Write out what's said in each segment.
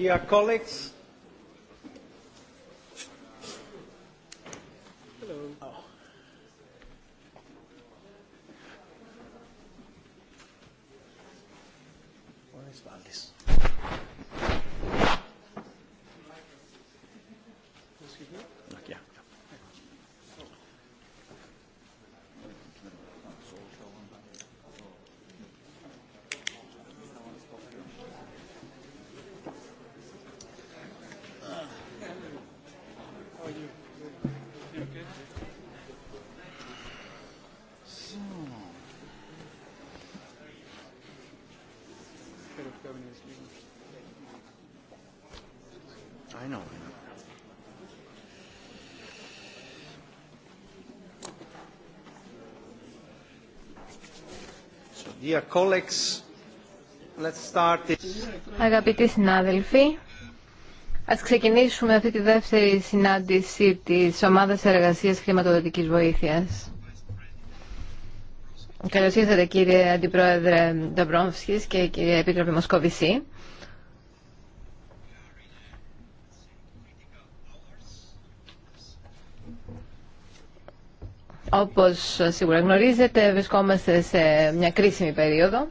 Dear colleagues, Αγαπητοί συνάδελφοι, ας ξεκινήσουμε αυτή τη δεύτερη συνάντηση της Ομάδας Εργασίας Χρηματοδοτικής Βοήθειας. Καλώς ήρθατε κύριε Αντιπρόεδρε Νταμπρόμφσκης και κύριε Επίτροπη Μοσκοβισή. Όπως σίγουρα γνωρίζετε, βρισκόμαστε σε μια κρίσιμη περίοδο.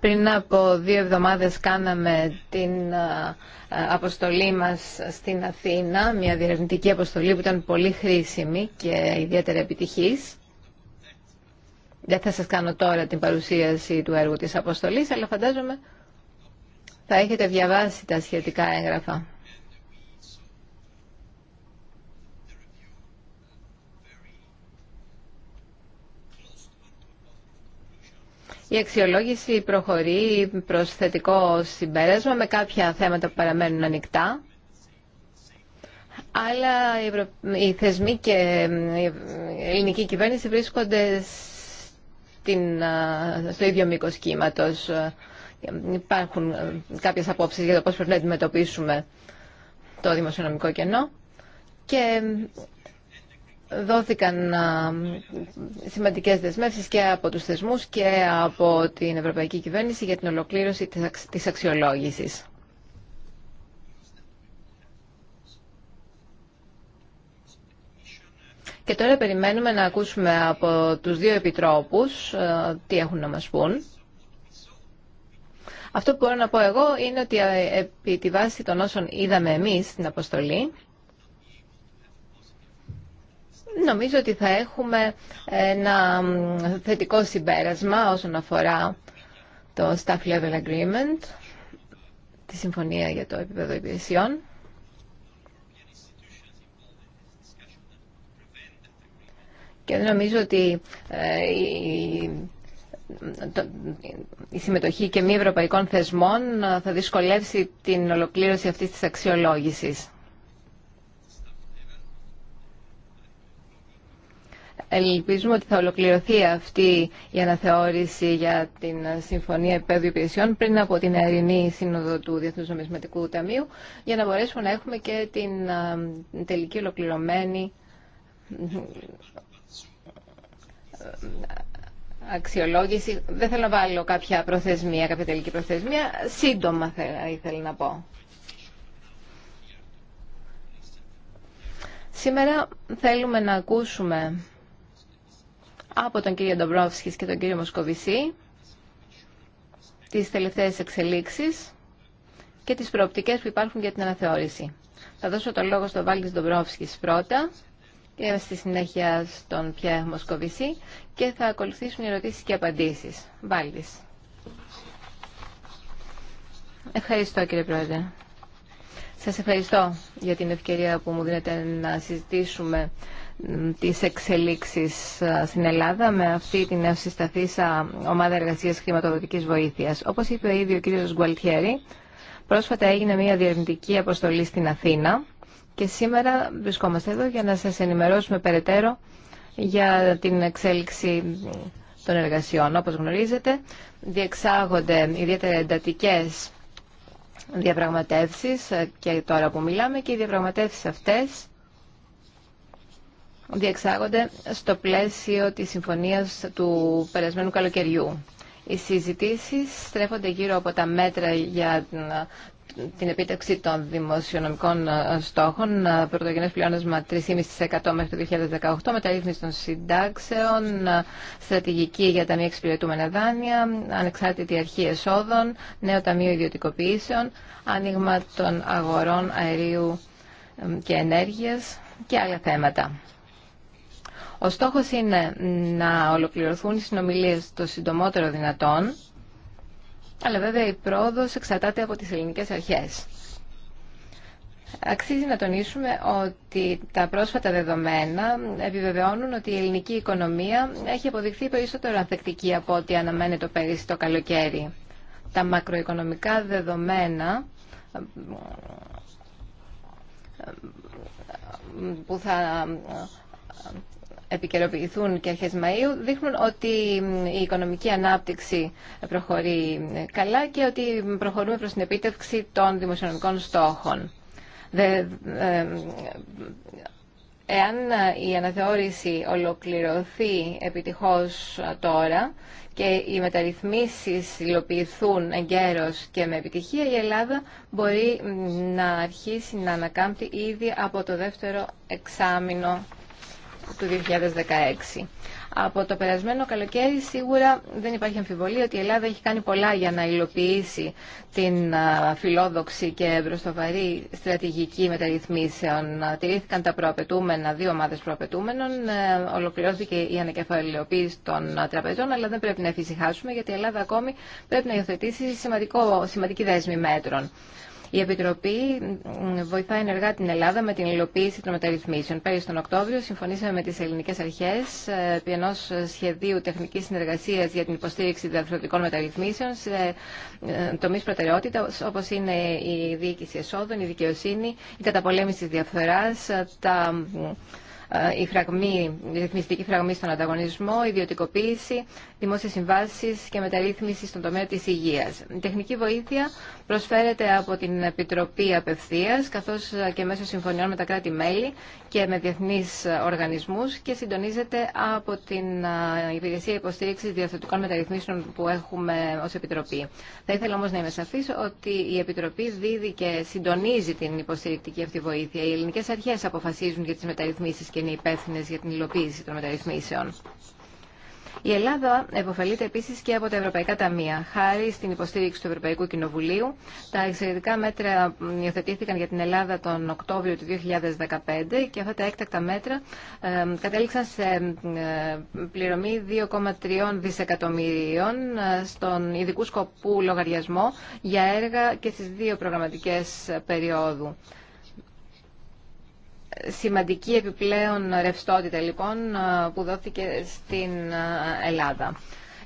Πριν από δύο εβδομάδες κάναμε την αποστολή μας στην Αθήνα, μια διερευνητική αποστολή που ήταν πολύ χρήσιμη και ιδιαίτερα επιτυχής. Δεν θα σας κάνω τώρα την παρουσίαση του έργου της αποστολής, αλλά φαντάζομαι θα έχετε διαβάσει τα σχετικά έγγραφα. Η αξιολόγηση προχωρεί προς θετικό συμπέρασμα με κάποια θέματα που παραμένουν ανοιχτά. Αλλά οι θεσμοί και η ελληνική κυβέρνηση βρίσκονται στο ίδιο μήκο κύματο. Υπάρχουν ε, κάποιες απόψεις για το πώς πρέπει να αντιμετωπίσουμε το δημοσιονομικό κενό και δόθηκαν σημαντικές δεσμεύσεις και από τους θεσμούς και από την Ευρωπαϊκή Κυβέρνηση για την ολοκλήρωση της αξιολόγησης. Και τώρα περιμένουμε να ακούσουμε από τους δύο επιτρόπους τι έχουν να μας πούν. Αυτό που μπορώ να πω εγώ είναι ότι επί τη βάση των όσων είδαμε εμείς στην αποστολή, Νομίζω ότι θα έχουμε ένα θετικό συμπέρασμα όσον αφορά το Staff Level Agreement, τη Συμφωνία για το Επίπεδο Υπηρεσιών. Και νομίζω ότι ε, η συμμετοχή και μη ευρωπαϊκών θεσμών θα δυσκολεύσει την ολοκλήρωση αυτής της αξιολόγησης. Ελπίζουμε ότι θα ολοκληρωθεί αυτή η αναθεώρηση για την Συμφωνία Επέδου Υπηρεσιών πριν από την Ερηνή Σύνοδο του Διεθνούς Νομισματικού Ταμείου για να μπορέσουμε να έχουμε και την τελική ολοκληρωμένη αξιολόγηση. Δεν θέλω να βάλω κάποια προθεσμία, κάποια τελική προθεσμία. Σύντομα ήθελα να πω. Σήμερα θέλουμε να ακούσουμε από τον κύριο Ντομπρόφσκης και τον κύριο Μοσκοβισή τις τελευταίες εξελίξεις και τις προοπτικές που υπάρχουν για την αναθεώρηση. Θα δώσω το λόγο στον Βάλτης Ντομπρόφσκης πρώτα και στη συνέχεια στον Πιέ Μοσκοβισή και θα ακολουθήσουν οι ερωτήσεις και απαντήσεις. Βάλτης. Ευχαριστώ κύριε Πρόεδρε. Σας ευχαριστώ για την ευκαιρία που μου δίνετε να συζητήσουμε τις εξελίξεις στην Ελλάδα με αυτή την ευσυσταθήσα ομάδα εργασίας χρηματοδοτικής βοήθειας. Όπως είπε ο ίδιο ο κ. Γκουαλτιέρη, πρόσφατα έγινε μια διερευνητική αποστολή στην Αθήνα και σήμερα βρισκόμαστε εδώ για να σας ενημερώσουμε περαιτέρω για την εξέλιξη των εργασιών. Όπως γνωρίζετε, διεξάγονται ιδιαίτερα εντατικές διαπραγματεύσεις ε, και τώρα που μιλάμε και οι διαπραγματεύσεις αυτές διεξάγονται στο πλαίσιο της συμφωνίας του περασμένου καλοκαιριού. Οι συζητήσεις στρέφονται γύρω από τα μέτρα για την επίτευξη των δημοσιονομικών ε, στόχων, ε, πρωτογενές πλεόνασμα 3,5% μέχρι το 2018, μεταρρύθμιση των συντάξεων, ε, στρατηγική για τα μη εξυπηρετούμενα δάνεια, ανεξάρτητη αρχή εσόδων, νέο ταμείο ιδιωτικοποιήσεων, άνοιγμα των αγορών αερίου και ενέργειας και άλλα θέματα. Ο στόχος είναι να ολοκληρωθούν οι συνομιλίες το συντομότερο δυνατόν, αλλά βέβαια η πρόοδος εξαρτάται από τις ελληνικές αρχές. Αξίζει να τονίσουμε ότι τα πρόσφατα δεδομένα επιβεβαιώνουν ότι η ελληνική οικονομία έχει αποδειχθεί περισσότερο ανθεκτική από ό,τι αναμένεται πέρυσι το καλοκαίρι. Τα μακροοικονομικά δεδομένα που θα επικαιροποιηθούν και αρχές Μαΐου δείχνουν ότι η οικονομική ανάπτυξη προχωρεί καλά και ότι προχωρούμε προς την επίτευξη των δημοσιονομικών στόχων. Ε, εάν η αναθεώρηση ολοκληρωθεί επιτυχώς τώρα και οι μεταρρυθμίσεις υλοποιηθούν εγκαίρως και με επιτυχία, η Ελλάδα μπορεί να αρχίσει να ανακάμπτει ήδη από το δεύτερο εξάμεινο του 2016. Από το περασμένο καλοκαίρι σίγουρα δεν υπάρχει αμφιβολία ότι η Ελλάδα έχει κάνει πολλά για να υλοποιήσει την φιλόδοξη και μπροστοβαρή στρατηγική μεταρρυθμίσεων. Τηρήθηκαν τα προαπαιτούμενα, δύο ομάδες προαπαιτούμενων, ε, ολοκληρώθηκε η ανακεφαλαιοποίηση των τραπεζών, αλλά δεν πρέπει να εφησυχάσουμε γιατί η Ελλάδα ακόμη πρέπει να υιοθετήσει σημαντική δέσμη μέτρων. Η Επιτροπή βοηθάει ενεργά την Ελλάδα με την υλοποίηση των μεταρρυθμίσεων. Πέρυσι τον Οκτώβριο συμφωνήσαμε με τι ελληνικέ αρχέ ε, επί ενό σχεδίου τεχνική συνεργασία για την υποστήριξη διαφορετικών μεταρρυθμίσεων σε ε, τομεί προτεραιότητα όπω είναι η διοίκηση εσόδων, η δικαιοσύνη, η καταπολέμηση τη διαφθορά, ε, τα ε, η, φραγμή, η ρυθμιστική φραγμή στον ανταγωνισμό, ιδιωτικοποίηση, δημόσιες συμβάσεις και μεταρρύθμιση στον τομέα της υγείας. Η τεχνική βοήθεια προσφέρεται από την Επιτροπή Απευθείας, καθώς και μέσω συμφωνιών με τα κράτη-μέλη και με διεθνείς οργανισμούς και συντονίζεται από την ε, Υπηρεσία Υποστήριξης Διαθετικών Μεταρρυθμίσεων που έχουμε ως Επιτροπή. Θα ήθελα όμως να είμαι σαφή ότι η Επιτροπή δίδει και συντονίζει την υποστηρικτική αυτή βοήθεια. Οι ελληνικές αρχές αποφασίζουν για τις μεταρρυθμίσεις και είναι υπεύθυνε για την υλοποίηση των μεταρρυθμίσεων. Η Ελλάδα επωφελείται επίση και από τα Ευρωπαϊκά Ταμεία. Χάρη στην υποστήριξη του Ευρωπαϊκού Κοινοβουλίου, τα εξαιρετικά μέτρα υιοθετήθηκαν για την Ελλάδα τον Οκτώβριο του 2015 και αυτά τα έκτακτα μέτρα κατέληξαν σε πληρωμή 2,3 δισεκατομμυρίων ε, στον ειδικού σκοπού λογαριασμό για έργα και στι δύο προγραμματικέ περιόδου σημαντική επιπλέον ρευστότητα λοιπόν που δόθηκε στην ε, Ελλάδα.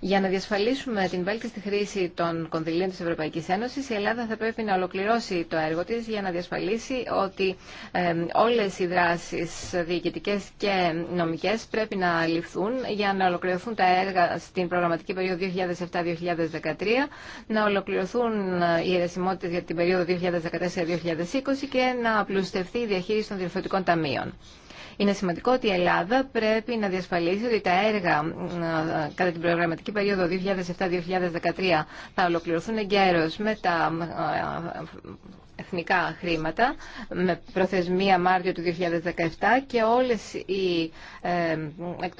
Για να διασφαλίσουμε την βέλτιστη χρήση των κονδυλίων της Ευρωπαϊκής Ένωσης, η Ελλάδα θα πρέπει να ολοκληρώσει το έργο της για να διασφαλίσει ότι όλες οι δράσεις διοικητικές και νομικές πρέπει να ληφθούν για να ολοκληρωθούν τα έργα στην προγραμματική περίοδο 2007-2013, να ολοκληρωθούν ε, οι ερεσιμότητες για την περίοδο 2014-2020 και να απλουστευτεί η διαχείριση των διευθυντικών ταμείων. Είναι σημαντικό ότι η Ελλάδα πρέπει να διασφαλίσει ότι τα έργα ε, κατά την προγραμματική περίοδο 2007-2013 θα ολοκληρωθούν εγκαίρως με τα ε, εθνικά χρήματα με προθεσμία Μάρτιο του 2017 και όλες οι ε, εκ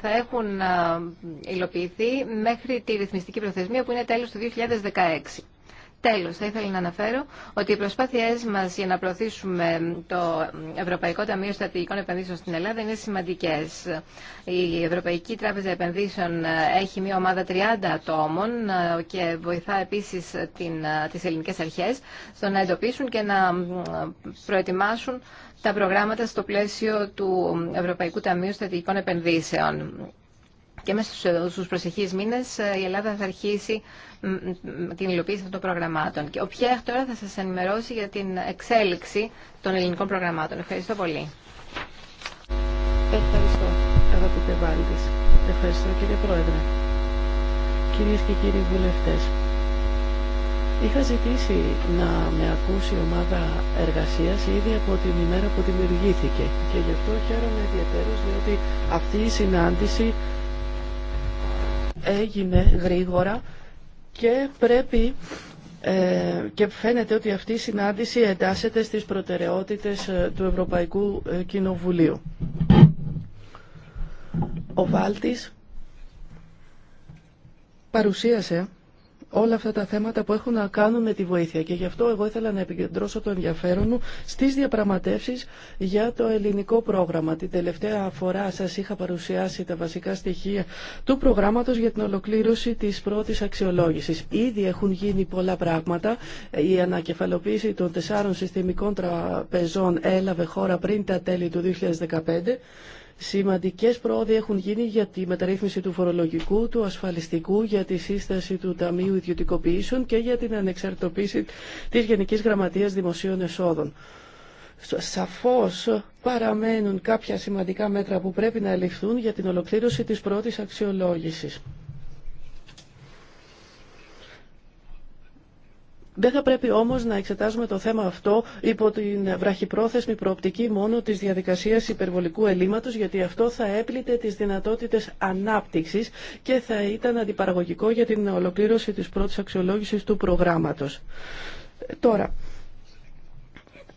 θα έχουν ε, υλοποιηθεί μέχρι τη ρυθμιστική προθεσμία που είναι τέλος του 2016. Τέλος, θα ήθελα να αναφέρω ότι οι προσπάθειές μας για να προωθήσουμε το Ευρωπαϊκό Ταμείο Στρατηγικών Επενδύσεων στην Ελλάδα είναι σημαντικές. Η Ευρωπαϊκή Τράπεζα Επενδύσεων έχει μια ομάδα 30 ατόμων και βοηθά επίσης την, τις ελληνικές αρχές στο να εντοπίσουν και να προετοιμάσουν τα προγράμματα στο πλαίσιο του Ευρωπαϊκού Ταμείου Στρατηγικών Επενδύσεων και μέσα στους ε, προσεχείς μήνες ε, η Ελλάδα θα αρχίσει την υλοποίηση αυτών των προγραμμάτων. Και ο Πιέχ τώρα θα σας ενημερώσει για την εξέλιξη των ελληνικών προγραμμάτων. Ευχαριστώ πολύ. Ευχαριστώ, αγαπητέ Βάλτης. Ευχαριστώ, κύριε Πρόεδρε. Κυρίες και κύριοι βουλευτές, είχα ζητήσει να με ακούσει η ομάδα εργασίας ήδη από την ημέρα που δημιουργήθηκε και γι' αυτό χαίρομαι ιδιαίτερως διότι αυτή η συνάντηση έγινε γρήγορα και πρέπει ε, και φαίνεται ότι αυτή η συνάντηση εντάσσεται στις προτεραιότητες ε, του Ευρωπαϊκού ε, Κοινοβουλίου. Ο Βάλτης παρουσίασε όλα αυτά τα θέματα που έχουν να κάνουν με τη βοήθεια. Και γι' αυτό εγώ ήθελα να επικεντρώσω το ενδιαφέρον μου στις διαπραγματεύσεις για το ελληνικό πρόγραμμα. Την τελευταία φορά σας είχα παρουσιάσει τα βασικά στοιχεία του προγράμματος για την ολοκλήρωση της πρώτης αξιολόγησης. Ήδη έχουν γίνει πολλά πράγματα. Η ανακεφαλοποίηση των τεσσάρων συστημικών τραπεζών έλαβε χώρα πριν τα τέλη του 2015. Σημαντικές πρόοδοι έχουν γίνει για τη μεταρρύθμιση του φορολογικού, του ασφαλιστικού, για τη σύσταση του Ταμείου Ιδιωτικοποιήσεων και για την ανεξαρτοποίηση της Γενικής Γραμματείας Δημοσίων Εσόδων. Σαφώς παραμένουν κάποια σημαντικά μέτρα που πρέπει να ληφθούν για την ολοκλήρωση της πρώτης αξιολόγησης. Δεν θα πρέπει όμως να εξετάζουμε το θέμα αυτό υπό την βραχυπρόθεσμη προοπτική μόνο της διαδικασίας υπερβολικού ελλείμματο, γιατί αυτό θα έπλητε τις δυνατότητες ανάπτυξης και θα ήταν αντιπαραγωγικό για την ολοκλήρωση της πρώτης αξιολόγησης του προγράμματος. Τώρα,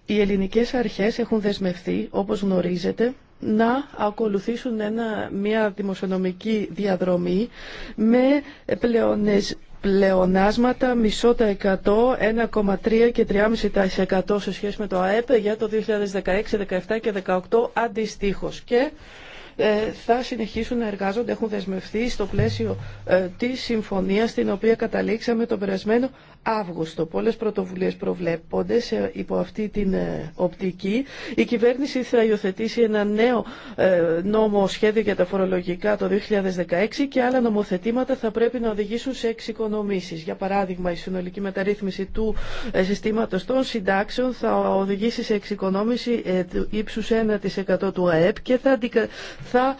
οι ελληνικές αρχές έχουν δεσμευθεί, όπως γνωρίζετε, να ακολουθήσουν ένα, μια δημοσιονομική διαδρομή με πλεονεσ, πλεονάσματα μισό τα 100, 1,3 και 3,5% σε σχέση με το ΑΕΠ για το 2016, 2017 και 2018 αντιστοίχως. Και ε, θα συνεχίσουν να εργάζονται, έχουν δεσμευτεί στο πλαίσιο ε, της συμφωνίας στην οποία καταλήξαμε τον περασμένο Αύγουστο. Πολλές πρωτοβουλίες προβλέπονται σε, υπό αυτή την ε, οπτική. Η κυβέρνηση θα υιοθετήσει ένα νέο ε, νόμο σχέδιο για τα φορολογικά το 2016 και άλλα νομοθετήματα θα πρέπει να οδηγήσουν σε εξοικονομήσεις. Για παράδειγμα, η συνολική μεταρρύθμιση του ε, συστήματος των συντάξεων θα οδηγήσει σε εξοικονόμηση του ύψους 1% του ΑΕΠ και θα, θα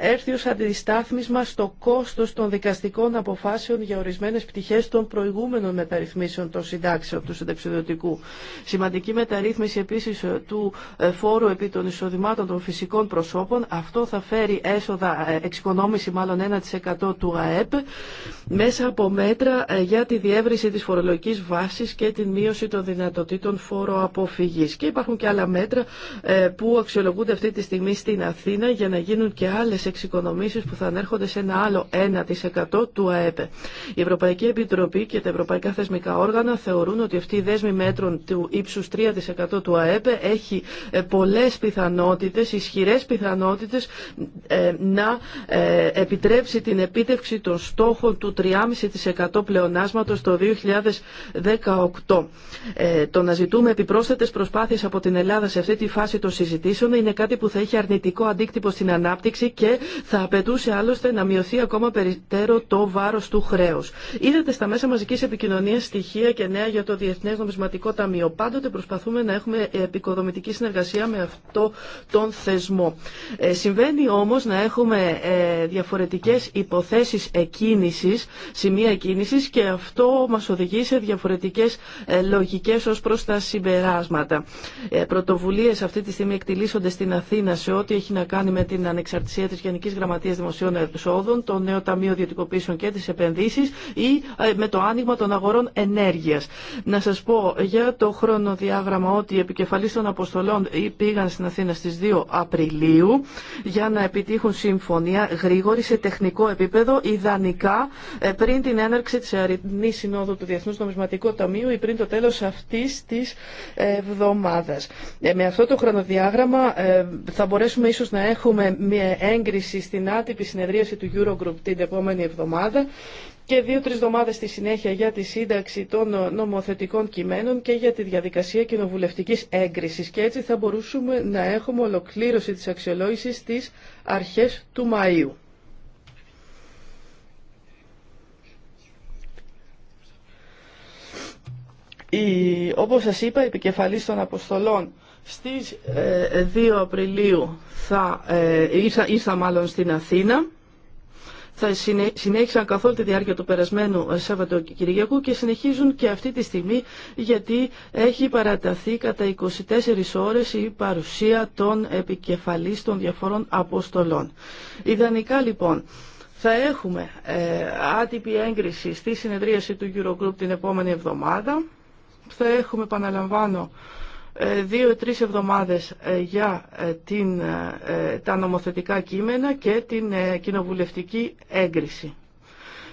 έρθει ως αντιστάθμισμα στο κόστος των δικαστικών αποφάσεων για ορισμένες πτυχές των προηγούμενων μεταρρυθμίσεων μεταρρυθμίσεων των συντάξεων του συνταξιδοτικού. Σημαντική μεταρρύθμιση επίση ε, του ε, φόρου επί των εισοδημάτων των φυσικών προσώπων. Αυτό θα φέρει έσοδα, ε, εξοικονόμηση μάλλον 1% του ΑΕΠ, μέσα από μέτρα για τη διεύρυνση τη φορολογική βάση και την μείωση των δυνατοτήτων φόρο αποφυγή. Και υπάρχουν και άλλα μέτρα που αξιολογούνται αυτή τη στιγμή στην Αθήνα για να γίνουν και άλλε εξοικονομήσει που θα ανέρχονται σε ένα άλλο 1% του ΑΕΠ. Η Ευρωπαϊκή Επιτροπή και τα ευρωπαϊκά θεσμικά όργανα θεωρούν ότι αυτή η δέσμη μέτρων του ύψου 3% του ΑΕΠ έχει ε, πολλέ πιθανότητε, ισχυρέ πιθανότητε ε, να ε, επιτρέψει την επίτευξη των στόχων του 3,5% πλεονάσματος το 2018. Το να ζητούμε επιπρόσθετες προσπάθειες από την Ελλάδα σε αυτή τη φάση των συζητήσεων είναι κάτι που θα έχει αρνητικό αντίκτυπο στην ανάπτυξη και θα απαιτούσε άλλωστε να μειωθεί ακόμα περιττέρω το βάρο του χρέου. Είδατε στα μέσα επικοινωνία μια στοιχεία και νέα για το Διεθνές Νομισματικό Ταμείο. Πάντοτε προσπαθούμε να έχουμε επικοδομητική συνεργασία με αυτό τον θεσμό. Ε, συμβαίνει όμως να έχουμε ε, διαφορετικές υποθέσεις εκκίνησης, σημεία εκκίνησης και αυτό μας οδηγεί σε διαφορετικές ε, λογικές ως προς τα συμπεράσματα. πρωτοβουλίες αυτή τη στιγμή εκτιλήσονται στην Αθήνα σε ό,τι έχει να κάνει με την ανεξαρτησία της Γενικής Γραμματείας Δημοσίων Εσόδων, το νέο Ταμείο Διωτικοποίησεων και τις Επενδύσεις ή με το άνοιγμα των αγορών ενέργειας. Να σας πω για το χρονοδιάγραμμα ότι οι επικεφαλής των αποστολών πήγαν στην Αθήνα στις 2 Απριλίου για να επιτύχουν συμφωνία γρήγορη σε τεχνικό επίπεδο, ιδανικά ε, πριν την έναρξη της Αρινής Συνόδου του Διεθνούς Νομισματικού Ταμείου ή πριν το τέλος αυτής της εβδομάδας. Ε, με αυτό το χρονοδιάγραμμα ε, θα μπορέσουμε ίσως να έχουμε μια έγκριση στην άτυπη συνεδρίαση του Eurogroup την επόμενη εβδομάδα και δύο-τρει εβδομάδε στη συνέχεια για τη σύνταξη των ε, νομοθετικών κειμένων και για τη διαδικασία κοινοβουλευτική έγκριση. Και έτσι θα μπορούσαμε να έχουμε ολοκλήρωση τη αξιολόγηση στι αρχέ του Μαΐου. Η, όπως σας είπα, η επικεφαλής των αποστολών στις 2 ε, Απριλίου θα, ε, ήρθα, ήρθα μάλλον στην Αθήνα θα συνέχισαν καθ' τη διάρκεια του περασμένου ε, κυριακού και συνεχίζουν και αυτή τη στιγμή γιατί έχει παραταθεί κατά 24 ώρες η παρουσία των επικεφαλής των διαφόρων αποστολών. Ιδανικά λοιπόν θα έχουμε ε, άτυπη έγκριση στη συνεδρίαση του Eurogroup την επόμενη εβδομάδα. Θα έχουμε, επαναλαμβάνω, ε, δύο-τρεις εβδομάδες ε, για ε, την, τα νομοθετικά κείμενα και την κοινοβουλευτική έγκριση.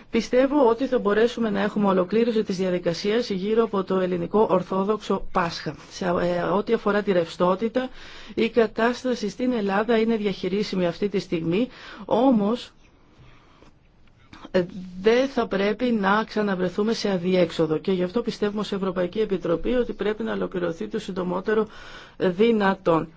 Πιστεύω ότι θα μπορέσουμε να έχουμε ολοκλήρωση της διαδικασίας γύρω από το ελληνικό Ορθόδοξο Πάσχα. Σε ό,τι αφορά τη ρευστότητα, η κατάσταση στην Ελλάδα είναι διαχειρίσιμη αυτή τη στιγμή, όμως δεν θα πρέπει να ξαναβρεθούμε σε αδιέξοδο και γι' αυτό πιστεύουμε σε Ευρωπαϊκή Επιτροπή ότι πρέπει να ολοκληρωθεί το συντομότερο δυνατόν.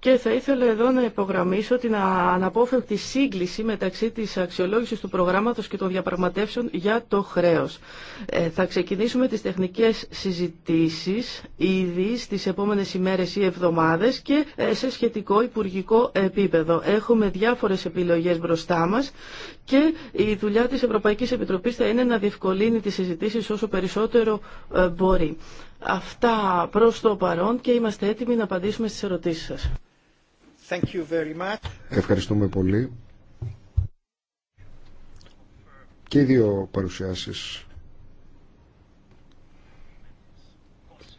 Και θα ήθελα εδώ να υπογραμμίσω την αναπόφευκτη σύγκληση μεταξύ της αξιολόγησης του προγράμματος και των διαπραγματεύσεων για το χρέος. Ε, θα ξεκινήσουμε τις τεχνικές συζητήσεις ήδη στις επόμενες ημέρες ή εβδομάδες και ε, σε σχετικό υπουργικό επίπεδο. Έχουμε διάφορες επιλογές μπροστά μας και η δουλειά της Ευρωπαϊκής Επιτροπής θα είναι να διευκολύνει τις συζητήσεις όσο περισσότερο ε, μπορεί. Αυτά προς το παρόν και είμαστε έτοιμοι να απαντήσουμε στις ερωτήσεις σας. Thank you very much. Ευχαριστούμε πολύ. Και οι δύο παρουσιάσεις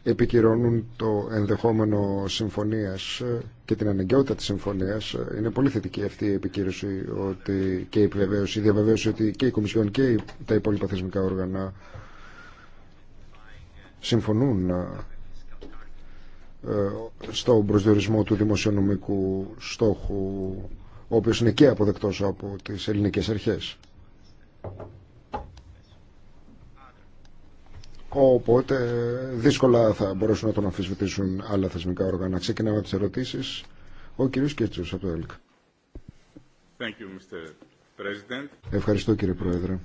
επικυρώνουν το ενδεχόμενο συμφωνίας και την αναγκαιότητα της συμφωνίας. Είναι πολύ θετική αυτή η επικύρωση ότι και η επιβεβαίωση, η διαβεβαίωση ότι και η Κομισιόν και τα υπόλοιπα θεσμικά όργανα συμφωνούν ε, στο προσδιορισμό του δημοσιονομικού στόχου, ο οποίος είναι και αποδεκτός από τις ελληνικές αρχές. Οπότε δύσκολα θα μπορέσουν να τον αμφισβητήσουν άλλα θεσμικά όργανα. Ξεκινάμε από τις ερωτήσεις. Ο κύριος Κέτσος από το ΕΛΚ. Ευχαριστώ κύριε Πρόεδρε.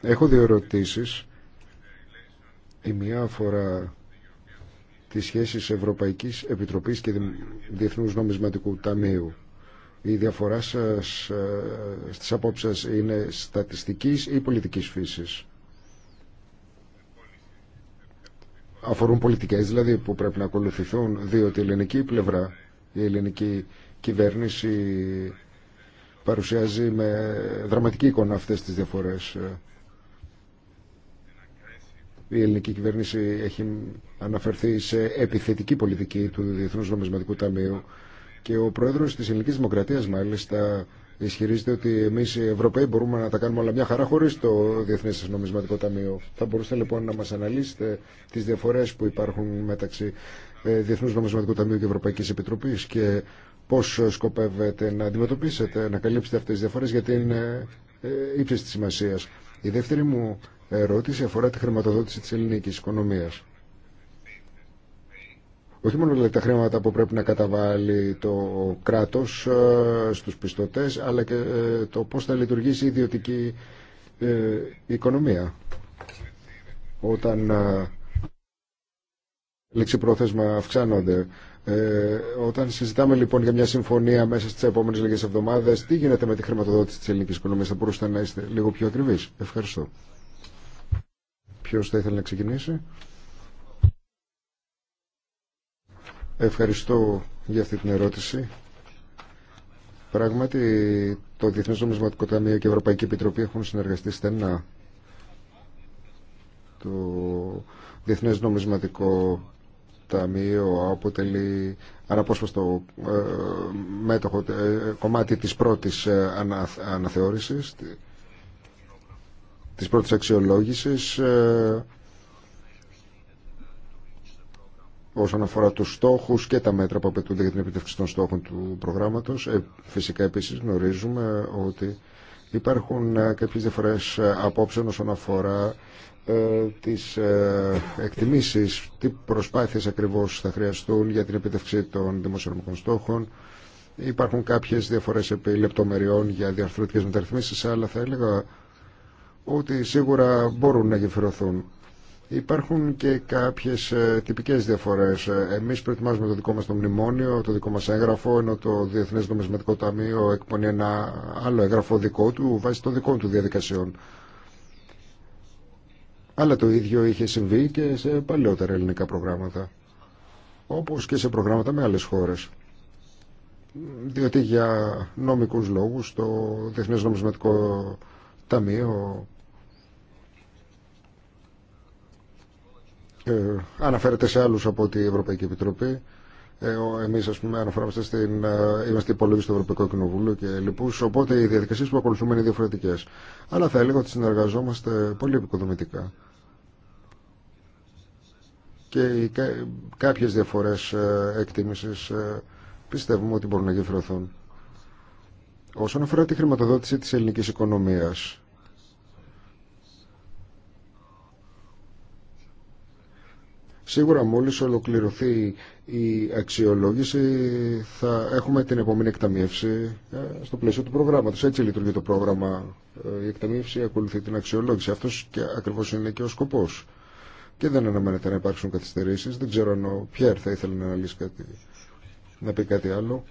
Έχω δύο ερωτήσεις. Η μία αφορά τις σχέσεις Ευρωπαϊκής Επιτροπής και Διεθνούς Νομισματικού Ταμείου. Η διαφορά σας ε, στις απόψεις είναι στατιστικής ή πολιτικής φύσης. Αφορούν πολιτικές δηλαδή που πρέπει να ακολουθηθούν, διότι η ελληνική πλευρά, η ελληνική κυβέρνηση παρουσιάζει με δραματική εικόνα αυτές τις διαφορές η ελληνική κυβέρνηση έχει αναφερθεί σε επιθετική πολιτική του Διεθνούς Νομισματικού Ταμείου και ο πρόεδρος της ελληνικής δημοκρατίας μάλιστα ισχυρίζεται ότι εμείς οι Ευρωπαίοι μπορούμε να τα κάνουμε όλα μια χαρά χωρίς το Διεθνές Νομισματικό Ταμείο. Θα μπορούσατε λοιπόν να μας αναλύσετε τις διαφορές που υπάρχουν μεταξύ ε, Διεθνούς Νομισματικού Ταμείου και Ευρωπαϊκής Επιτροπής και πώς σκοπεύετε να αντιμετωπίσετε, να καλύψετε αυτές τις διαφορές γιατί είναι ε, ύψη της σημασίας. Η δεύτερη μου ερώτηση αφορά τη χρηματοδότηση της ελληνικής οικονομίας. Όχι μόνο δηλαδή τα χρήματα που πρέπει να καταβάλει το κράτος ε, στους πιστωτές, αλλά και ε, το πώς θα λειτουργήσει η ιδιωτική ε, οικονομία. Όταν λεξιπρόθεσμα αυξάνονται ε, όταν συζητάμε λοιπόν για μια συμφωνία μέσα στι επόμενε λίγε εβδομάδε, τι γίνεται με τη χρηματοδότηση τη ελληνική οικονομία, θα μπορούσατε να είστε λίγο πιο ακριβεί. Ευχαριστώ. Ποιο θα ήθελε να ξεκινήσει. Ευχαριστώ για αυτή την ερώτηση. Πράγματι, το Διεθνέ Νομισματικό Ταμείο και η Ευρωπαϊκή Επιτροπή έχουν συνεργαστεί στενά. Το διεθνέ Νομισματικό Ταμείο αποτελεί αναπόσπαστο ε, μέτοχο, ε, κομμάτι της πρώτης ε, ανα, αναθεώρησης, της πρώτης αξιολόγησης ε, όσον αφορά τους στόχους και τα μέτρα που απαιτούνται για την επιτεύξη των στόχων του προγράμματος. φυσικά επίσης γνωρίζουμε ότι υπάρχουν κάποιες διαφορές απόψεων όσον αφορά ε, τις ε, εκτιμήσεις, τι προσπάθειες ακριβώς θα χρειαστούν για την επιτευξή των δημοσιονομικών στόχων. Υπάρχουν κάποιες διαφορές επί λεπτομεριών για διαρθρωτικές μεταρρυθμίσεις, αλλά θα έλεγα ότι σίγουρα μπορούν να γεφυρωθούν. Υπάρχουν και κάποιες ε, τυπικές διαφορές. Εμείς προετοιμάζουμε το δικό μας το μνημόνιο, το δικό μας έγγραφο, ενώ το Διεθνές Νομισματικό Ταμείο εκπονεί ένα άλλο έγγραφο δικό του, βάσει των δικών του διαδικασιών. Αλλά το ίδιο είχε συμβεί και σε παλαιότερα ελληνικά προγράμματα, όπως και σε προγράμματα με άλλες χώρες. Διότι για νομικούς λόγους το διεθνέ Νομισματικό Ταμείο ε, αναφέρεται σε άλλους από την Ευρωπαϊκή Επιτροπή. Ε, εμείς ας πούμε αναφερόμαστε στην, ε, είμαστε υπολόγοι στο Ευρωπαϊκό Κοινοβούλιο και λοιπούς, οπότε οι διαδικασίες που ακολουθούμε είναι διαφορετικές. Αλλά θα έλεγα ότι συνεργαζόμαστε πολύ επικοδομητικά και κάποιες διαφορές ε, εκτίμησης ε, πιστεύουμε ότι μπορούν να γεφυρωθούν. Όσον αφορά τη χρηματοδότηση της ελληνικής οικονομίας, Σίγουρα μόλις ολοκληρωθεί η αξιολόγηση θα έχουμε την επόμενη εκταμίευση ε, στο πλαίσιο του προγράμματος. Έτσι λειτουργεί το πρόγραμμα. Η εκταμίευση ακολουθεί την αξιολόγηση. Αυτός και ακριβώς είναι και ο σκοπός και δεν αναμένεται να υπάρξουν καθυστερήσεις. Δεν ξέρω αν ο Πιέρ θα ήθελε να, λύσει κάτι, να πει κάτι άλλο.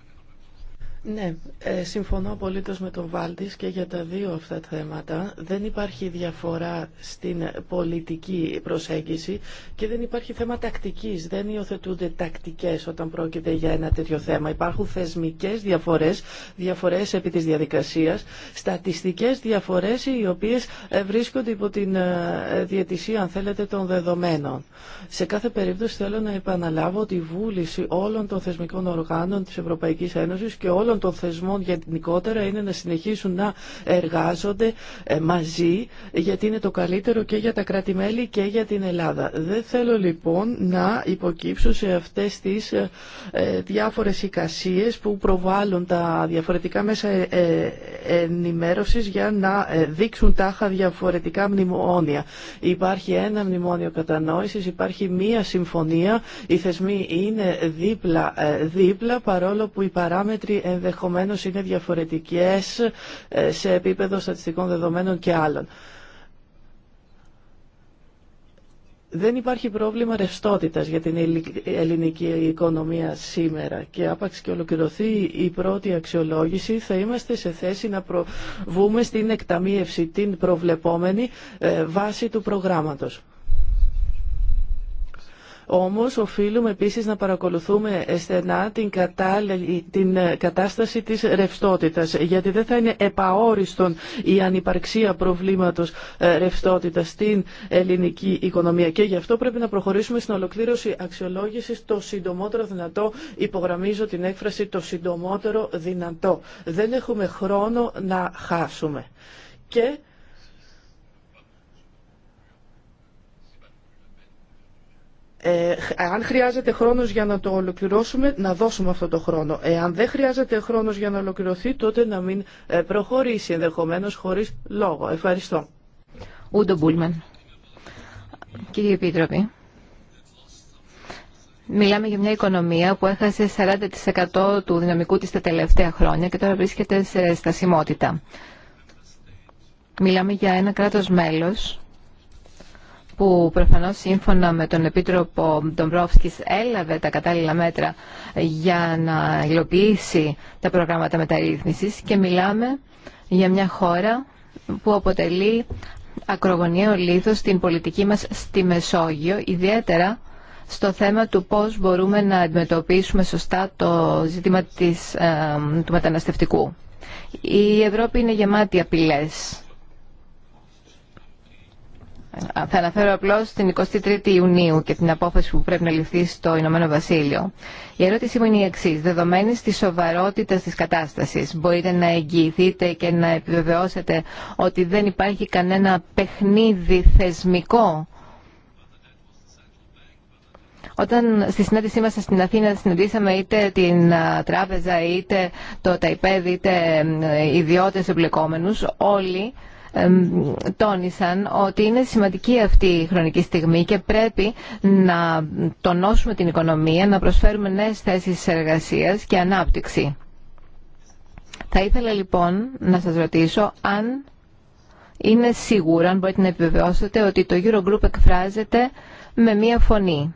Ναι, ε, συμφωνώ απολύτως με τον Βάλτης και για τα δύο αυτά θέματα. Δεν υπάρχει διαφορά στην πολιτική προσέγγιση και δεν υπάρχει θέμα τακτικής. Δεν υιοθετούνται τακτικές όταν πρόκειται για ένα τέτοιο θέμα. Υπάρχουν θεσμικές διαφορές, διαφορές επί της διαδικασίας, στατιστικές διαφορές οι οποίες ε, βρίσκονται υπό την ε, διαιτησία, αν θέλετε, των δεδομένων. Σε κάθε περίπτωση θέλω να επαναλάβω η βούληση όλων των θεσμικών οργάνων της Ευρωπαϊκής Ένωσης και όλων όλων των θεσμών γενικότερα είναι να συνεχίσουν να εργάζονται ε, μαζί γιατί είναι το καλύτερο και για τα κρατη και για την Ελλάδα. Δεν θέλω λοιπόν να υποκύψω σε αυτές τις ε, ε, διάφορες εικασίες που προβάλλουν τα διαφορετικά μέσα ενημέρωσης για να δείξουν τάχα διαφορετικά μνημόνια. Υπάρχει ένα μνημόνιο κατανόησης, υπάρχει μία συμφωνία, οι θεσμοί είναι δίπλα-δίπλα παρόλο που οι παράμετροι ενδεχομένως είναι διαφορετικές ε, σε επίπεδο στατιστικών δεδομένων και άλλων. Δεν υπάρχει πρόβλημα ρευστότητα για την ελληνική οικονομία σήμερα και άπαξ και ολοκληρωθεί η πρώτη αξιολόγηση θα είμαστε σε θέση να προβούμε στην εκταμίευση την προβλεπόμενη ε, βάση του προγράμματος. Όμως οφείλουμε επίσης να παρακολουθούμε στενά την, την ε, κατάσταση της ρευστότητας, γιατί δεν θα είναι επαόριστον η ανυπαρξία προβλήματος ε, ρευστότητας στην ελληνική οικονομία. Και γι' αυτό πρέπει να προχωρήσουμε στην ολοκλήρωση αξιολόγησης το συντομότερο δυνατό. Υπογραμμίζω την έκφραση το συντομότερο δυνατό. Δεν έχουμε χρόνο να χάσουμε. Και Ε, αν χρειάζεται χρόνος για να το ολοκληρώσουμε, να δώσουμε αυτό το χρόνο. Εάν δεν χρειάζεται χρόνος για να ολοκληρωθεί, τότε να μην ε, προχωρήσει ενδεχομένως χωρίς λόγο. Ευχαριστώ. Ούντο Μπούλμαν. Κύριε Επίτροπη. Μιλάμε για μια οικονομία που έχασε 40% του δυναμικού της τα τελευταία χρόνια και τώρα βρίσκεται σε στασιμότητα. Μιλάμε για ένα κράτος μέλος που προφανώς σύμφωνα με τον Επίτροπο Ντομπρόφσκης έλαβε τα κατάλληλα μέτρα για να υλοποιήσει τα προγράμματα μεταρρύθμισης και μιλάμε για μια χώρα που αποτελεί ακρογωνιαίο λίθος στην πολιτική μας στη Μεσόγειο, ιδιαίτερα στο θέμα του πώς μπορούμε να αντιμετωπίσουμε σωστά το ζήτημα ε, του μεταναστευτικού. Η Ευρώπη είναι γεμάτη απειλές ε, θα αναφέρω απλώ την 23η Ιουνίου και την απόφαση που πρέπει να ληφθεί στο Ηνωμένο Βασίλειο. Η ερώτησή μου είναι η εξή. Δεδομένη τη σοβαρότητα τη κατάσταση, μπορείτε να εγγυηθείτε και να επιβεβαιώσετε ότι δεν υπάρχει κανένα παιχνίδι θεσμικό. Όταν στη συνάντησή μας στην Αθήνα συναντήσαμε είτε την τράπεζα, είτε το ΤΑΙΠΕΔ, είτε ε, ε, ιδιώτες εμπλεκόμενους, όλοι τόνισαν ότι είναι σημαντική αυτή η χρονική στιγμή και πρέπει να τονώσουμε την οικονομία, να προσφέρουμε νέες θέσεις εργασίας και ανάπτυξη. Θα ήθελα λοιπόν να σας ρωτήσω αν είναι σίγουρα, αν μπορείτε να επιβεβαιώσετε, ότι το Eurogroup εκφράζεται με μία φωνή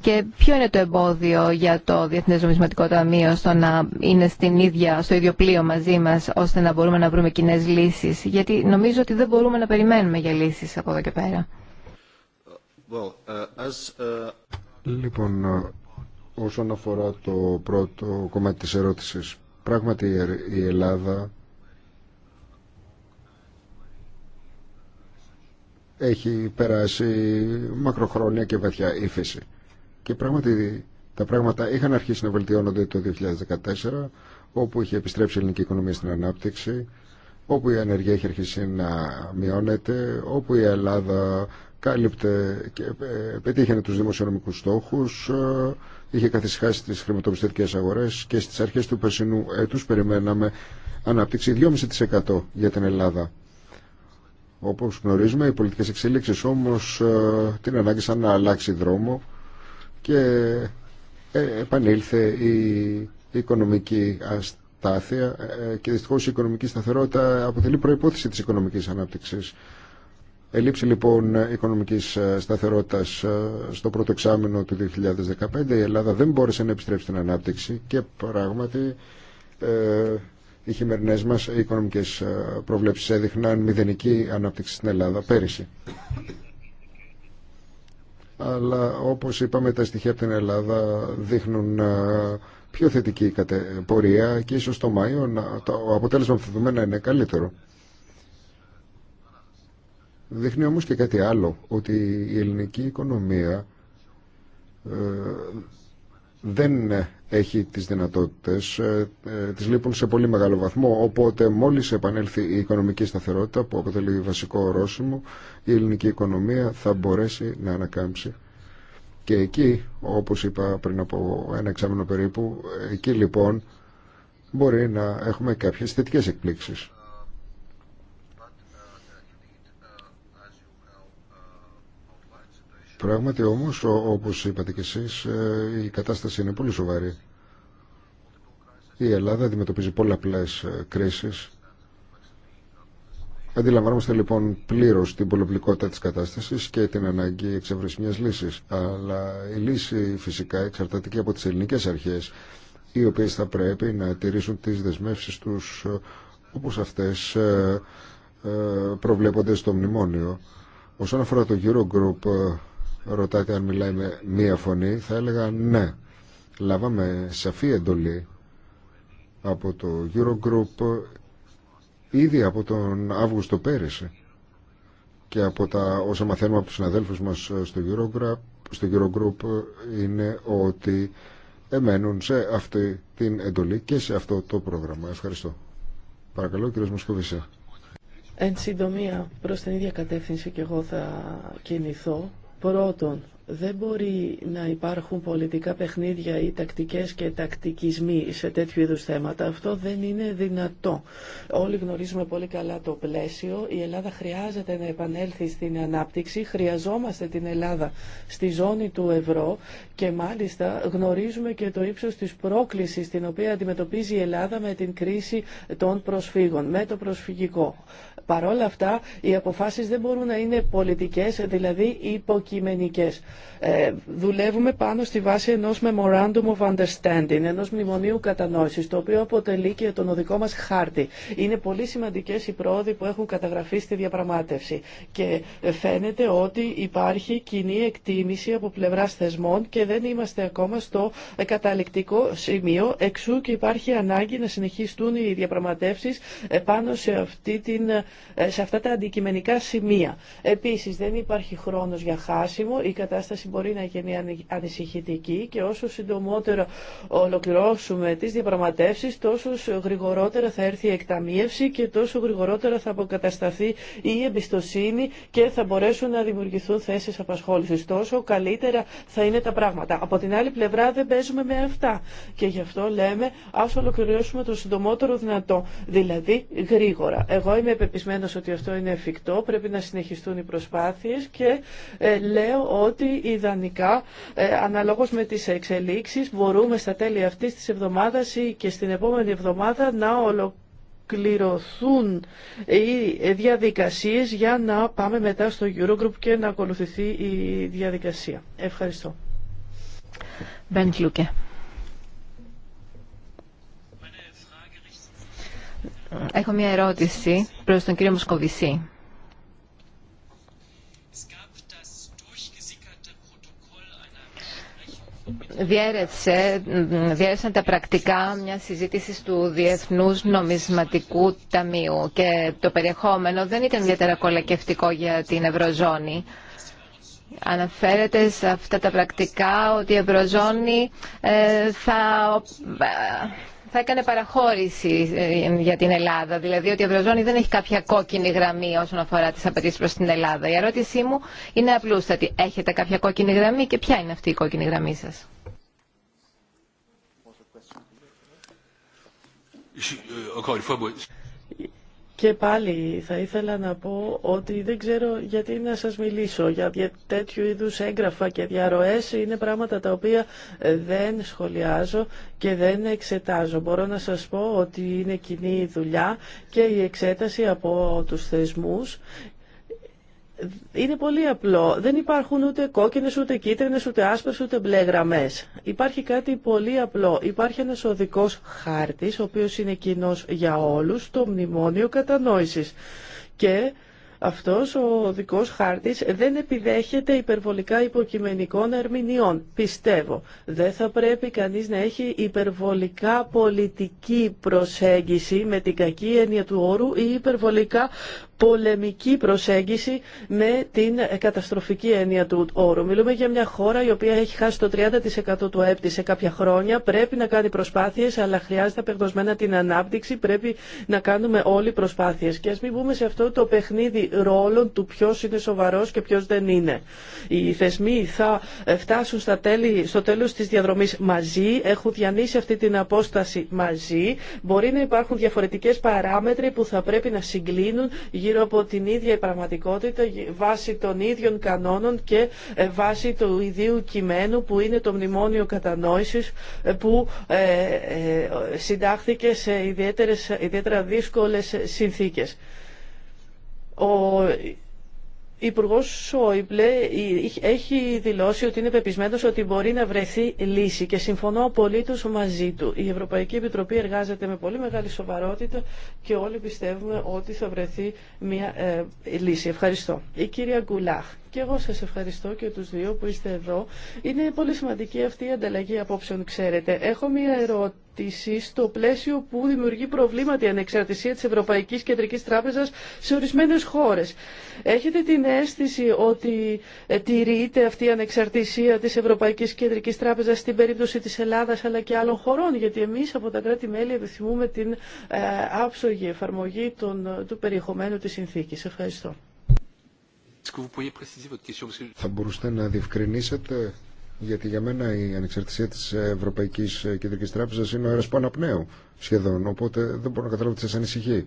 και ποιο είναι το εμπόδιο για το Διεθνές Νομισματικό Ταμείο στο να είναι στην ίδια, στο ίδιο πλοίο μαζί μας ώστε να μπορούμε να βρούμε κοινέ λύσεις. Γιατί νομίζω ότι δεν μπορούμε να περιμένουμε για λύσεις από εδώ και πέρα. Well, uh, as, uh, Λοιπόν, ε, όσον αφορά το πρώτο κομμάτι της ερώτησης, πράγματι η Ελλάδα έχει περάσει μακροχρόνια και βαθιά ύφεση. Και πράγματι τα πράγματα είχαν αρχίσει να βελτιώνονται το 2014, όπου είχε επιστρέψει η ελληνική οικονομία στην ανάπτυξη, όπου η ανεργία είχε αρχίσει να μειώνεται, όπου η Ελλάδα κάλυπτε και ε, πετύχαινε τους δημοσιονομικούς στόχους, ε, είχε καθυσχάσει τις χρηματοπιστωτικές αγορές και στις αρχές του περσινού έτους περιμέναμε ανάπτυξη 2,5% για την Ελλάδα. Όπως γνωρίζουμε, οι πολιτικές εξέλιξεις όμως ε, την ανάγκησαν να αλλάξει δρόμο και ε, επανήλθε η οικονομική αστάθεια ε, και δυστυχώς η οικονομική σταθερότητα αποτελεί προϋπόθεση της οικονομικής ανάπτυξης. Ελήψη λοιπόν οικονομικής ε, σταθερότητας στο πρώτο εξάμεινο του 2015 η Ελλάδα δεν μπόρεσε να επιστρέψει στην ανάπτυξη και πράγματι ε, οι χειμερινέ μα οικονομικέ οικονομικές προβλέψεις έδειχναν μηδενική ανάπτυξη στην Ελλάδα πέρυσι αλλά όπως είπαμε τα στοιχεία από την Ελλάδα δείχνουν ε, πιο θετική πορεία και ίσως το Μάιο το αποτέλεσμα που θα είναι καλύτερο. Δείχνει όμως και κάτι άλλο, ότι η ελληνική οικονομία ε, δεν έχει τις δυνατότητες, ε, ε, τις λείπουν σε πολύ μεγάλο βαθμό, οπότε μόλις επανέλθει η οικονομική σταθερότητα που αποτελεί βασικό ορόσημο, η ελληνική οικονομία θα μπορέσει να ανακάμψει. Και εκεί, όπως είπα πριν από ένα εξάμεινο περίπου, εκεί λοιπόν μπορεί να έχουμε κάποιες θετικές εκπλήξεις. Πράγματι όμως, όπως είπατε και εσείς, ε, η κατάσταση είναι πολύ σοβαρή. Η Ελλάδα αντιμετωπίζει πολλαπλές ε, κρίσεις. Αντιλαμβάνομαστε λοιπόν πλήρως την πολυπλικότητα της κατάστασης και την ανάγκη εξεύρεση μιας λύσης. Αλλά η λύση φυσικά εξαρτάται και από τις ελληνικές αρχές, οι οποίες θα πρέπει να τηρήσουν τις δεσμεύσεις τους ε, όπως αυτές προβλέπονται στο μνημόνιο. Όσον αφορά το Eurogroup, ρωτάτε αν μιλάει με μία φωνή, θα έλεγα ναι. Λάβαμε σαφή εντολή από το Eurogroup ήδη από τον Αύγουστο πέρυσι και από τα όσα μαθαίνουμε από τους συναδέλφους μας στο Eurogroup, στο Eurogroup είναι ότι εμένουν σε αυτή την εντολή και σε αυτό το πρόγραμμα. Ευχαριστώ. Παρακαλώ κύριε Μοσκοβησέ. Εν συντομία, προς την ίδια κατεύθυνση και εγώ θα κινηθώ. Πρώτον, δεν μπορεί να υπάρχουν πολιτικά παιχνίδια ή τακτικές και τακτικισμοί σε τέτοιου είδους θέματα. Αυτό δεν είναι δυνατό. Όλοι γνωρίζουμε πολύ καλά το πλαίσιο. Η Ελλάδα χρειάζεται να επανέλθει στην ανάπτυξη. Χρειαζόμαστε την Ελλάδα στη ζώνη του ευρώ και μάλιστα γνωρίζουμε και το ύψος της πρόκλησης την οποία αντιμετωπίζει η Ελλάδα με την κρίση των προσφύγων, με το προσφυγικό. Παρόλα αυτά, οι αποφάσεις δεν μπορούν να είναι πολιτικές, δηλαδή υποκειμενικές. Ε, δουλεύουμε πάνω στη βάση ενός Memorandum of Understanding, ενός μνημονίου κατανόησης, το οποίο αποτελεί και τον οδικό μας χάρτη. Είναι πολύ σημαντικές οι πρόοδοι που έχουν καταγραφεί στη διαπραγμάτευση και φαίνεται ότι υπάρχει κοινή εκτίμηση από πλευρά θεσμών και δεν είμαστε ακόμα στο καταληκτικό σημείο, εξού και υπάρχει ανάγκη να συνεχιστούν οι διαπραγματεύσεις ε, πάνω σε αυτή την ε, ε, σε αυτά τα αντικειμενικά σημεία. Επίσης δεν υπάρχει χρόνος για χάσιμο, η κατάσταση μπορεί να γίνει ανησυχητική και όσο συντομότερα ολοκληρώσουμε τις διαπραγματεύσεις τόσο γρηγορότερα θα έρθει η εκταμίευση και τόσο γρηγορότερα θα αποκατασταθεί η εμπιστοσύνη και θα μπορέσουν να δημιουργηθούν θέσεις απασχόλησης. Τόσο καλύτερα θα είναι τα πράγματα. Από την άλλη πλευρά δεν παίζουμε με αυτά και γι' αυτό λέμε ας ολοκληρώσουμε το συντομότερο δυνατό, δηλαδή γρήγορα. Εγώ είμαι πεπισμένος ότι αυτό είναι εφικτό, πρέπει να συνεχιστούν οι προσπάθειε. και ε, λέω ότι ιδανικά, ε, αναλόγω με τι εξελίξει, μπορούμε στα τέλη αυτή τη εβδομάδα ή και στην επόμενη εβδομάδα να ολοκληρωθούν κληρωθούν οι διαδικασίες για να πάμε μετά στο Eurogroup και να ακολουθηθεί η διαδικασία. Ευχαριστώ. Έχω μια ερώτηση προς τον κύριο Μοσκοβισή. Διέρεσε, διέρευσαν τα πρακτικά μια συζήτηση του διεθνού Νομισματικού Ταμείου και το περιεχόμενο δεν ήταν ιδιαίτερα κολακευτικό για την Ευρωζώνη. Αναφέρεται σε αυτά τα πρακτικά ότι η Ευρωζώνη ε, θα ε, θα έκανε παραχώρηση ε, για την Ελλάδα, δηλαδή ότι η Ευρωζώνη δεν έχει κάποια κόκκινη γραμμή όσον αφορά τις απαιτήσει προς την Ελλάδα. Η ερώτησή μου είναι απλούστατη. Έχετε κάποια κόκκινη γραμμή και ποια είναι αυτή η κόκκινη γραμμή σας. Και πάλι θα ήθελα να πω ότι δεν ξέρω γιατί να σας μιλήσω για τέτοιου είδους έγγραφα και διαρροές είναι πράγματα τα οποία ε, δεν σχολιάζω και δεν εξετάζω. Μπορώ να σας πω ότι είναι κοινή η δουλειά και η εξέταση από τους θεσμούς είναι πολύ απλό. Δεν υπάρχουν ούτε κόκκινες, ούτε κίτρινες, ούτε άσπρες, ούτε μπλε γραμμές. Υπάρχει κάτι πολύ απλό. Υπάρχει ένας οδικός χάρτης, ο οποίος είναι κοινό για όλους, το μνημόνιο κατανόησης. Και αυτός ο οδικός χάρτης δεν επιδέχεται υπερβολικά υποκειμενικών ερμηνειών. Πιστεύω. Δεν θα πρέπει κανείς να έχει υπερβολικά πολιτική προσέγγιση με την κακή έννοια του όρου ή υπερβολικά πολεμική προσέγγιση με την καταστροφική έννοια του όρου. Μιλούμε για μια χώρα η οποία έχει χάσει το 30% του ΕΠΤΗ σε κάποια χρόνια. Πρέπει να κάνει προσπάθειες, αλλά χρειάζεται απεγνωσμένα την ανάπτυξη. Πρέπει να κάνουμε όλοι προσπάθειες. Και ας μην μπούμε σε αυτό το παιχνίδι ρόλων του ποιο είναι σοβαρός και ποιο δεν είναι. Οι θεσμοί θα φτάσουν στα τέλη, στο τέλος της διαδρομής μαζί, έχουν διανύσει αυτή την απόσταση μαζί. Μπορεί να υπάρχουν διαφορετικές παράμετροι που θα πρέπει να συγκλίνουν γύρω από την ίδια πραγματικότητα βάσει των ίδιων κανόνων και ε, βάσει του ιδίου κειμένου που είναι το μνημόνιο κατανόησης ε, που ε, συντάχθηκε σε ιδιαίτερα δύσκολες συνθήκες. Ο ο Υπουργό Σόιμπλε έχει δηλώσει ότι είναι πεπισμένο ότι μπορεί να βρεθεί λύση και συμφωνώ απολύτω μαζί του. Η Ευρωπαϊκή Επιτροπή εργάζεται με πολύ μεγάλη σοβαρότητα και όλοι πιστεύουμε ότι θα βρεθεί μια ε, λύση. Ευχαριστώ. Η κυρία Γκουλάχ. Και εγώ σας ευχαριστώ και τους δύο που είστε εδώ. Είναι πολύ σημαντική αυτή η ανταλλαγή απόψεων, ξέρετε. Έχω μία ερώτηση στο πλαίσιο που δημιουργεί προβλήματα η ανεξαρτησία της Ευρωπαϊκής Κεντρικής Τράπεζας σε ορισμένες χώρες. Έχετε την αίσθηση ότι ε, τηρείται αυτή η ανεξαρτησία της Ευρωπαϊκής Κεντρικής Τράπεζας στην περίπτωση της Ελλάδας αλλά και άλλων χωρών, γιατί εμείς από τα κράτη-μέλη επιθυμούμε την ε, άψογη εφαρμογή του περιεχομένου της συνθήκη. Ευχαριστώ. Θα μπορούσατε να διευκρινίσετε, γιατί για μένα η ανεξαρτησία της Ευρωπαϊκής Κεντρικής Τράπεζας είναι ο αέρας που αναπνέω σχεδόν, οπότε δεν μπορώ να καταλάβω τι σας ανησυχεί.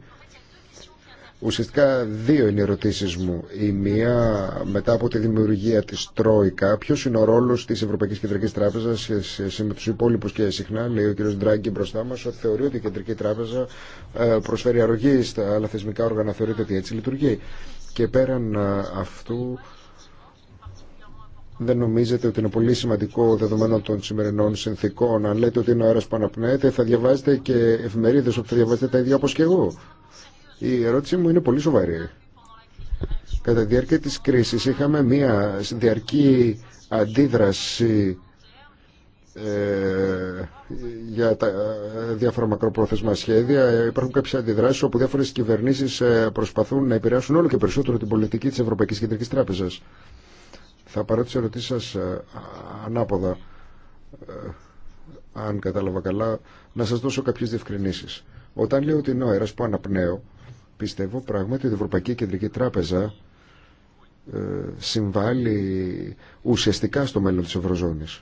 Ουσιαστικά δύο είναι οι ερωτήσει μου. Η μία μετά από τη δημιουργία τη Τρόικα, ποιο είναι ο ρόλο τη Ευρωπαϊκή Κεντρική Τράπεζα, σε σχέση με του υπόλοιπου και συχνά λέει ο κ. Ντράγκη μπροστά μα ότι θεωρεί ότι η Κεντρική Τράπεζα ε, προσφέρει αρρωγή στα άλλα θεσμικά όργανα, θεωρείται ότι έτσι λειτουργεί. Και πέραν ε, αυτού δεν νομίζετε ότι είναι πολύ σημαντικό δεδομένο των σημερινών συνθήκων. Αν λέτε ότι είναι ο αέρας που αναπνέεται θα διαβάζετε και εφημερίδες όπου θα διαβάζετε τα ίδια όπως και εγώ. Η ερώτησή μου είναι πολύ σοβαρή. Κατά τη διάρκεια της κρίσης είχαμε μια διαρκή αντίδραση ε, για τα διάφορα μακροπρόθεσμα σχέδια. Ε, υπάρχουν κάποιε αντιδράσει όπου διάφορε κυβερνήσει ε, προσπαθούν να επηρεάσουν όλο και περισσότερο την πολιτική τη Ευρωπαϊκή Κεντρική Τράπεζα. Θα πάρω τι ερωτήσει σα ε, ανάποδα, αν κατάλαβα καλά, να σα δώσω κάποιε διευκρινήσει. Όταν λέω ότι είναι ο αέρα που αναπνέω, πιστεύω πράγματι ότι η Ευρωπαϊκή Κεντρική Τράπεζα συμβάλλει ουσιαστικά στο μέλλον της Ευρωζώνης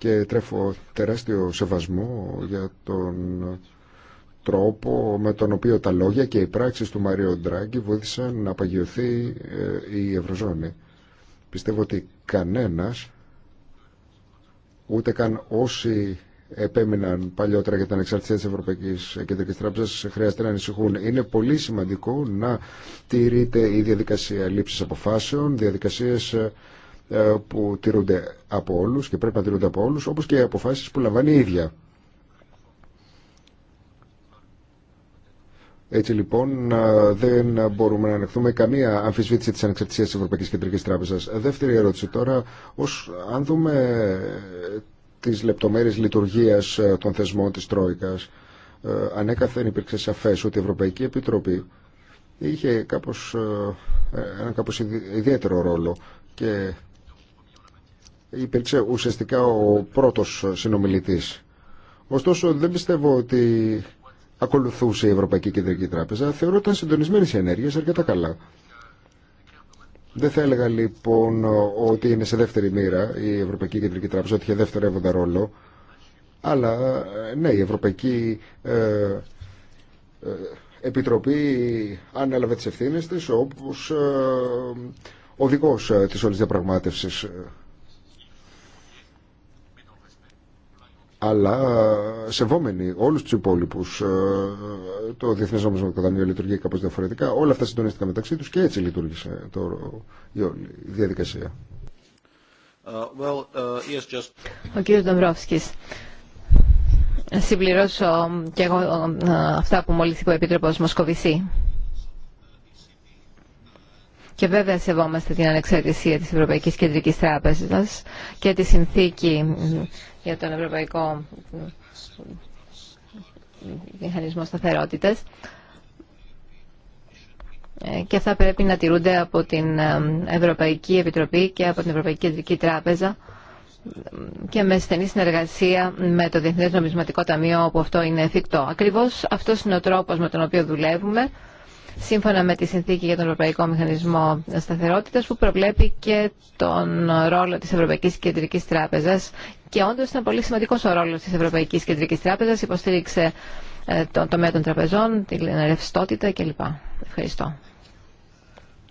και τρέφω τεράστιο σεβασμό για τον τρόπο με τον οποίο τα λόγια και οι πράξεις του Μαρίο Ντράγκη βοήθησαν να απαγιωθεί ε, η Ευρωζώνη. Πιστεύω ότι κανένας, ούτε καν όσοι επέμειναν παλιότερα για την ανεξαρτησία της Ευρωπαϊκής Κεντρικής Τράπεζας χρειάζεται να ανησυχούν. Είναι πολύ σημαντικό να τηρείται η διαδικασία λήψης αποφάσεων, διαδικασίες ε, ε, που τηρούνται από όλους και πρέπει να τηρούνται από όλους όπως και οι αποφάσεις που λαμβάνει η ίδια. Έτσι λοιπόν ε, δεν μπορούμε να ανεχθούμε καμία αμφισβήτηση της ανεξαρτησίας της Ευρωπαϊκής Κεντρικής Τράπεζας. Δεύτερη ερώτηση τώρα, ως, αν δούμε ε, τις λεπτομέρειες λειτουργίας των θεσμών της Τρόικας, ανέκαθεν υπήρξε σαφές ότι η Ευρωπαϊκή Επιτροπή είχε κάπως, έναν κάπως ιδιαίτερο ρόλο και υπήρξε ουσιαστικά ο πρώτος συνομιλητής. Ωστόσο δεν πιστεύω ότι ακολουθούσε η Ευρωπαϊκή Κεντρική Τράπεζα. Θεωρώ ότι ήταν συντονισμένες οι ενέργειες αρκετά καλά. Δεν θα έλεγα λοιπόν ότι είναι σε δεύτερη μοίρα η Ευρωπαϊκή Κεντρική Τράπεζα, ότι είχε δευτερεύοντα ρόλο. Αλλά ναι, η Ευρωπαϊκή ε, ε, Επιτροπή ανέλαβε τις ευθύνες της όπως ε, οδηγός ε, της όλης διαπραγμάτευσης. αλλά ε, σεβόμενοι όλους τους υπόλοιπους ε, το Διεθνές το Δανείο λειτουργεί κάπως διαφορετικά όλα αυτά συντονίστηκαν μεταξύ τους και έτσι λειτουργήσε το, η όλη διαδικασία ε, well, yes, just... Ο κύριος Ντομπρόφσκης συμπληρώσω και εγώ αυτά που μόλις είπε ο Επίτροπος Μοσκοβισή και βέβαια σεβόμαστε την ανεξαρτησία της Ευρωπαϊκής Κεντρικής Τράπεζας και τη συνθήκη για τον Ευρωπαϊκό Μηχανισμό σταθερότητα, ε, και θα πρέπει να τηρούνται από την ε, Ευρωπαϊκή Επιτροπή και από την Ευρωπαϊκή Κεντρική Τράπεζα και με στενή συνεργασία με το Διεθνές Νομισματικό Ταμείο όπου αυτό είναι εφικτό. Ακριβώς αυτός είναι ο τρόπος με τον οποίο δουλεύουμε σύμφωνα με τη συνθήκη για τον Ευρωπαϊκό Μηχανισμό σταθερότητα, που προβλέπει και τον ρόλο τη Ευρωπαϊκή Κεντρική Τράπεζα. Και όντω ήταν πολύ σημαντικό ο ρόλο τη Ευρωπαϊκή Κεντρική Τράπεζα. Υποστήριξε ε, το τομέα των τραπεζών, την ρευστότητα κλπ. Ευχαριστώ.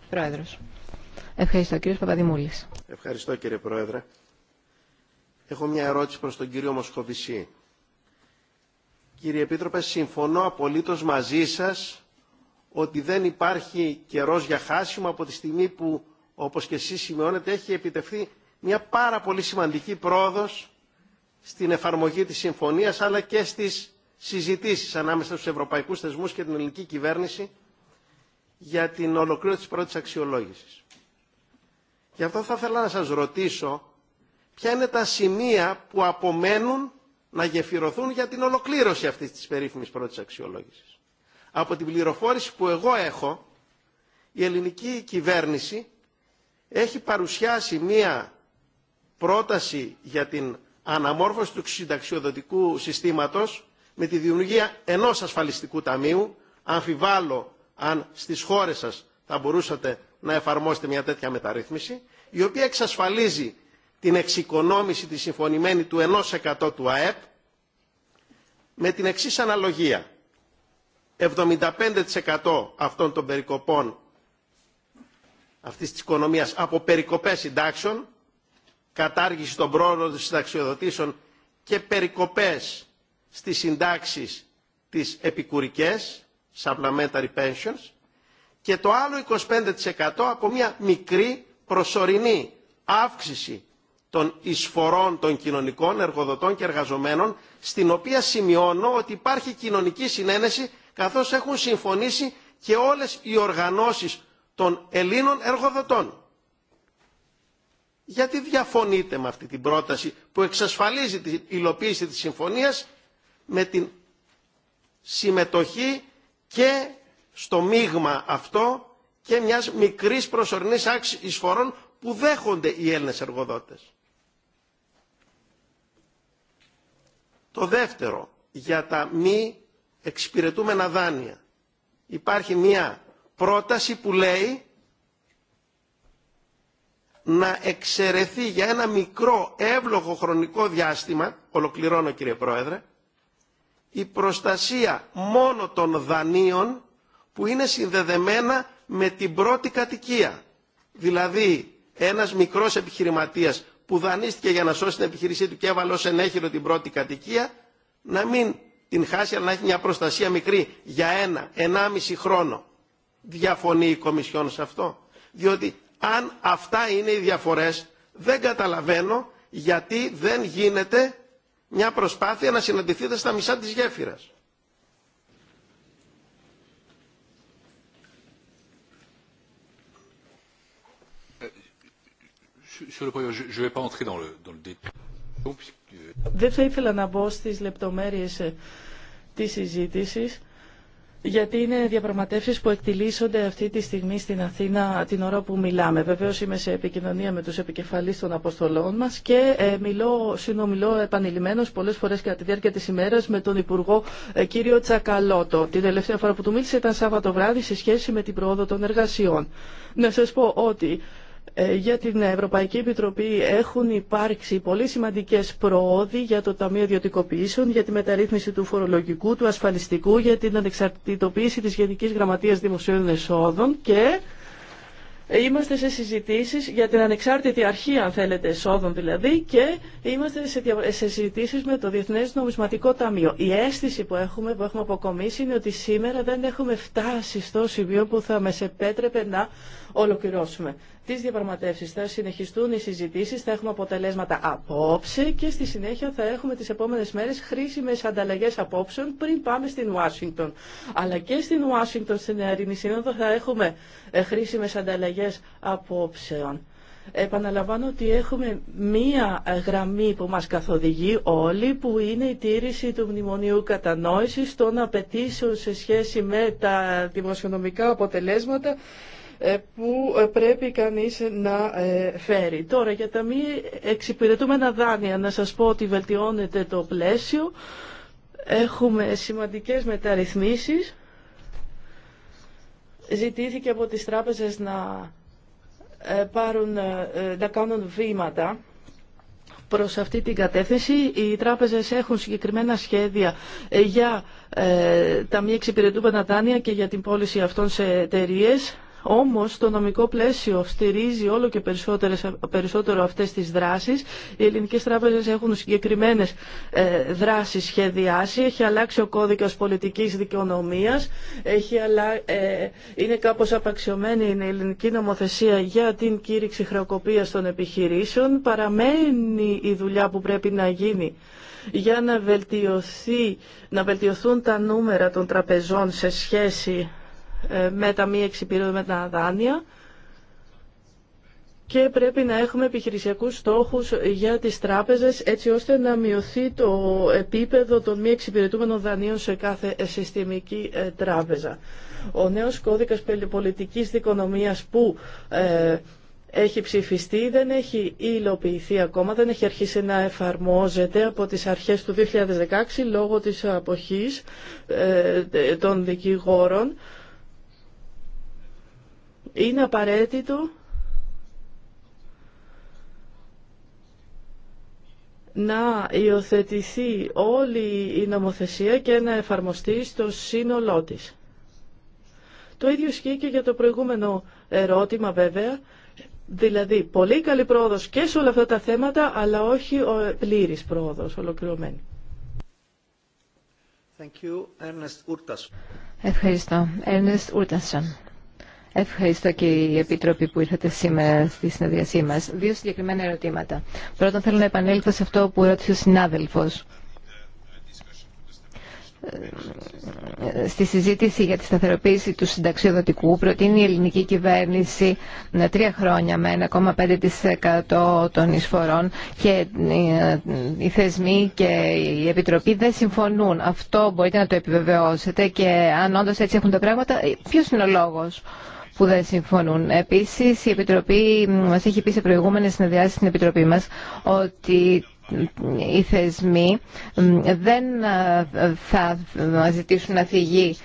Πρόεδρο. Ευχαριστώ, κύριο Παπαδημούλη. Ευχαριστώ, κύριε Πρόεδρε. Έχω μια ερώτηση προ τον κύριο Μοσκοβισή. Κύριε Επίτροπε, συμφωνώ απολύτω μαζί σα ότι δεν υπάρχει καιρό για χάσιμο από τη στιγμή που, όπω και εσεί σημειώνετε, έχει επιτευχθεί μια πάρα πολύ σημαντική πρόοδος στην εφαρμογή της συμφωνίας αλλά και στις συζητήσεις ανάμεσα στους ευρωπαϊκούς θεσμούς και την ελληνική κυβέρνηση για την ολοκλήρωση της πρώτης αξιολόγησης. Γι' αυτό θα ήθελα να σας ρωτήσω ποια είναι τα σημεία που απομένουν να γεφυρωθούν για την ολοκλήρωση αυτής της περίφημης πρώτης αξιολόγησης. Από την πληροφόρηση που εγώ έχω, η ελληνική κυβέρνηση έχει παρουσιάσει μία πρόταση για την αναμόρφωση του συνταξιοδοτικού συστήματος με τη δημιουργία ενός ασφαλιστικού ταμείου. Αμφιβάλλω αν στις χώρες σας θα μπορούσατε να εφαρμόσετε μια τέτοια μεταρρύθμιση, η οποία εξασφαλίζει την εξοικονόμηση τη συμφωνημένη του 1% του ΑΕΠ με την εξής αναλογία. 75% αυτών των περικοπών αυτής της οικονομίας από περικοπές συντάξεων κατάργηση των πρόορων συνταξιοδοτήσεων και περικοπές στις συντάξεις τις επικουρικές, supplementary pensions, και το άλλο 25% από μια μικρή προσωρινή αύξηση των εισφορών των κοινωνικών εργοδοτών και εργαζομένων, στην οποία σημειώνω ότι υπάρχει κοινωνική συνένεση, καθώς έχουν συμφωνήσει και όλες οι οργανώσεις των Ελλήνων εργοδοτών γιατί διαφωνείτε με αυτή την πρόταση που εξασφαλίζει την υλοποίηση της συμφωνίας με την συμμετοχή και στο μείγμα αυτό και μιας μικρής προσωρινής άξης εισφορών που δέχονται οι Έλληνες εργοδότες. Το δεύτερο, για τα μη εξυπηρετούμενα δάνεια. Υπάρχει μια πρόταση που λέει να εξαιρεθεί για ένα μικρό εύλογο χρονικό διάστημα, ολοκληρώνω κύριε Πρόεδρε, η προστασία μόνο των δανείων που είναι συνδεδεμένα με την πρώτη κατοικία. Δηλαδή ένας μικρός επιχειρηματίας που δανείστηκε για να σώσει την επιχείρησή του και έβαλε ως ενέχειρο την πρώτη κατοικία, να μην την χάσει αλλά να έχει μια προστασία μικρή για ένα, ενάμιση χρόνο. Διαφωνεί η Κομισιόν σε αυτό. Διότι αν αυτά είναι οι διαφορές, δεν καταλαβαίνω γιατί δεν γίνεται μια προσπάθεια να συναντηθείτε στα μισά της γέφυρας. Δεν θα ήθελα να μπω στις λεπτομέρειες ε, της συζήτησης γιατί είναι διαπραγματεύσεις που εκτιλήσονται αυτή τη στιγμή στην Αθήνα την ώρα που μιλάμε. Βεβαίως είμαι σε επικοινωνία με τους επικεφαλεί των αποστολών μας και ε, μιλώ, συνομιλώ επανειλημμένως πολλές φορές κατά τη διάρκεια της ημέρας με τον Υπουργό ε, κύριο Τσακαλώτο. Την τελευταία φορά που του μίλησε ήταν Σάββατο βράδυ σε σχέση με την πρόοδο των εργασιών. Να σα πω ότι ε, για την Ευρωπαϊκή Επιτροπή έχουν υπάρξει πολύ σημαντικές προόδοι για το Ταμείο Ιδιωτικοποιήσεων, για τη μεταρρύθμιση του φορολογικού, του ασφαλιστικού, για την ανεξαρτητοποίηση της Γενικής Γραμματείας Δημοσίων Εσόδων και Είμαστε σε συζητήσεις για την ανεξάρτητη αρχή, αν θέλετε, εσόδων δηλαδή και είμαστε σε συζητήσεις με το Διεθνές Νομισματικό Ταμείο. Η αίσθηση που έχουμε, που έχουμε αποκομίσει είναι ότι σήμερα δεν έχουμε φτάσει στο σημείο που θα μας επέτρεπε να ολοκληρώσουμε τι διαπραγματεύσει. Θα συνεχιστούν οι συζητήσει, θα έχουμε αποτελέσματα απόψε και στη συνέχεια θα έχουμε τι επόμενε μέρε χρήσιμε ανταλλαγέ απόψεων πριν πάμε στην Ουάσιγκτον. Αλλά και στην Ουάσιγκτον, στην Νεαρήνη Σύνοδο, θα έχουμε ε, χρήσιμε ανταλλαγέ απόψεων. Επαναλαμβάνω ότι έχουμε μία ε, γραμμή που μας καθοδηγεί όλοι που είναι η τήρηση του μνημονίου κατανόησης των απαιτήσεων σε σχέση με τα δημοσιονομικά αποτελέσματα ε, που ε, πρέπει κανείς να ε, φέρει. Τώρα για τα μη εξυπηρετούμενα δάνεια να σας πω ότι βελτιώνεται το πλαίσιο. Έχουμε σημαντικές μεταρρυθμίσεις. Ζητήθηκε από τις τράπεζες να, πάρουν, να κάνουν βήματα προς αυτή την κατεύθυνση. Οι τράπεζες έχουν συγκεκριμένα σχέδια για τα μη εξυπηρετούμενα δάνεια και για την πώληση αυτών σε εταιρείε. Όμως το νομικό πλαίσιο στηρίζει όλο και περισσότερες, περισσότερο αυτές τις δράσεις. Οι ελληνικές τράπεζες έχουν συγκεκριμένες ε, δράσεις σχεδιάσει. Έχει αλλάξει ο κώδικας πολιτικής δικαιονομίας. Έχει αλλα... Ε, είναι κάπως απαξιωμένη η ελληνική νομοθεσία για την κήρυξη χρεοκοπίας των επιχειρήσεων. Παραμένει η δουλειά που πρέπει να γίνει για να, βελτιωθεί, να βελτιωθούν τα νούμερα των τραπεζών σε σχέση ε, με τα μη εξυπηρετούμενα δάνεια και πρέπει να έχουμε επιχειρησιακούς στόχους για τις τράπεζες έτσι ώστε να μειωθεί το επίπεδο των μη εξυπηρετούμενων δανείων σε κάθε συστημική ε, τράπεζα. Ο νέος κώδικας πολιτικής δικονομίας που ε, έχει ψηφιστεί, δεν έχει υλοποιηθεί ακόμα, δεν έχει αρχίσει να εφαρμόζεται από τις αρχές του 2016 λόγω της αποχής των δικηγόρων είναι απαραίτητο να υιοθετηθεί όλη η νομοθεσία και να εφαρμοστεί στο σύνολό της. Το ίδιο ισχύει και για το προηγούμενο ερώτημα βέβαια, δηλαδή πολύ καλή πρόοδος και σε όλα αυτά τα θέματα, αλλά όχι ο πλήρης πρόοδος ολοκληρωμένη. Thank Ευχαριστώ. Ευχαριστώ και οι επίτροποι που ήρθατε σήμερα στη συνεδριασή μας. Δύο συγκεκριμένα ερωτήματα. Πρώτον θέλω να επανέλθω σε αυτό που ρώτησε ο συνάδελφος. Στη συζήτηση για τη σταθεροποίηση του συνταξιοδοτικού προτείνει η ελληνική κυβέρνηση ε, τρία χρόνια με 1,5% των εισφορών και ε, οι θεσμοί και η Επιτροπή δεν συμφωνούν. Αυτό μπορείτε να το επιβεβαιώσετε και αν όντως έτσι έχουν τα πράγματα, ε, ποιος είναι ο λόγος που δεν συμφωνούν. Επίσης, η Επιτροπή μα έχει πει σε προηγούμενε συνεδριάσει στην Επιτροπή μα ότι οι θεσμοί δεν ε, θα ζητήσουν να θυγεί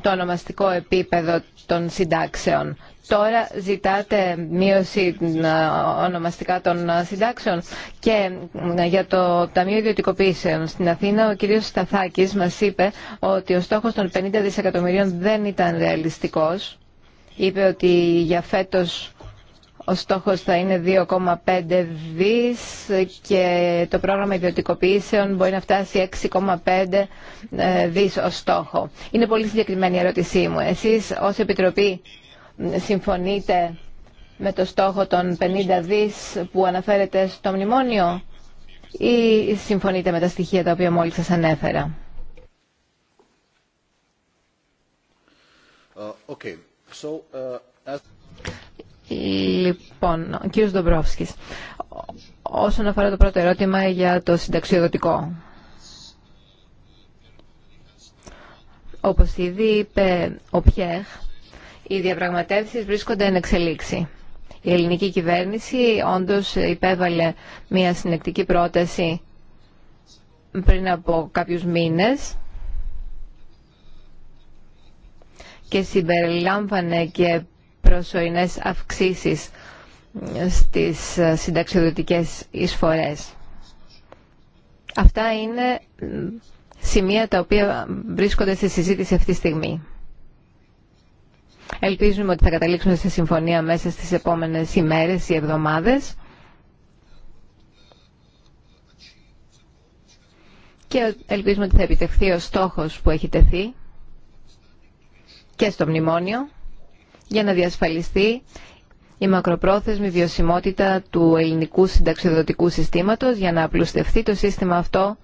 το ονομαστικό επίπεδο των συντάξεων. Τώρα ζητάτε μείωση ονομαστικά των συντάξεων και για το Ταμείο Ιδιωτικοποίησεων στην Αθήνα ο κύριος Σταθάκης μας είπε ότι ο στόχος των 50 δισεκατομμυρίων δεν ήταν ρεαλιστικός. Είπε ότι για φέτος ο στόχος θα είναι 2,5 δις και το πρόγραμμα ιδιωτικοποιήσεων μπορεί να φτάσει 6,5 ε, δις ως στόχο. Είναι πολύ συγκεκριμένη η ερώτησή μου. Εσείς ως Επιτροπή συμφωνείτε με το στόχο των 50 δις που αναφέρεται στο μνημόνιο ή συμφωνείτε με τα στοιχεία τα οποία μόλις σας ανέφερα. Uh, okay. So, uh, Λοιπόν, ο κύριος Ντομπρόφσκης, όσον αφορά το πρώτο ερώτημα για το συνταξιοδοτικό. Όπως ήδη είπε ο Πιέχ, οι διαπραγματεύσεις βρίσκονται εν εξελίξη. Η ελληνική κυβέρνηση όντως υπέβαλε μια συνεκτική πρόταση πριν από κάποιους μήνες και συμπεριλάμβανε και προσωρινές αυξήσεις στις συνταξιοδοτικές εισφορές. Αυτά είναι σημεία τα οποία βρίσκονται στη συζήτηση αυτή τη στιγμή. Ελπίζουμε ότι θα καταλήξουμε σε συμφωνία μέσα στις επόμενες ημέρες ή εβδομάδες και ελπίζουμε ότι θα επιτευχθεί ο στόχος που έχει τεθεί και στο μνημόνιο για να διασφαλιστεί η μακροπρόθεσμη βιωσιμότητα του ελληνικού συνταξιοδοτικού συστήματος για να απλουστευτεί το σύστημα αυτό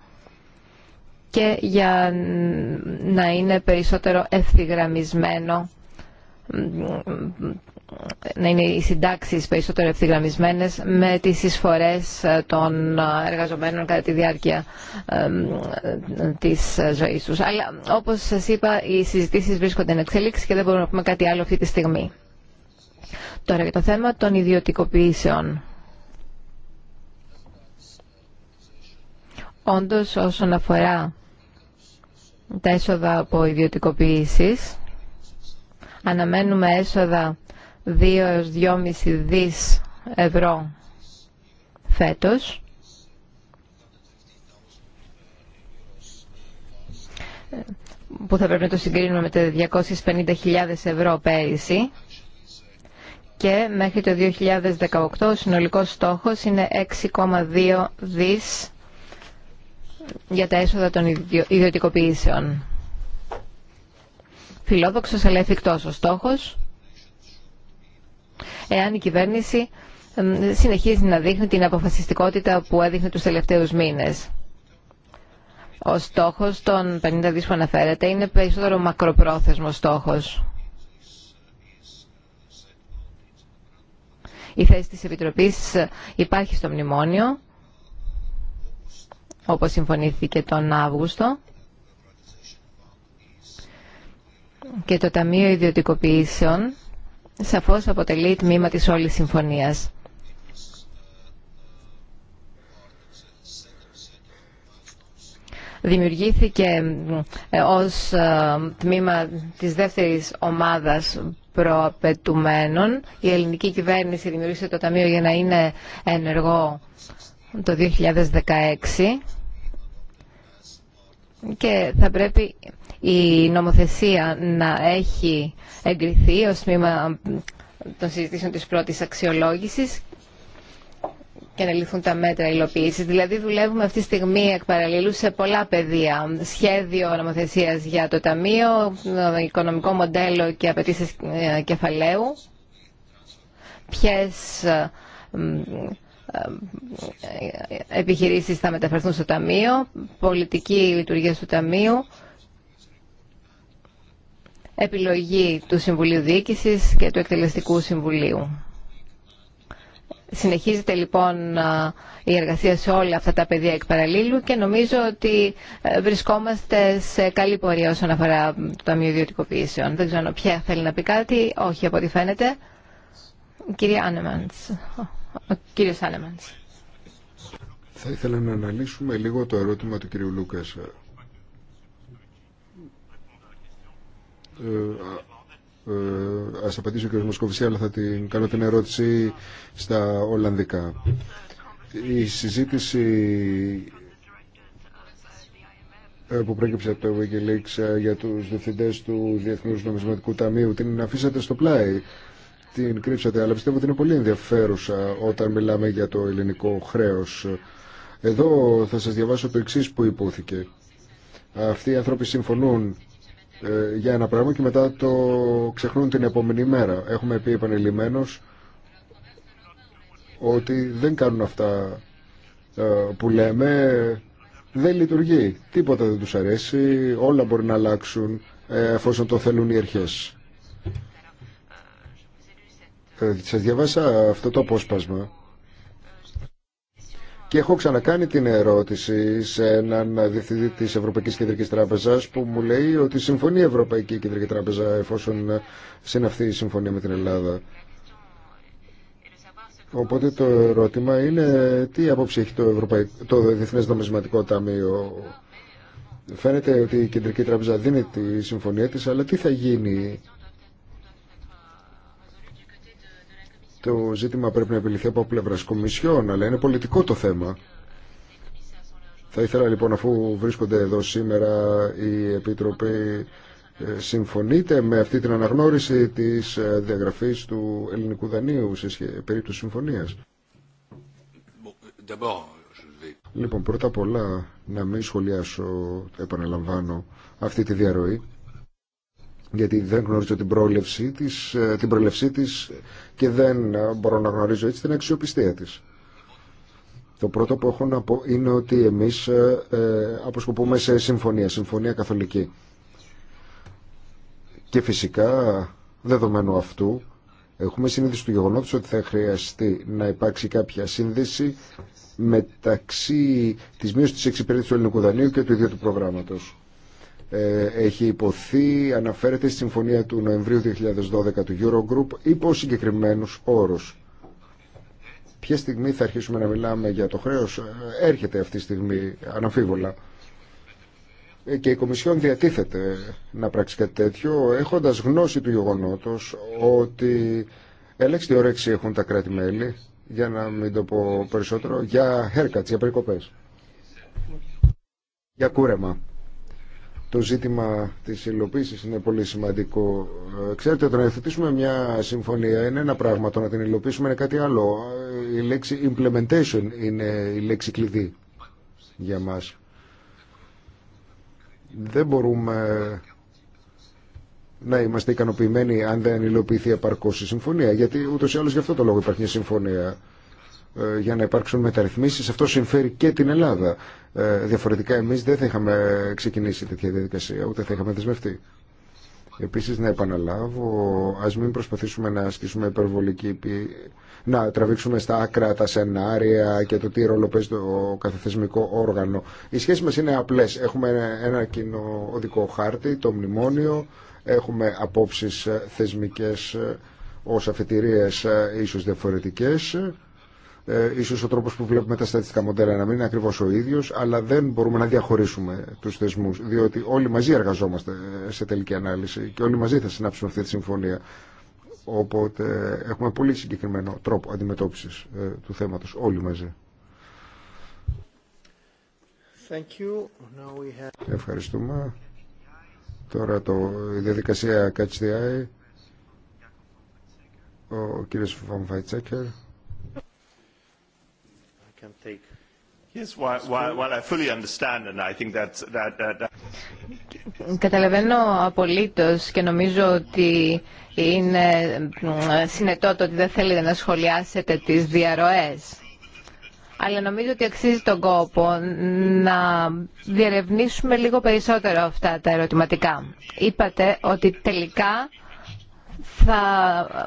και για να είναι περισσότερο ευθυγραμμισμένο να είναι οι συντάξεις περισσότερο ευθυγραμμισμένες με τις εισφορές ε, των ε, εργαζομένων κατά τη διάρκεια ε, της ζωής τους. Αλλά όπως σας είπα οι συζητήσεις βρίσκονται εν εξέλιξη και δεν μπορούμε να πούμε κάτι άλλο αυτή τη στιγμή. Τώρα για το θέμα των ιδιωτικοποιήσεων. Όντως όσον αφορά τα έσοδα από ιδιωτικοποιήσει, αναμένουμε έσοδα 2 2,5 δις ευρώ φέτος. που θα πρέπει να το συγκρίνουμε με τα 250.000 ευρώ πέρυσι και μέχρι το 2018 ο συνολικός στόχος είναι 6,2 δις για τα έσοδα των ιδιωτικοποιήσεων. Φιλόδοξος αλλά εφικτός ο στόχος εάν η κυβέρνηση συνεχίζει να δείχνει την αποφασιστικότητα που έδειχνε τους τελευταίους μήνες. Ο στόχος των 50 δις που αναφέρεται είναι περισσότερο μακροπρόθεσμος στόχος. Η θέση της Επιτροπής υπάρχει στο μνημόνιο, όπως συμφωνήθηκε τον Αύγουστο. Και το Ταμείο Ιδιωτικοποιήσεων σαφώς αποτελεί τμήμα της όλης συμφωνίας. Δημιουργήθηκε ε, ως ε, τμήμα της δεύτερης ομάδας προαπαιτουμένων. Η ελληνική κυβέρνηση δημιούργησε το Ταμείο για να είναι ενεργό το 2016 και θα πρέπει η νομοθεσία να έχει εγκριθεί ως τμήμα των συζητήσεων της πρώτης αξιολόγησης και να λυθούν τα μέτρα υλοποίησης. Δηλαδή, δουλεύουμε αυτή τη στιγμή εκ παραλλήλου σε πολλά πεδία. Σχέδιο νομοθεσίας για το Ταμείο, οικονομικό μοντέλο και απαιτήσει ε, κεφαλαίου. Ποιε ε, επιχειρήσεις θα μεταφερθούν στο Ταμείο, πολιτική λειτουργία του Ταμείου, επιλογή του Συμβουλίου Διοίκησης και του Εκτελεστικού Συμβουλίου. Συνεχίζεται λοιπόν η εργασία σε όλα αυτά τα πεδία εκ παραλίλου και νομίζω ότι ε, βρισκόμαστε σε καλή πορεία όσον αφορά το Ταμείο Ιδιωτικοποιήσεων. Δεν ξέρω ποια θέλει να πει κάτι. Όχι από ό,τι φαίνεται. Κύριε Άνεμαντς. κύριος Θα ήθελα να αναλύσουμε λίγο το ερώτημα του κυρίου Λούκας. Ε, ε, ας απαντήσει ο κ. Μοσκοβισή, αλλά θα την κάνω την ερώτηση στα Ολλανδικά. Η συζήτηση ε, που προέκυψε από το Wikileaks ε, για τους διευθυντές του Διεθνούς Νομισματικού Ταμείου την αφήσατε στο πλάι, την κρύψατε, αλλά πιστεύω ότι είναι πολύ ενδιαφέρουσα όταν μιλάμε για το ελληνικό χρέος. Εδώ θα σας διαβάσω το εξής που υπόθηκε. Αυτοί οι άνθρωποι συμφωνούν ε, για ένα πράγμα και μετά το ξεχνούν την επόμενη μέρα. Έχουμε πει επανειλημμένω ότι δεν κάνουν αυτά ε, που λέμε, δεν λειτουργεί. Τίποτα δεν τους αρέσει, όλα μπορεί να αλλάξουν ε, εφόσον το θέλουν οι αρχές. Σας διαβάσα αυτό το απόσπασμα και έχω ξανακάνει την ερώτηση σε έναν διευθυντή τη Ευρωπαϊκή Κεντρική Τράπεζα που μου λέει ότι συμφωνεί η Ευρωπαϊκή Κεντρική Τράπεζα εφόσον συναυθεί η συμφωνία με την Ελλάδα. Οπότε το ερώτημα είναι τι άποψη έχει το, Ευρωπαϊκ... το Διεθνές Νομισματικό Ταμείο. Φαίνεται ότι η Κεντρική Τράπεζα δίνει τη συμφωνία της, αλλά τι θα γίνει το ζήτημα πρέπει να επιληθεί από πλευρά κομισιών, αλλά είναι πολιτικό το θέμα. Θα ήθελα λοιπόν αφού βρίσκονται εδώ σήμερα οι Επίτροποι ε, συμφωνείτε με αυτή την αναγνώριση της ε, διαγραφής του ελληνικού δανείου σε περίπτωση συμφωνίας. Λοιπόν, πρώτα απ' όλα να μην σχολιάσω, επαναλαμβάνω, αυτή τη διαρροή γιατί δεν γνωρίζω την πρόλευσή της, ε, την πρόλευσή της και δεν ε, μπορώ να γνωρίζω έτσι την αξιοπιστία της. Το πρώτο που έχω να πω είναι ότι εμείς ε, ε, αποσκοπούμε σε συμφωνία, συμφωνία καθολική. Και φυσικά, δεδομένου αυτού, έχουμε συνείδηση του γεγονότος ότι θα χρειαστεί να υπάρξει κάποια σύνδεση μεταξύ της μείωσης της εξυπηρέτησης του ελληνικού δανείου και του ίδιου του προγράμματος. Ε, έχει υποθεί, αναφέρεται στη συμφωνία του Νοεμβρίου 2012 του Eurogroup υπό συγκεκριμένου όρου. Ποια στιγμή θα αρχίσουμε να μιλάμε για το χρέος, ε, έρχεται αυτή τη στιγμή αναμφίβολα. Ε, και η Κομισιόν διατίθεται να πράξει κάτι τέτοιο, έχοντας γνώση του γεγονότος ότι ελέγξτε όρεξη έχουν τα κράτη-μέλη, για να μην το πω περισσότερο, για haircuts, για περικοπές, για κούρεμα το ζήτημα της υλοποίησης είναι πολύ σημαντικό. Ε, ξέρετε, το να υιοθετήσουμε μια συμφωνία είναι ένα πράγμα, το να την υλοποιήσουμε είναι κάτι άλλο. Ε, η λέξη implementation είναι η λέξη κλειδί για μας. Δεν μπορούμε να είμαστε ικανοποιημένοι αν δεν υλοποιηθεί επαρκώς η συμφωνία, γιατί ούτως ή άλλως γι' αυτό το λόγο υπάρχει μια συμφωνία. Ε, για να υπάρξουν μεταρρυθμίσεις. Αυτό συμφέρει και την Ελλάδα. Ε, διαφορετικά εμείς δεν θα είχαμε ξεκινήσει τέτοια διαδικασία, ούτε θα είχαμε δεσμευτεί. Επίσης να επαναλάβω, ας μην προσπαθήσουμε να ασκήσουμε υπερβολική να τραβήξουμε στα άκρα τα σενάρια και το τι ρόλο παίζει το καθεθεσμικό όργανο. Οι σχέσεις μας είναι απλές. Έχουμε ένα κοινό οδικό χάρτη, το μνημόνιο, έχουμε απόψεις θεσμικές ως αφετηρίες ε, ίσως διαφορετικές ε, ίσως ο τρόπος που βλέπουμε τα στατιστικά μοντέλα να μην είναι ακριβώς ο ίδιος, αλλά δεν μπορούμε να διαχωρίσουμε τους θεσμούς, διότι όλοι μαζί εργαζόμαστε σε τελική ανάλυση και όλοι μαζί θα συνάψουμε αυτή τη συμφωνία. Οπότε έχουμε πολύ συγκεκριμένο τρόπο αντιμετώπισης ε, του θέματος όλοι μαζί. Thank you. Now we Ευχαριστούμε. Τώρα το, η διαδικασία Catch the Eye. Ο κύριος Βαμβαϊτσέκερ. Καταλαβαίνω απολύτως και νομίζω ότι είναι συνετό το ότι δεν θέλετε να σχολιάσετε τις διαρροές. Αλλά νομίζω ότι αξίζει τον κόπο να διερευνήσουμε λίγο περισσότερο αυτά τα ερωτηματικά. Είπατε ότι τελικά θα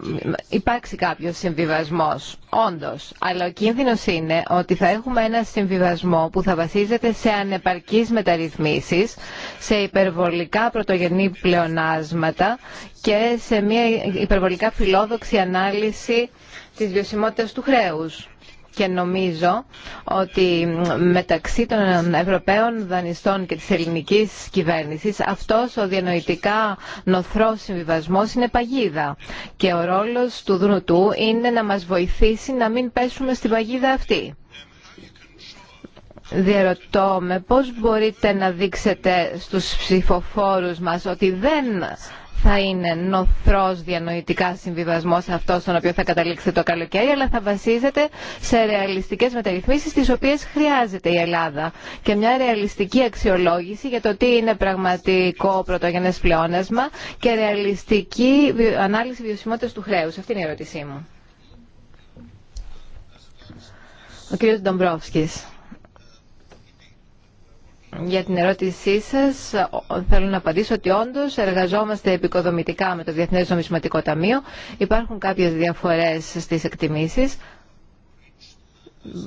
υπάρξει κάποιος συμβιβασμός, όντως. Αλλά ο κίνδυνος είναι ότι θα έχουμε ένα συμβιβασμό που θα βασίζεται σε ανεπαρκείς μεταρρυθμίσεις, σε υπερβολικά πρωτογενή πλεονάσματα και σε μια υπερβολικά φιλόδοξη ανάλυση της βιωσιμότητας του χρέους και νομίζω ότι μεταξύ των Ευρωπαίων δανειστών και της ελληνικής κυβέρνησης αυτός ο διανοητικά νοθρός συμβιβασμός είναι παγίδα και ο ρόλος του Δουνουτού είναι να μας βοηθήσει να μην πέσουμε στην παγίδα αυτή. Διερωτώ με πώς μπορείτε να δείξετε στους ψηφοφόρους μας ότι δεν θα είναι νοθρός διανοητικά συμβιβασμός αυτός στον οποίο θα καταλήξετε το καλοκαίρι, αλλά θα βασίζεται σε ρεαλιστικές μεταρρυθμίσεις τις οποίες χρειάζεται η Ελλάδα και μια ρεαλιστική αξιολόγηση για το τι είναι πραγματικό πρωτογενές πλεόνασμα και ρεαλιστική ανάλυση βιωσιμότητας του χρέους. Αυτή είναι η ερώτησή μου. Ο κ. Ντομπρόφσκης για την ερώτησή σα, θέλω να απαντήσω ότι όντω εργαζόμαστε επικοδομητικά με το Διεθνές Νομισματικό Ταμείο. Υπάρχουν κάποιες διαφορές στις εκτιμήσεις,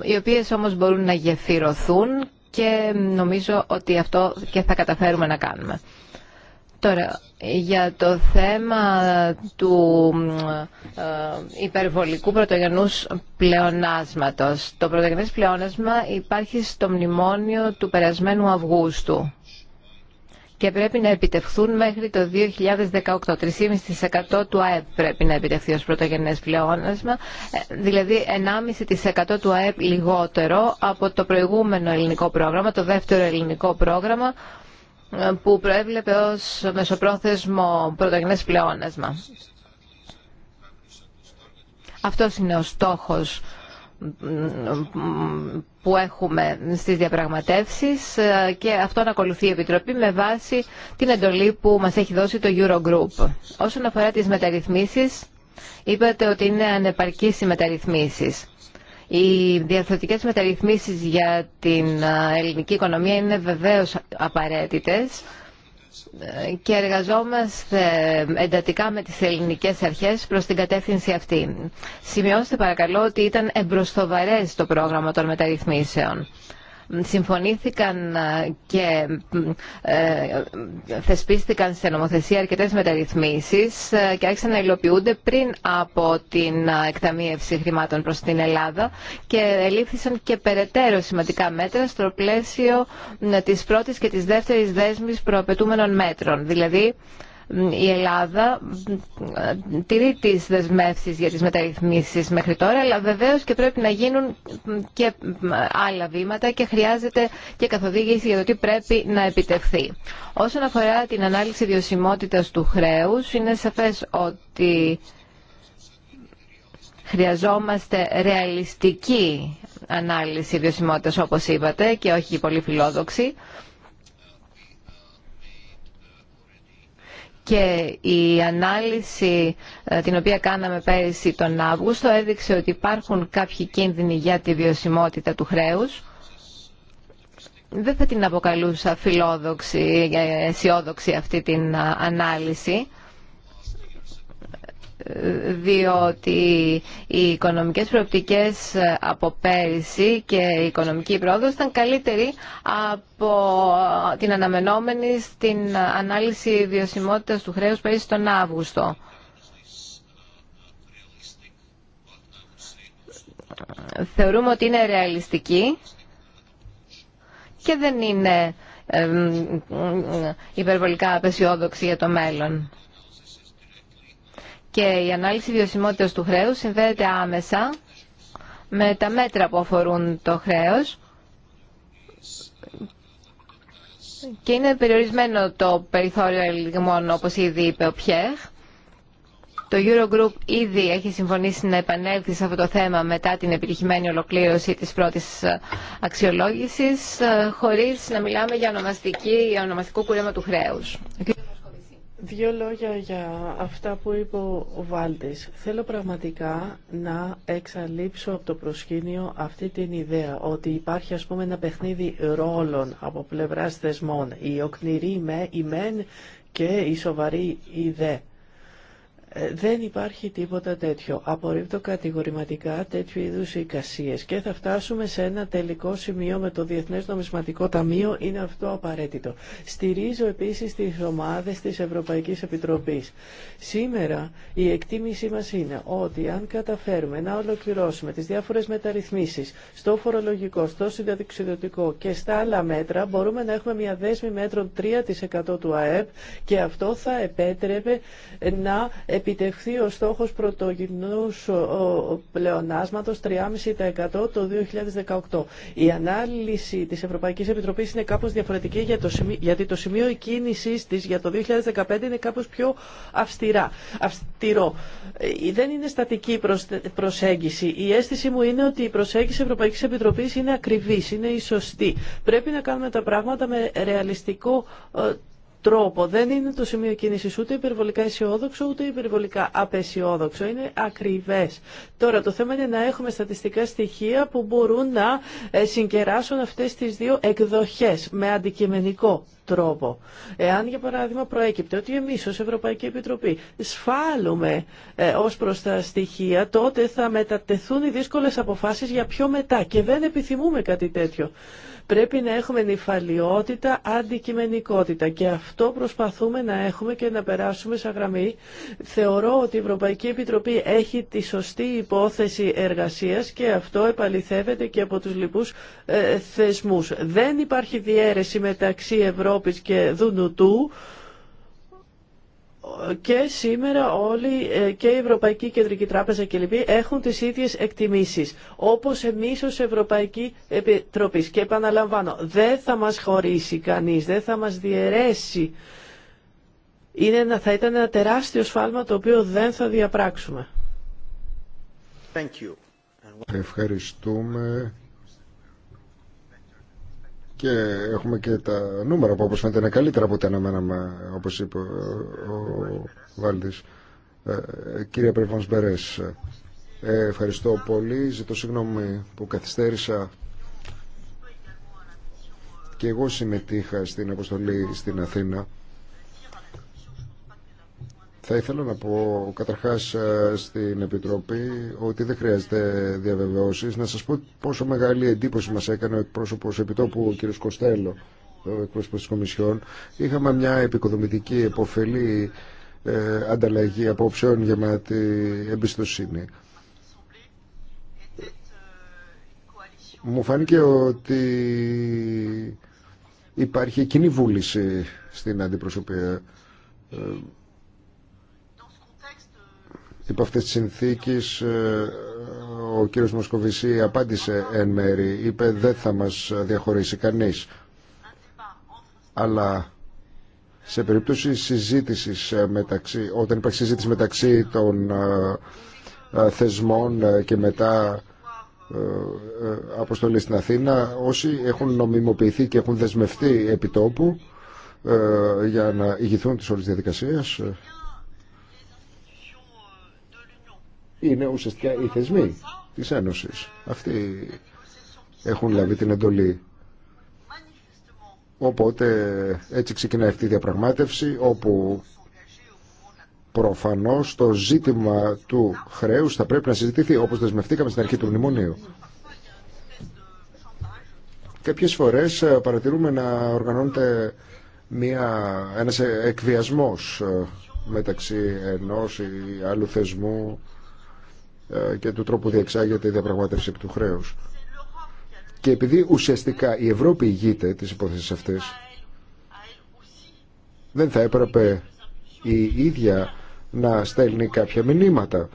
οι οποίε όμως μπορούν να γεφυρωθούν και νομίζω ότι αυτό και θα καταφέρουμε να κάνουμε. Τώρα, για το θέμα του ε, υπερβολικού πρωτογενούς πλεονάσματος. Το πρωτογενές πλεονάσμα υπάρχει στο μνημόνιο του περασμένου Αυγούστου και πρέπει να επιτευχθούν μέχρι το 2018. 3,5% του ΑΕΠ πρέπει να επιτευχθεί ως πρωτογενές πλεόνασμα, ε, δηλαδή 1,5% του ΑΕΠ λιγότερο από το προηγούμενο ελληνικό πρόγραμμα, το δεύτερο ελληνικό πρόγραμμα, που προέβλεπε ως μεσοπρόθεσμο πρωτογενές πλεόνασμα. Αυτός είναι ο στόχος που έχουμε στις διαπραγματεύσεις και αυτό ανακολουθεί η Επιτροπή με βάση την εντολή που μας έχει δώσει το Eurogroup. Όσον αφορά τις μεταρρυθμίσεις, είπατε ότι είναι ανεπαρκείς οι μεταρρυθμίσεις. Οι διαθετικές μεταρρυθμίσεις για την ελληνική οικονομία είναι βεβαίως απαραίτητες ε, και εργαζόμαστε εντατικά με τις ελληνικές αρχές προς την κατεύθυνση αυτή. Σημειώστε παρακαλώ ότι ήταν εμπροστοβαρές το πρόγραμμα των μεταρρυθμίσεων συμφωνήθηκαν ε, και ε, θεσπίστηκαν σε νομοθεσία αρκετές μεταρρυθμίσεις ε, και άρχισαν να υλοποιούνται πριν από την εκταμείευση χρημάτων προς την Ελλάδα και ελήφθησαν και περαιτέρω σημαντικά μέτρα στο πλαίσιο της πρώτης και της δεύτερης δέσμης προαπαιτούμενων μέτρων. Δηλαδή, η Ελλάδα τηρεί τις δεσμεύσει για τις μεταρρυθμίσεις μέχρι τώρα, αλλά βεβαίω και πρέπει να γίνουν και άλλα βήματα και χρειάζεται και καθοδήγηση για το τι πρέπει να επιτευχθεί. Όσον αφορά την ανάλυση βιωσιμότητα του χρέους, είναι σαφές ότι χρειαζόμαστε ρεαλιστική ανάλυση βιωσιμότητα, όπως είπατε και όχι πολύ φιλόδοξη και η ανάλυση ε, την οποία κάναμε πέρυσι τον Αύγουστο έδειξε ότι υπάρχουν κάποιοι κίνδυνοι για τη βιωσιμότητα του χρέους. Δεν θα την αποκαλούσα φιλόδοξη, ε, αισιόδοξη αυτή την ε, ανάλυση διότι οι οικονομικές προοπτικές από πέρυσι και η οικονομική πρόοδος ήταν καλύτερη από την αναμενόμενη στην ανάλυση βιωσιμότητας του χρέους πέρυσι τον Αύγουστο. Θεωρούμε ότι είναι ρεαλιστική και δεν είναι υπερβολικά απεσιόδοξη για το μέλλον και η ανάλυση βιωσιμότητας του χρέους συνδέεται άμεσα με τα μέτρα που αφορούν το χρέος και είναι περιορισμένο το περιθώριο ελιγμών όπως ήδη είπε ο Πιέχ. Το Eurogroup ήδη έχει συμφωνήσει να επανέλθει σε αυτό το θέμα μετά την επιτυχημένη ολοκλήρωση της πρώτης αξιολόγησης ε, χωρίς να μιλάμε για ονομαστική, ονομαστικό κουρέμα του χρέους. Δύο λόγια για αυτά που είπε ο Βάλτης. Θέλω πραγματικά να εξαλείψω από το προσκήνιο αυτή την ιδέα ότι υπάρχει ας πούμε ένα παιχνίδι ρόλων από πλευράς θεσμών. Η οκνηρή με, η μεν και η σοβαρή η ε, δεν υπάρχει τίποτα τέτοιο. Απορρίπτω κατηγορηματικά τέτοιου είδους εικασίες και θα φτάσουμε σε ένα τελικό σημείο με το Διεθνές Νομισματικό Ταμείο. Είναι αυτό απαραίτητο. Στηρίζω επίσης τις ομάδες της Ευρωπαϊκής Επιτροπής. Σήμερα η εκτίμησή μας είναι ότι αν καταφέρουμε να ολοκληρώσουμε τις διάφορες μεταρρυθμίσεις στο φορολογικό, στο συνταξιδωτικό και στα άλλα μέτρα, μπορούμε να έχουμε μια δέσμη μέτρων 3% του ΑΕΠ και αυτό θα επέτρεπε να επιτευχθεί ο στόχος πρωτογενούς πλεονάσματος 3,5% το 2018. Η ανάλυση της Ευρωπαϊκής Επιτροπής είναι κάπως διαφορετική για το σημείο, γιατί το σημείο κίνησης της για το 2015 είναι κάπως πιο αυστηρά, αυστηρό. Ε, δεν είναι στατική προσέγγιση. Η αίσθηση μου είναι ότι η προσέγγιση Ευρωπαϊκής Επιτροπής είναι ακριβής, είναι η σωστή. Πρέπει να κάνουμε τα πράγματα με ρεαλιστικό ε, τρόπο. Δεν είναι το σημείο κίνηση ούτε υπερβολικά αισιόδοξο ούτε υπερβολικά απεσιόδοξο. Είναι ακριβές. Τώρα το θέμα είναι να έχουμε στατιστικά στοιχεία που μπορούν να ε, συγκεράσουν αυτές τις δύο εκδοχές με αντικειμενικό τρόπο. Εάν για παράδειγμα προέκυπτε ότι εμείς ως Ευρωπαϊκή Επιτροπή σφάλουμε ε, ως προς τα στοιχεία, τότε θα μετατεθούν οι δύσκολε αποφάσει για πιο μετά και δεν επιθυμούμε κάτι τέτοιο. Πρέπει να έχουμε νυφαλιότητα, αντικειμενικότητα και αυτό προσπαθούμε να έχουμε και να περάσουμε σαν γραμμή. Θεωρώ ότι η Ευρωπαϊκή Επιτροπή έχει τη σωστή υπόθεση εργασίας και αυτό επαληθεύεται και από τους λοιπούς ε, θεσμούς. Δεν υπάρχει διαίρεση μεταξύ Ευρώπης και Δουνουτού και σήμερα όλοι ε, και η Ευρωπαϊκή Κεντρική Τράπεζα και λοιποί έχουν τις ίδιες εκτιμήσεις όπως εμείς ως Ευρωπαϊκή Επιτροπή και επαναλαμβάνω δεν θα μας χωρίσει κανείς, δεν θα μας διαιρέσει είναι ένα, θα ήταν ένα τεράστιο σφάλμα το οποίο δεν θα διαπράξουμε. Thank Ευχαριστούμε και έχουμε και τα νούμερα που όπως φαίνεται είναι καλύτερα από ό,τι αναμέναμε όπως είπε ο Βάλτης ε, κύριε Πρεβόνς Μπερές ε, ευχαριστώ πολύ ζητώ συγγνώμη που καθυστέρησα και εγώ συμμετείχα στην αποστολή στην Αθήνα θα ήθελα να πω καταρχάς ε, στην Επιτροπή ότι δεν χρειάζεται διαβεβαιώσεις. Να σας πω πόσο μεγάλη εντύπωση μας έκανε ο εκπρόσωπος επιτόπου ο κ. Κοστέλο, ο εκπρόσωπος της Κομισιόν. Είχαμε μια επικοδομητική, εποφελή ε, ανταλλαγή απόψεων γεμάτη εμπιστοσύνη. Μου φάνηκε ότι υπάρχει κοινή βούληση στην αντιπροσωπεία ε, Υπό αυτές τις συνθήκες ε, ο κύριος Μοσκοβησί απάντησε εν μέρη, είπε δεν θα μας διαχωρίσει κανείς. Αλλά σε περίπτωση συζήτησης ε, μεταξύ, όταν υπάρχει συζήτηση μεταξύ των ε, θεσμών και μετά αποστολή στην Αθήνα, όσοι έχουν νομιμοποιηθεί και έχουν δεσμευτεί επί τόπου για να ηγηθούν της όλης διαδικασίας, είναι ουσιαστικά οι θεσμοί τη Ένωση. Αυτοί έχουν λάβει την εντολή. Οπότε έτσι ξεκινάει αυτή η διαπραγμάτευση όπου προφανώς το ζήτημα του χρέους θα πρέπει να συζητηθεί όπως δεσμευτήκαμε στην αρχή του μνημονίου. Κάποιες φορές ε, παρατηρούμε να οργανώνεται μια, ένας εκβιασμός ε, μεταξύ ενός ή άλλου θεσμού ε, και του τρόπου διεξάγεται η διαπραγμάτευση του χρέους. Και επειδή ουσιαστικά η Ευρώπη ηγείται τις υποθέσεις αυτές, δεν θα έπρεπε η ίδια να στέλνει κάποια μηνύματα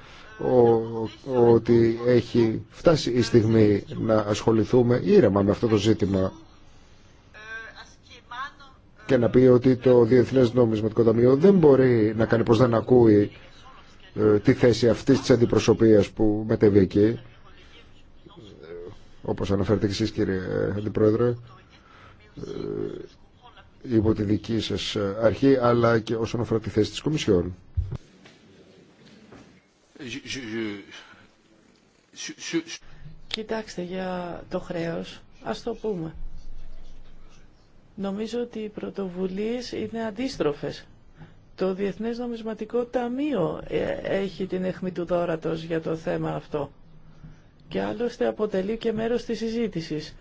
ότι έχει φτάσει η στιγμή να ασχοληθούμε ήρεμα με αυτό το ζήτημα και να πει ότι το Διεθνές Νομισματικό Ταμείο δεν μπορεί να κάνει πως δεν ακούει ε, τη θέση αυτής της αντιπροσωπείας που μετέβει εκεί ε, όπως αναφέρετε και εσείς κύριε Αντιπρόεδρε ε, υπό τη δική σας αρχή αλλά και όσον αφορά τη θέση της Κομισιόν. Κοιτάξτε για το χρέος, ας το πούμε. Νομίζω ότι οι πρωτοβουλίες είναι αντίστροφες το Διεθνές Νομισματικό Ταμείο ε, έχει την αιχμή του δόρατος για το θέμα αυτό. Και άλλωστε αποτελεί και μέρος της συζήτησης.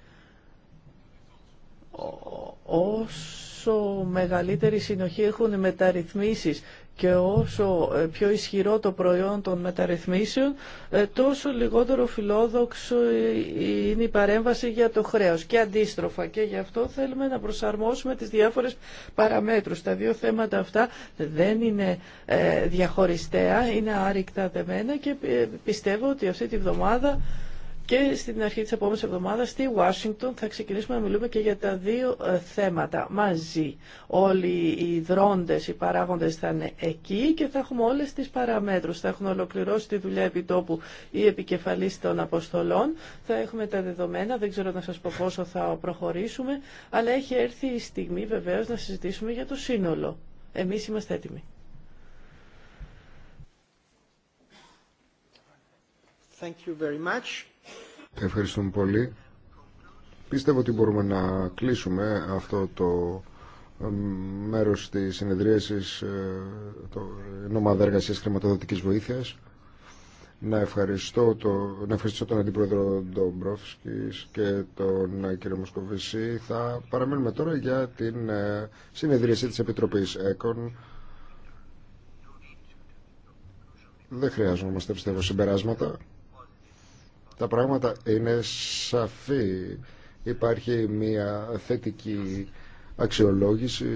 Όσο μεγαλύτερη συνοχή έχουν μεταρρυθμίσεις και όσο ε, πιο ισχυρό το προϊόν των μεταρρυθμίσεων, ε, τόσο λιγότερο φιλόδοξο ε, είναι η παρέμβαση για το χρέος και αντίστροφα. Και γι' αυτό θέλουμε να προσαρμόσουμε τις διάφορες παραμέτρους. Τα δύο θέματα αυτά δεν είναι διαχωριστέα, είναι άρρηκτα δεμένα και πιστεύω ότι αυτή τη βδομάδα και στην αρχή της επόμενης εβδομάδας στη Ουάσιγκτον θα ξεκινήσουμε να μιλούμε και για τα δύο ε, θέματα μαζί. Όλοι οι δρόντες, οι παράγοντες θα είναι εκεί και θα έχουμε όλες τις παραμέτρους. Θα έχουν ολοκληρώσει τη δουλειά επιτόπου οι επικεφαλής των αποστολών. Θα έχουμε τα δεδομένα, δεν ξέρω να σας πω πόσο θα προχωρήσουμε, αλλά έχει έρθει η στιγμή βεβαίως να συζητήσουμε για το σύνολο. Εμείς είμαστε έτοιμοι. Thank you very much. Ευχαριστούμε πολύ. Πίστευω ότι μπορούμε να κλείσουμε αυτό το μέρος της συνεδρίασης ε, το νόμαδα εργασίας χρηματοδοτικής βοήθειας. Να ευχαριστώ, το, να ευχαριστώ τον Αντίπρόεδρο Ντομπρόφσκης και τον ε, κύριο Μοσκοβησή. Θα παραμένουμε τώρα για την ε, συνεδρίαση της Επιτροπής ΕΚΟΝ. Δεν χρειάζομαστε πιστεύω συμπεράσματα. Τα πράγματα είναι σαφή. Υπάρχει μια θετική αξιολόγηση,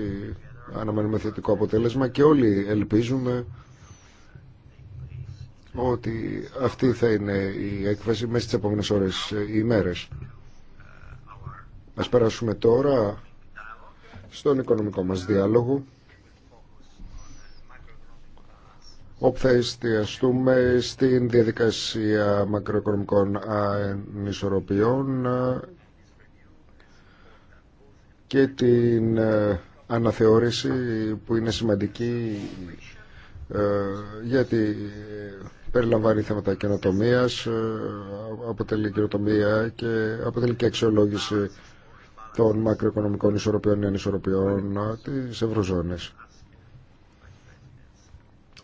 αναμένουμε θετικό αποτέλεσμα και όλοι ελπίζουμε ότι αυτή θα είναι η έκφραση μέσα στις επόμενες ώρες ή ε, ημέρες. Ας περάσουμε τώρα στον οικονομικό μας διάλογο. όπου θα εστιαστούμε στην διαδικασία μακροοικονομικών ανισορροπιών και την ε, αναθεώρηση που είναι σημαντική ε, γιατί περιλαμβάνει θέματα καινοτομία, ε, αποτελεί καινοτομία και αποτελεί και αξιολόγηση των μακροοικονομικών ισορροπιών ή ανισορροπιών της Ευρωζώνης.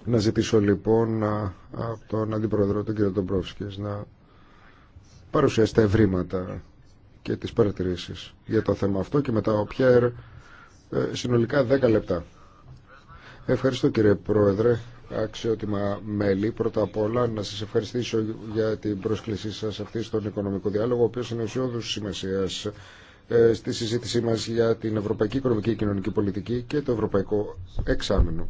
Να ζητήσω λοιπόν από τον Αντιπρόεδρο, τον κύριο Ντομπρόφσκης, να παρουσιάσει τα ευρήματα και τις παρατηρήσεις για το θέμα αυτό και μετά ο Πιέρ ε, συνολικά 10 λεπτά. Ευχαριστώ κύριε Πρόεδρε, αξιότιμα μέλη. Πρώτα απ' όλα να σας ευχαριστήσω για την πρόσκλησή σας αυτή στον οικονομικό διάλογο, ο οποίος είναι ουσιώδους σημασίας ε, στη συζήτησή μας για την Ευρωπαϊκή Οικονομική και Κοινωνική Πολιτική και το Ευρωπαϊκό Εξάμεινο.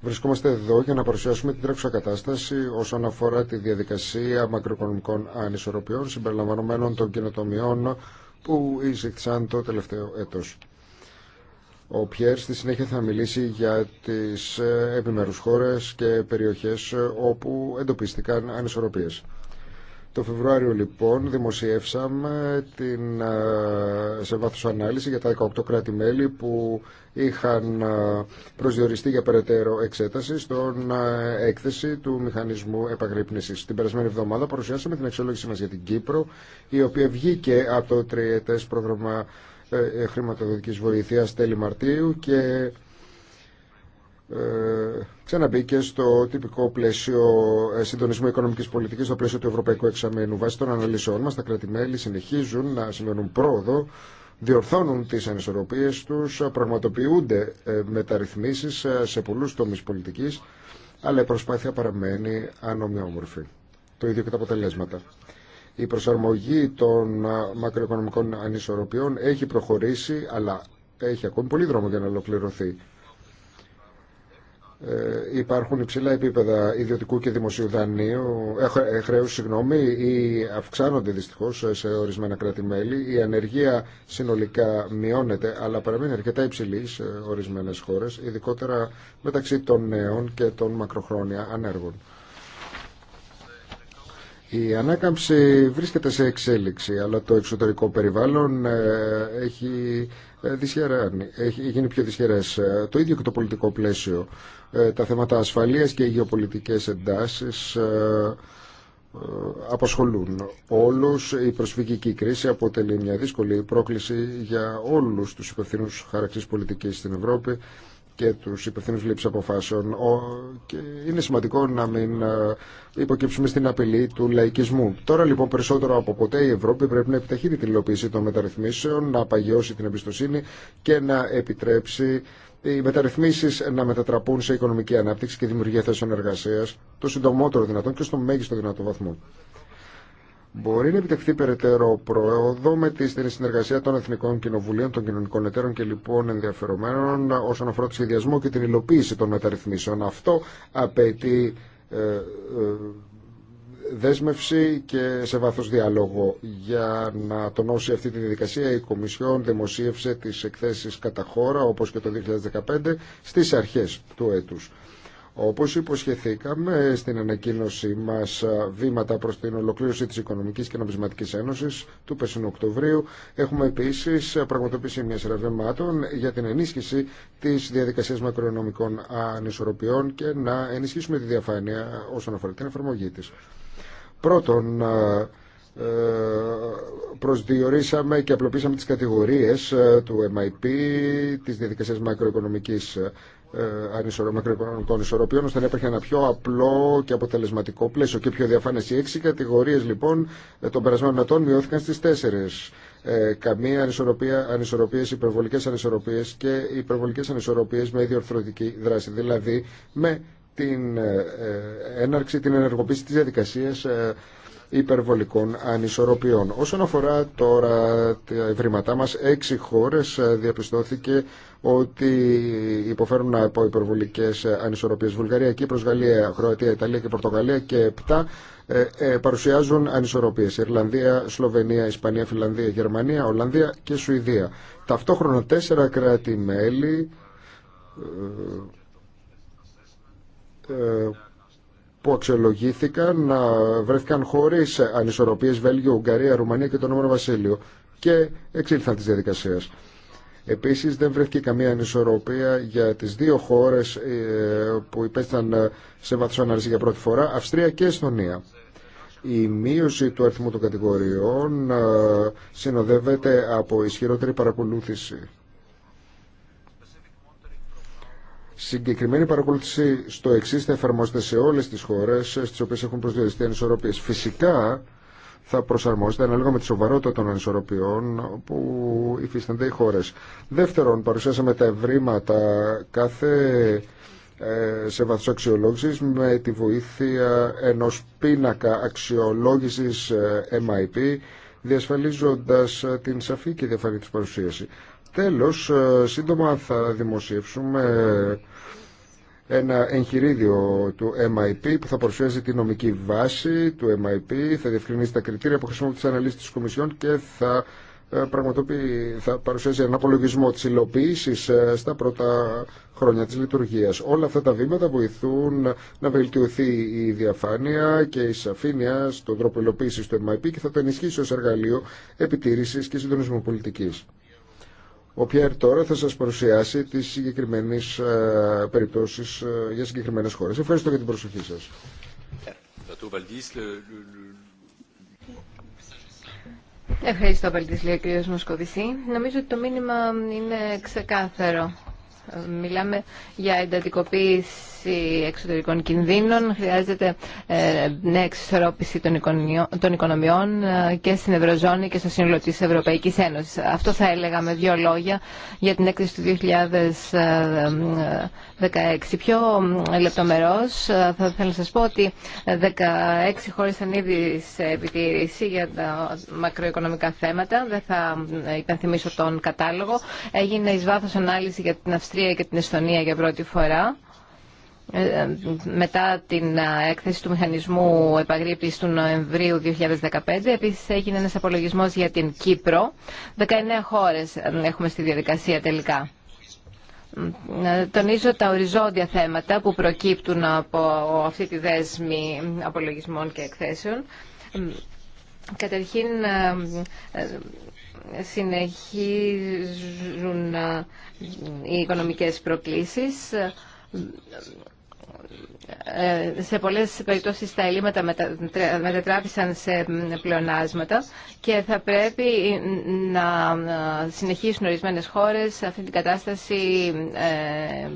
Βρισκόμαστε εδώ για να παρουσιάσουμε την τρέχουσα κατάσταση όσον αφορά τη διαδικασία μακροοικονομικών ανισορροπιών συμπεριλαμβανομένων των κοινοτομιών που εισήχθησαν το τελευταίο έτος. Ο Πιέρ στη συνέχεια θα μιλήσει για τις ε, επιμέρους χώρες και περιοχές όπου εντοπίστηκαν ανισορροπίες. Το Φεβρουάριο λοιπόν δημοσιεύσαμε την, ε, σε βάθος ανάλυση για τα 18 κράτη-μέλη που είχαν ε, προσδιοριστεί για περαιτέρω εξέταση στον ε, έκθεση του μηχανισμού επαγρύπνηση. Την περασμένη εβδομάδα παρουσιάσαμε την αξιολόγησή μα για την Κύπρο, η οποία βγήκε από το τριετέ πρόγραμμα ε, χρηματοδοτική βοήθειας τέλη Μαρτίου και ε, ξαναμπήκε στο τυπικό πλαίσιο συντονισμού οικονομική πολιτική, στο πλαίσιο του Ευρωπαϊκού Εξαμένου. Βάσει των αναλύσεών μα, τα κρατημέλη συνεχίζουν να σημαίνουν πρόοδο διορθώνουν τις ανισορροπίες τους, πραγματοποιούνται ε, μεταρρυθμίσεις ε, σε πολλούς τομείς πολιτικής, αλλά η προσπάθεια παραμένει ανομοιόμορφη. Το ίδιο και τα αποτελέσματα. Η προσαρμογή των ε, μακροοικονομικών ανισορροπιών έχει προχωρήσει, αλλά έχει ακόμη πολύ δρόμο για να ολοκληρωθεί. Ε, υπάρχουν υψηλά επίπεδα ιδιωτικού και δημοσίου δανείου, ε, χρέους, συγγνώμη, ή αυξάνονται δυστυχώς σε ορισμένα κράτη-μέλη. Η ανεργία συνολικά μειώνεται, αλλά παραμένει αρκετά υψηλή σε ορισμένες χώρες, ειδικότερα μεταξύ των νέων και των μακροχρόνια ανέργων. Η ανάκαμψη βρίσκεται σε εξέλιξη, αλλά το εξωτερικό περιβάλλον ε, ε, έχει, έχει γίνει πιο δυσχερές. Το ίδιο και το πολιτικό πλαίσιο. Ε, τα θέματα ασφαλείας και οι γεωπολιτικές εντάσεις ε, ε, απασχολούν όλους. Η προσφυγική κρίση αποτελεί μια δύσκολη πρόκληση για όλους τους υπευθύνου χαρακτής πολιτικής στην Ευρώπη και τους υπευθύνου λήψη αποφάσεων. Και είναι σημαντικό να μην υποκύψουμε στην απειλή του λαϊκισμού. Τώρα λοιπόν περισσότερο από ποτέ η Ευρώπη πρέπει να επιταχύνει την υλοποίηση των μεταρρυθμίσεων, να απαγιώσει την εμπιστοσύνη και να επιτρέψει οι μεταρρυθμίσει να μετατραπούν σε οικονομική ανάπτυξη και δημιουργία θέσεων εργασία το συντομότερο δυνατόν και στο μέγιστο δυνατό βαθμό. Μπορεί να επιτευχθεί περαιτέρω πρόοδο με τη συνεργασία των Εθνικών Κοινοβουλίων, των Κοινωνικών Εταίρων και λοιπόν ενδιαφερομένων όσον αφορά το σχεδιασμό και την υλοποίηση των μεταρρυθμίσεων. Αυτό απαιτεί ε, ε, δέσμευση και σε βάθος διάλογο. Για να τονώσει αυτή τη διαδικασία η Κομισιόν δημοσίευσε τις εκθέσεις κατά χώρα όπως και το 2015 στις αρχές του έτους. Όπως υποσχεθήκαμε στην ανακοίνωσή μας βήματα προς την ολοκλήρωση της Οικονομικής και Νομισματικής Ένωσης του περσινού Οκτωβρίου, έχουμε επίσης πραγματοποιήσει μια σειρά βημάτων για την ενίσχυση της διαδικασίας μακροοικονομικών ανισορροπιών και να ενισχύσουμε τη διαφάνεια όσον αφορά την εφαρμογή της. Πρώτον, ε, ε, προσδιορίσαμε και απλοποίησαμε τις κατηγορίες ε, του MIP, τις διαδικασίες μακροοικονομικής μακροοικονομικών ισορροπιών, ώστε να υπάρχει ένα πιο απλό και αποτελεσματικό πλαίσιο και πιο διαφάνες. Οι έξι κατηγορίες λοιπόν των περασμένων ετών μειώθηκαν στις τέσσερις. καμία ανισορροπία, ανισορροπίες, υπερβολικές ανισορροπίες και υπερβολικές ανισορροπίες με διορθωτική δράση, δηλαδή με την ε, ε, έναρξη, την ενεργοποίηση της διαδικασίας ε, υπερβολικών ανισορροπιών. Όσον αφορά τώρα τα ευρήματά μας, έξι χώρες διαπιστώθηκε ότι υποφέρουν από υπερβολικές ανισορροπίες. Βουλγαρία, Κύπρος, Γαλλία, Χροατία, Ιταλία και Πορτογαλία και επτά παρουσιάζουν ανισορροπίες. Ιρλανδία, Σλοβενία, Ισπανία, Φιλανδία, Γερμανία, Ολλανδία και Σουηδία. Ταυτόχρονα τέσσερα κράτη-μέλη που αξιολογήθηκαν βρέθηκαν χωρίς ανισορροπίες Βέλγιο, Ουγγαρία, Ρουμανία και το Νόμονο Βασίλειο και εξήλθαν τις διαδικασίες. Επίσης δεν βρέθηκε καμία ανισορροπία για τις δύο χώρες ε, που υπέστησαν σε βαθμό αναλύση για πρώτη φορά, Αυστρία και Εστονία. Η μείωση του αριθμού των κατηγοριών ε, συνοδεύεται από ισχυρότερη παρακολούθηση Συγκεκριμένη παρακολούθηση στο εξή θα εφαρμόζεται σε όλε τι χώρε ε, στι οποίε έχουν προσδιοριστεί ανισορροπίε. Φυσικά θα προσαρμόζεται ανάλογα με τη σοβαρότητα των ανισορροπιών που υφίστανται οι χώρε. Δεύτερον, παρουσιάσαμε τα ευρήματα κάθε ε, σε βαθμό αξιολόγηση με τη βοήθεια ενό πίνακα αξιολόγηση ε, MIP διασφαλίζοντα την σαφή και διαφανή τη παρουσίαση. Τέλος, ε, σύντομα θα δημοσιεύσουμε ένα εγχειρίδιο του MIP που θα παρουσιάζει τη νομική βάση του MIP, θα διευκρινίσει τα κριτήρια που χρησιμοποιούν τις αναλύσεις της Κομισιόν και θα, ε, θα παρουσιάζει ένα απολογισμό της υλοποίηση ε, στα πρώτα χρόνια της λειτουργίας. Όλα αυτά τα βήματα βοηθούν να βελτιωθεί η διαφάνεια και η σαφήνεια στον τρόπο υλοποίηση του MIP και θα το ενισχύσει ως εργαλείο επιτήρησης και συντονισμού πολιτικής. Ο Πιέρ τώρα θα σας παρουσιάσει τις συγκεκριμένες ε, περιπτώσεις ε, για συγκεκριμένες χώρες. Ευχαριστώ για την προσοχή σας. Ευχαριστώ, Παλτής, λέει ο κ. Μοσκοβισή. Νομίζω ότι το μήνυμα είναι ξεκάθαρο. Μιλάμε για εντατικοποίηση διαχείριση εξωτερικών κινδύνων, χρειάζεται ε, νέα εξισορρόπηση των οικονομιών ε, και στην Ευρωζώνη και στο σύνολο της Ευρωπαϊκής Ένωσης. Αυτό θα έλεγα με δύο λόγια για την έκθεση του 2016. Πιο ε, λεπτομερώς θα ήθελα να σας πω ότι 16 χώρες ήταν ήδη σε επιτήρηση για τα μακροοικονομικά θέματα. Δεν θα υπενθυμίσω τον κατάλογο. Έγινε εις βάθος ανάλυση για την Αυστρία και την Εστονία για πρώτη φορά ε, ε, μετά την ε, έκθεση του Μηχανισμού Επαγρύπης του Νοεμβρίου 2015. Επίσης έγινε ένας απολογισμός για την Κύπρο. 19 χώρες έχουμε στη διαδικασία τελικά. Τονίζω τα οριζόντια θέματα που προκύπτουν από αυτή τη δέσμη απολογισμών και εκθέσεων. Καταρχήν, συνεχίζουν οι οικονομικές προκλήσεις ε, σε πολλές περιπτώσεις τα ελλείμματα μετατράπησαν σε πλεονάσματα και θα πρέπει να συνεχίσουν ορισμένες χώρες αυτή την κατάσταση ε,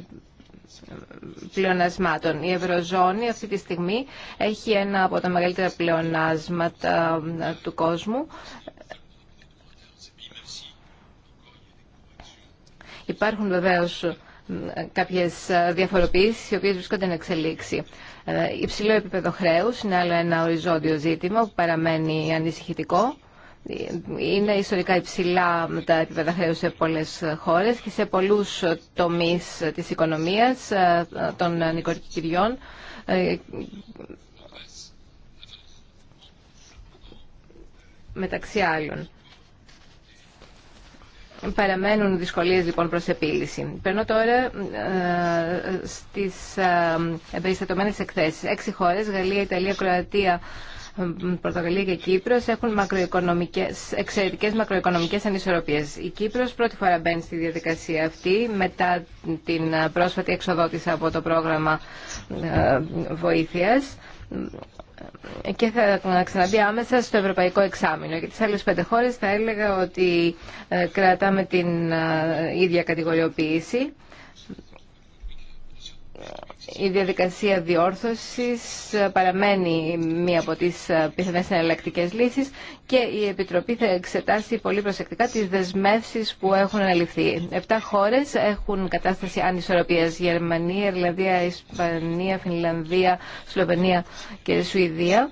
πλεονασμάτων. Η Ευρωζώνη αυτή τη στιγμή έχει ένα από τα μεγαλύτερα πλεονάσματα του κόσμου. Υπάρχουν βεβαίως Κάποιε διαφοροποίησει οι οποίε βρίσκονται να εξελίξει. Ε, υψηλό επίπεδο χρέου είναι άλλο ένα οριζόντιο ζήτημα που παραμένει ανησυχητικό. Είναι ιστορικά υψηλά τα επίπεδα χρέου σε πολλέ χώρες και σε πολλούς τομεί της οικονομία ε, των νοικοκυριών ε, μεταξύ άλλων. Παραμένουν δυσκολίες λοιπόν προς επίλυση. Περνώ τώρα ε, στις ε, εμπεριστατωμένες εκθέσεις. Έξι χώρες, Γαλλία, Ιταλία, Κροατία, ε, Πορτογαλία και Κύπρος έχουν μακροοικονομικές, εξαιρετικές μακροοικονομικές ανισορροπίες. Η Κύπρος πρώτη φορά μπαίνει στη διαδικασία αυτή μετά την πρόσφατη εξοδότηση από το πρόγραμμα βοήθειας και θα ξαναμπεί άμεσα στο ευρωπαϊκό εξάμεινο. Για τις άλλες πέντε χώρες θα έλεγα ότι ε, κρατάμε την ε, ίδια κατηγοριοποίηση η διαδικασία διόρθωσης παραμένει μία από τις πιθανές εναλλακτικέ λύσεις και η Επιτροπή θα εξετάσει πολύ προσεκτικά τις δεσμεύσεις που έχουν αναλυφθεί. Επτά χώρες έχουν κατάσταση ανισορροπίας. Γερμανία, Ιρλανδία, Ισπανία, Φινλανδία, Σλοβενία και Σουηδία.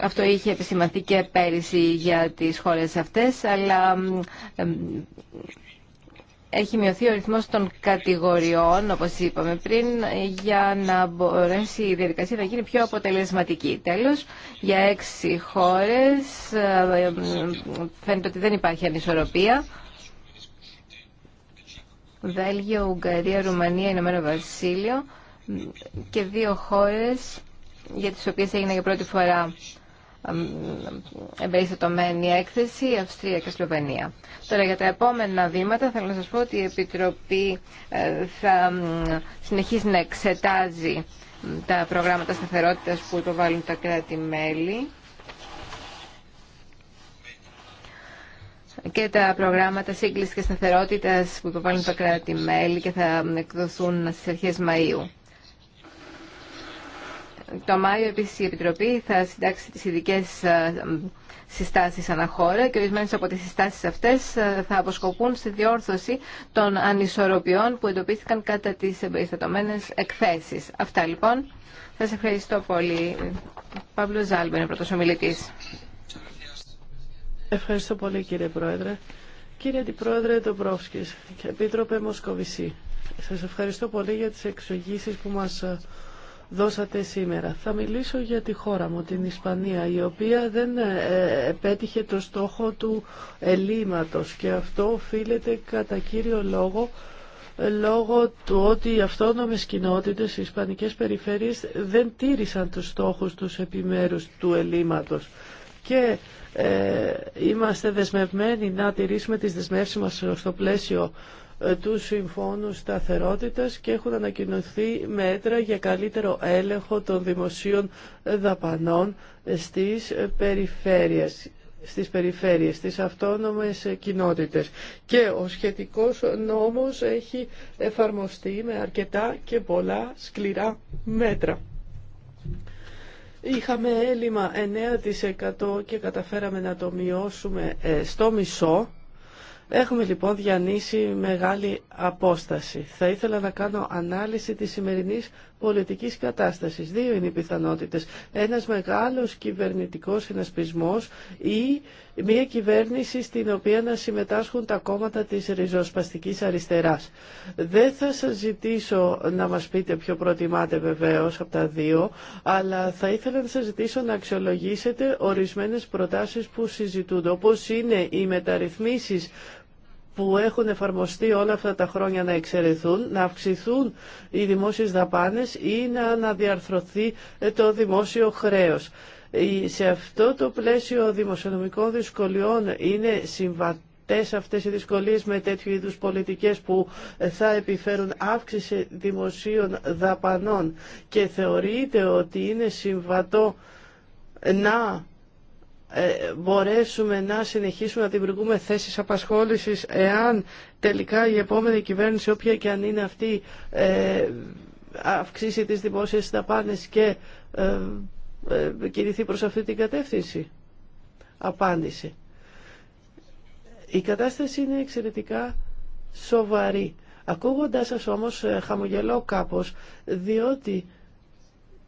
Αυτό είχε επισημανθεί και πέρυσι για τις χώρες αυτές, αλλά έχει μειωθεί ο ρυθμός των κατηγοριών, όπως είπαμε πριν, για να μπορέσει η διαδικασία να γίνει πιο αποτελεσματική. Τέλος, για έξι χώρες φαίνεται ότι δεν υπάρχει ανισορροπία. Βέλγιο, Ουγγαρία, Ρουμανία, Ηνωμένο Βασίλειο και δύο χώρες για τις οποίες έγινε για πρώτη φορά εμπεριστατωμένη έκθεση Αυστρία και Σλοβενία. Τώρα για τα επόμενα βήματα θέλω να σας πω ότι η Επιτροπή ε, θα συνεχίσει να εξετάζει τα προγράμματα σταθερότητας που υποβάλλουν τα κράτη-μέλη και τα προγράμματα σύγκλησης και σταθερότητας που υποβάλλουν τα κράτη-μέλη και θα εκδοθούν στις αρχές Μαΐου. Το Μάιο επίσης η Επιτροπή θα συντάξει τις ειδικέ ε, συστάσεις αναχώρα και ορισμένε από τις συστάσεις αυτές ε, θα αποσκοπούν στη διόρθωση των ανισορροπιών που εντοπίστηκαν κατά τις εμπεριστατωμένες εκθέσεις. Αυτά λοιπόν. Σας ευχαριστώ πολύ. Παύλο Ζάλμπερ είναι πρώτος ομιλητής. Ευχαριστώ πολύ κύριε Πρόεδρε. Κύριε Αντιπρόεδρε Ντομπρόφσκης και Επίτροπε Μοσκοβισή, σας ευχαριστώ πολύ για τις εξηγήσεις που μας ε, δώσατε σήμερα. Θα μιλήσω για τη χώρα μου, την Ισπανία, η οποία δεν ε, πέτυχε το στόχο του ελλείμματος και αυτό οφείλεται κατά κύριο λόγο λόγω του ότι οι αυτόνομες κοινότητες, οι ισπανικές περιφέρειες δεν τήρησαν τους στόχους τους επιμέρους του ελλείμματος. Και ε, είμαστε δεσμευμένοι να τηρήσουμε τις δεσμεύσεις μας στο πλαίσιο ε, του Συμφώνου Σταθερότητας και έχουν ανακοινωθεί μέτρα για καλύτερο έλεγχο των δημοσίων δαπανών στις περιφέρειες στις περιφέρειες, στις αυτόνομες κοινότητες. Και ο σχετικός νόμος έχει εφαρμοστεί με αρκετά και πολλά σκληρά μέτρα. Είχαμε έλλειμμα 9% και καταφέραμε να το μειώσουμε ε, στο μισό Έχουμε λοιπόν διανύσει μεγάλη απόσταση. Θα ήθελα να κάνω ανάλυση της σημερινής πολιτικής κατάστασης. Δύο είναι οι πιθανότητες. Ένας μεγάλος κυβερνητικός συνασπισμός ή μια κυβέρνηση στην οποία να συμμετάσχουν τα κόμματα της ριζοσπαστικής αριστεράς. Δεν θα σας ζητήσω να μας πείτε ποιο προτιμάτε βεβαίως από τα δύο, αλλά θα ήθελα να σας ζητήσω να αξιολογήσετε ορισμένες προτάσεις που συζητούνται, όπως είναι οι μεταρρυθμίσεις που έχουν εφαρμοστεί όλα αυτά τα χρόνια να εξαιρεθούν, να αυξηθούν οι δημόσιες δαπάνες ή να αναδιαρθρωθεί το δημόσιο χρέος. Σε αυτό το πλαίσιο δημοσιονομικών δυσκολιών είναι συμβατές αυτές οι δυσκολίες με τέτοιου είδους πολιτικές που θα επιφέρουν αύξηση δημοσίων δαπανών και θεωρείται ότι είναι συμβατό να ε, μπορέσουμε να συνεχίσουμε να δημιουργούμε θέσεις απασχόλησης εάν τελικά η επόμενη κυβέρνηση, όποια και αν είναι αυτή, ε, αυξήσει τις δημόσιες δαπάνες και ε, κινηθεί προς αυτή την κατεύθυνση. Απάντηση. Η κατάσταση είναι εξαιρετικά σοβαρή. Ακούγοντάς σας όμως χαμογελώ κάπως, διότι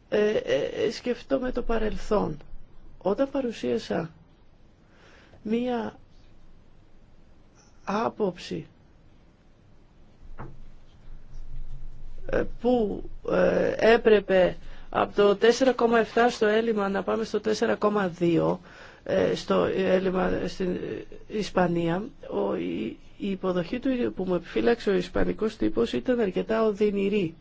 ε, ε, σκεφτόμαι το παρελθόν. Όταν παρουσίασα μία άποψη ε, που ε, έπρεπε από το 4,7 στο έλλειμμα να πάμε στο 4,2 ε, στο έλλειμμα στην Ισπανία η υποδοχή του που μου επιφύλαξε ο Ισπανικός τύπος ήταν αρκετά οδυνηρή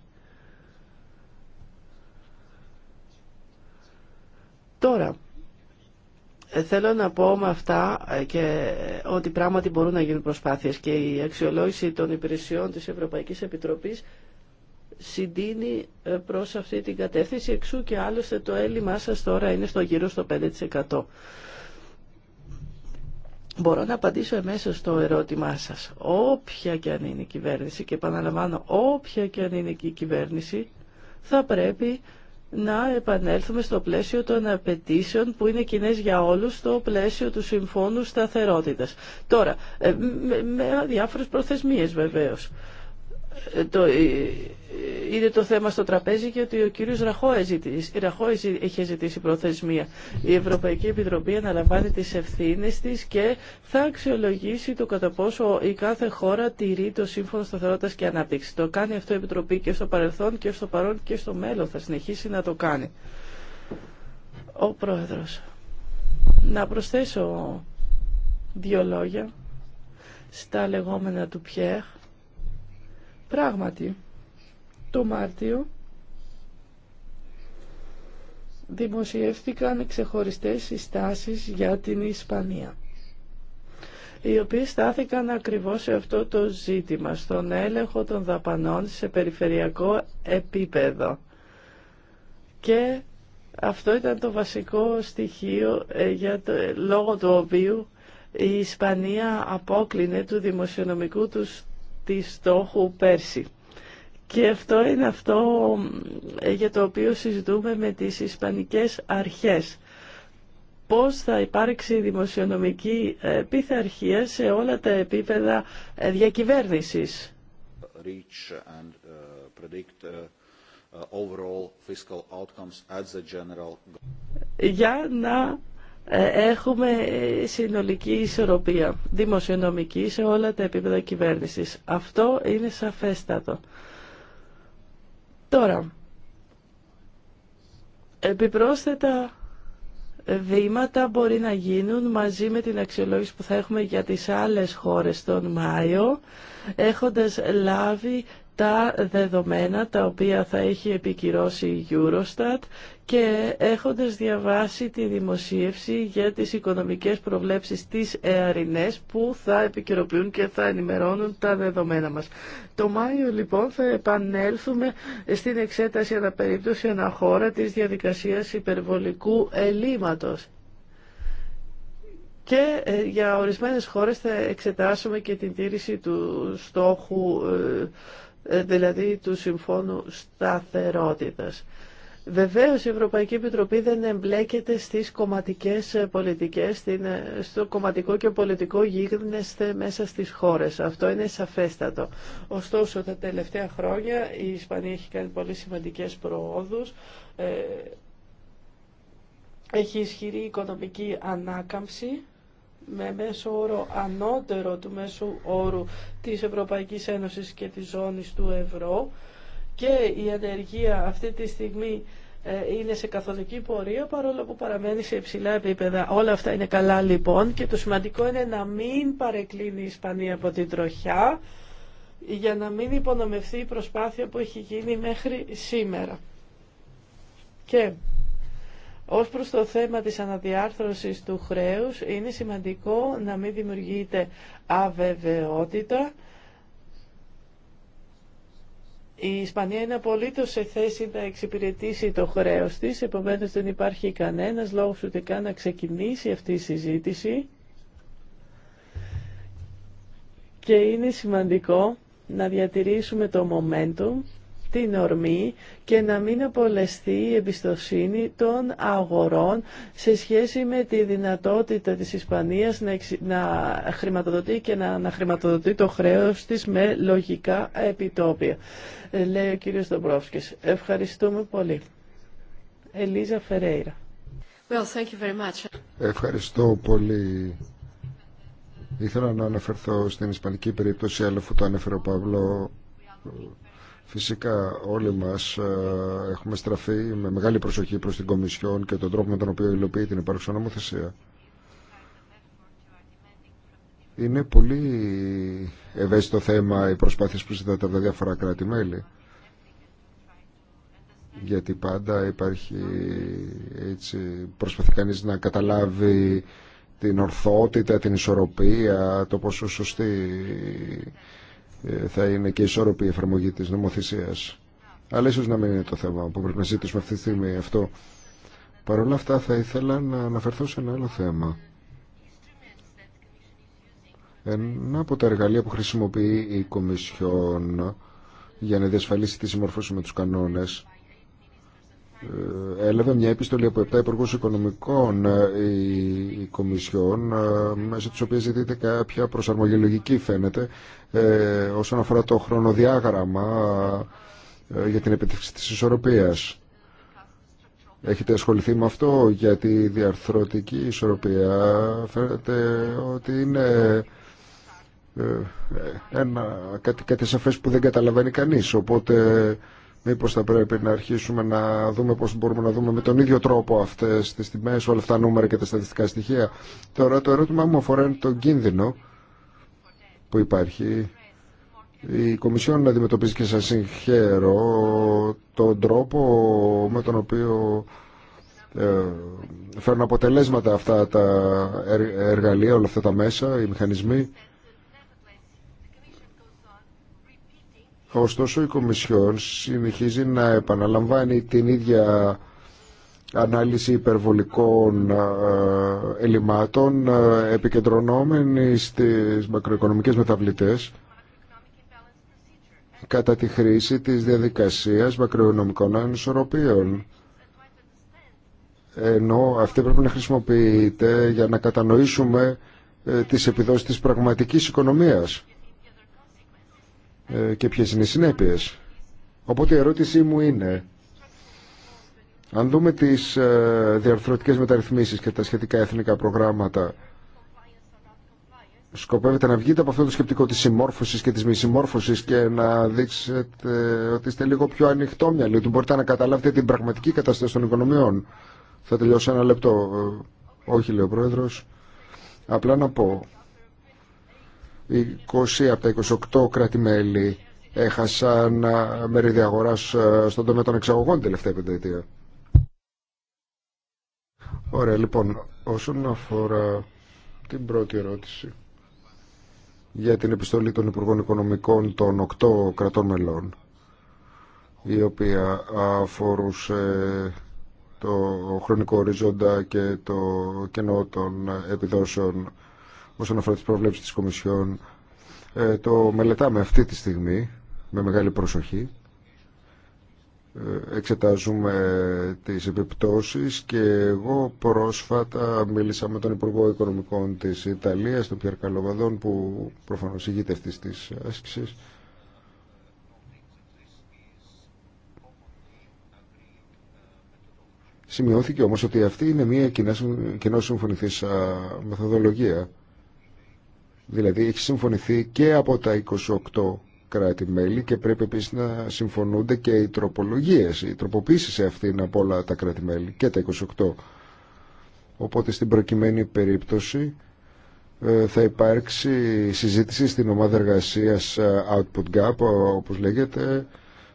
Τώρα Θέλω να πω με αυτά ε, και ε, ότι πράγματι μπορούν να γίνουν προσπάθειες και η αξιολόγηση των υπηρεσιών της Ευρωπαϊκής Επιτροπής συντείνει ε, προς αυτή την κατεύθυνση εξού και άλλωστε το έλλειμμά σας τώρα είναι στο γύρω στο 5%. Μπορώ να απαντήσω εμέσως στο ερώτημά σας. Όποια και αν είναι η κυβέρνηση και επαναλαμβάνω όποια και αν είναι η κυβέρνηση θα πρέπει να επανέλθουμε στο πλαίσιο των απαιτήσεων που είναι κοινέ για όλους στο πλαίσιο του Συμφώνου Σταθερότητας. Τώρα, ε, με, με διάφορες προθεσμίες βεβαίως το, ε, είναι το θέμα στο τραπέζι και ότι ο κύριος Ραχώε είχε ζητήσει προθεσμία. Η Ευρωπαϊκή Επιτροπή αναλαμβάνει τις ευθύνες της και θα αξιολογήσει το κατά πόσο η κάθε χώρα τηρεί το Σύμφωνο Σταθερότητας και Ανάπτυξη. Το κάνει αυτό η Επιτροπή και στο παρελθόν και στο παρόν και στο μέλλον. Θα συνεχίσει να το κάνει. Ο Πρόεδρος. Να προσθέσω δύο λόγια στα λεγόμενα του Πιέχ Πράγματι, το Μάρτιο δημοσιεύτηκαν ξεχωριστές συστάσεις για την Ισπανία οι οποίοι στάθηκαν ακριβώς σε αυτό το ζήτημα, στον έλεγχο των δαπανών σε περιφερειακό επίπεδο. Και αυτό ήταν το βασικό στοιχείο ε, για το, ε, λόγω του οποίου η Ισπανία απόκλινε του δημοσιονομικού τους τη στόχου πέρσι. Και αυτό είναι αυτό ε, για το οποίο συζητούμε με τις ισπανικές αρχές. Πώς θα υπάρξει δημοσιονομική ε, πειθαρχία σε όλα τα επίπεδα διακυβέρνησης. Για να ε, έχουμε ε, συνολική ισορροπία δημοσιονομική σε όλα τα επίπεδα κυβέρνησης. Αυτό είναι σαφέστατο. Τώρα, επιπρόσθετα βήματα μπορεί να γίνουν μαζί με την αξιολόγηση που θα έχουμε για τις άλλες χώρες τον Μάιο, έχοντας λάβει τα δεδομένα τα οποία θα έχει επικυρώσει η Eurostat και έχοντας διαβάσει τη δημοσίευση για τις οικονομικές προβλέψεις της ΕΑΡΙΝΕΣ που θα επικαιροποιούν και θα ενημερώνουν τα δεδομένα μας. Το Μάιο λοιπόν θα επανέλθουμε στην εξέταση ανα περίπτωση αναχώρα της διαδικασίας υπερβολικού ελλείμματος. Και ε, για ορισμένες χώρες θα εξετάσουμε και την τήρηση του στόχου ε, ε, δηλαδή του Συμφώνου Σταθερότητας. Βεβαίως η Ευρωπαϊκή Επιτροπή δεν εμπλέκεται στις κομματικές πολιτικές, ε, στο κομματικό και πολιτικό γίγνεσθε μέσα στις χώρες. Αυτό είναι σαφέστατο. Ωστόσο τα τελευταία χρόνια η Ισπανία έχει κάνει πολύ σημαντικές προόδους. Ε, έχει ισχυρή οικονομική ανάκαμψη με μέσο όρο ανώτερο του μέσου όρου της Ευρωπαϊκής Ένωσης και της ζώνης του ευρώ και η ανεργία αυτή τη στιγμή ε, είναι σε καθολική πορεία παρόλο που παραμένει σε υψηλά επίπεδα. Όλα αυτά είναι καλά λοιπόν και το σημαντικό είναι να μην παρεκκλίνει η Ισπανία από την τροχιά για να μην υπονομευθεί η προσπάθεια που έχει γίνει μέχρι σήμερα. Και ως προς το θέμα της αναδιάρθρωσης του χρέους, είναι σημαντικό να μην δημιουργείται αβεβαιότητα. Η Ισπανία είναι απολύτως σε θέση να εξυπηρετήσει το χρέος της, επομένως δεν υπάρχει κανένας λόγος ούτε καν να ξεκινήσει αυτή η συζήτηση. Και είναι σημαντικό να διατηρήσουμε το momentum την ορμή και να μην απολεστεί η εμπιστοσύνη των αγορών σε σχέση με τη δυνατότητα της Ισπανίας να χρηματοδοτεί και να χρηματοδοτεί το χρέος της με λογικά επιτόπια. Ε, λέει ο κύριος Δομπρόφσκης. Ευχαριστούμε πολύ. Ελίζα Φερέιρα. Well, thank you very much. Ευχαριστώ πολύ. Ήθελα να αναφερθώ στην ισπανική περίπτωση, αλλά αφού το ανέφερε ο Παύλο, Φυσικά όλοι μας ε, έχουμε στραφεί με μεγάλη προσοχή προς την Κομισιόν και τον τρόπο με τον οποίο υλοποιεί την υπάρχουσα νομοθεσία. Είναι πολύ ευαίσθητο θέμα οι προσπάθειες που ζητάτε από τα διάφορα κράτη-μέλη. Γιατί πάντα υπάρχει έτσι, προσπαθεί κανείς να καταλάβει την ορθότητα, την ισορροπία, το πόσο σωστή ε, θα είναι και ισόρροπη η εφαρμογή της νομοθεσίας. Αλλά ίσως να μην είναι το θέμα που πρέπει να ζητήσουμε αυτή τη στιγμή αυτό. Παρ' όλα αυτά θα ήθελα να αναφερθώ σε ένα άλλο θέμα. Ένα από τα εργαλεία που χρησιμοποιεί η Κομισιόν για να διασφαλίσει τη συμμορφώση με τους κανόνες ε, έλαβε μια επιστολή από 7 υπουργού οικονομικών ή ε, κομισιών, ε, μέσα τη οποία ζητείται κάποια προσαρμογή λογική, φαίνεται, ε, όσον αφορά το χρονοδιάγραμμα για την επιτύχηση τη ισορροπία. Έχετε ασχοληθεί με αυτό, γιατί η διαρθρωτική ισορροπία φαίνεται ότι είναι ένα, κάτι, κάτι σαφές που δεν καταλαβαίνει κανείς, οπότε Μήπως θα πρέπει να αρχίσουμε να δούμε πώς μπορούμε να δούμε με τον ίδιο τρόπο αυτές τις τιμές, όλα αυτά τα νούμερα και τα στατιστικά στοιχεία. Τώρα το ερώτημά μου αφορά τον κίνδυνο που υπάρχει. Η Κομισιόν αντιμετωπίζει και σας συγχαίρω τον τρόπο με τον οποίο ε, φέρνουν αποτελέσματα αυτά τα εργαλεία, όλα αυτά τα μέσα, οι μηχανισμοί. Ωστόσο η Κομισιόν συνεχίζει να επαναλαμβάνει την ίδια ανάλυση υπερβολικών ε, ελλημάτων ε, επικεντρωνόμενη στις μακροοικονομικές μεταβλητές κατά τη χρήση της διαδικασίας μακροοικονομικών ανισορροπίων ενώ αυτή πρέπει να χρησιμοποιείται για να κατανοήσουμε ε, τις επιδόσεις της πραγματικής οικονομίας ε, και ποιες είναι οι συνέπειες. Οπότε η ερώτησή μου είναι, αν δούμε τις ε, διαρθρωτικές μεταρρυθμίσεις και τα σχετικά εθνικά προγράμματα, σκοπεύετε να βγείτε από αυτό το σκεπτικό της συμμόρφωσης και της μη συμμόρφωσης και να δείξετε ότι είστε λίγο πιο ανοιχτόμυαλοι, ότι μπορείτε να καταλάβετε την πραγματική κατάσταση των οικονομιών. Θα τελειώσω ένα λεπτό. Ε, όχι, λέει ο Πρόεδρος. Απλά να πω 20 από τα 28 κράτη-μέλη έχασαν ε, μερίδια αγορά ε, στον τομέα των εξαγωγών τελευταία πενταετία. Ωραία, λοιπόν, όσον αφορά την πρώτη ερώτηση για την επιστολή των Υπουργών Οικονομικών των 8 κρατών μελών η οποία αφορούσε το χρονικό οριζόντα και το κενό των επιδόσεων όσον αφορά τις προβλέψεις της Κομισιόν. Ε, το μελετάμε αυτή τη στιγμή με μεγάλη προσοχή. Ε, εξετάζουμε τις επιπτώσεις και εγώ πρόσφατα μίλησα με τον Υπουργό Οικονομικών της Ιταλίας, τον Πιερ Καλοβαδόν, που προφανώς ηγείται αυτής της άσκησης. Σημειώθηκε όμως ότι αυτή είναι μια κοινά συμφωνηθής μεθοδολογία Δηλαδή έχει συμφωνηθεί και από τα 28 κράτη-μέλη και πρέπει επίσης να συμφωνούνται και οι τροπολογίες, οι τροποποίησεις σε αυτήν από όλα τα κράτη-μέλη και τα 28. Οπότε στην προκειμένη περίπτωση ε, θα υπάρξει συζήτηση στην ομάδα εργασίας ε, Output Gap, όπως λέγεται,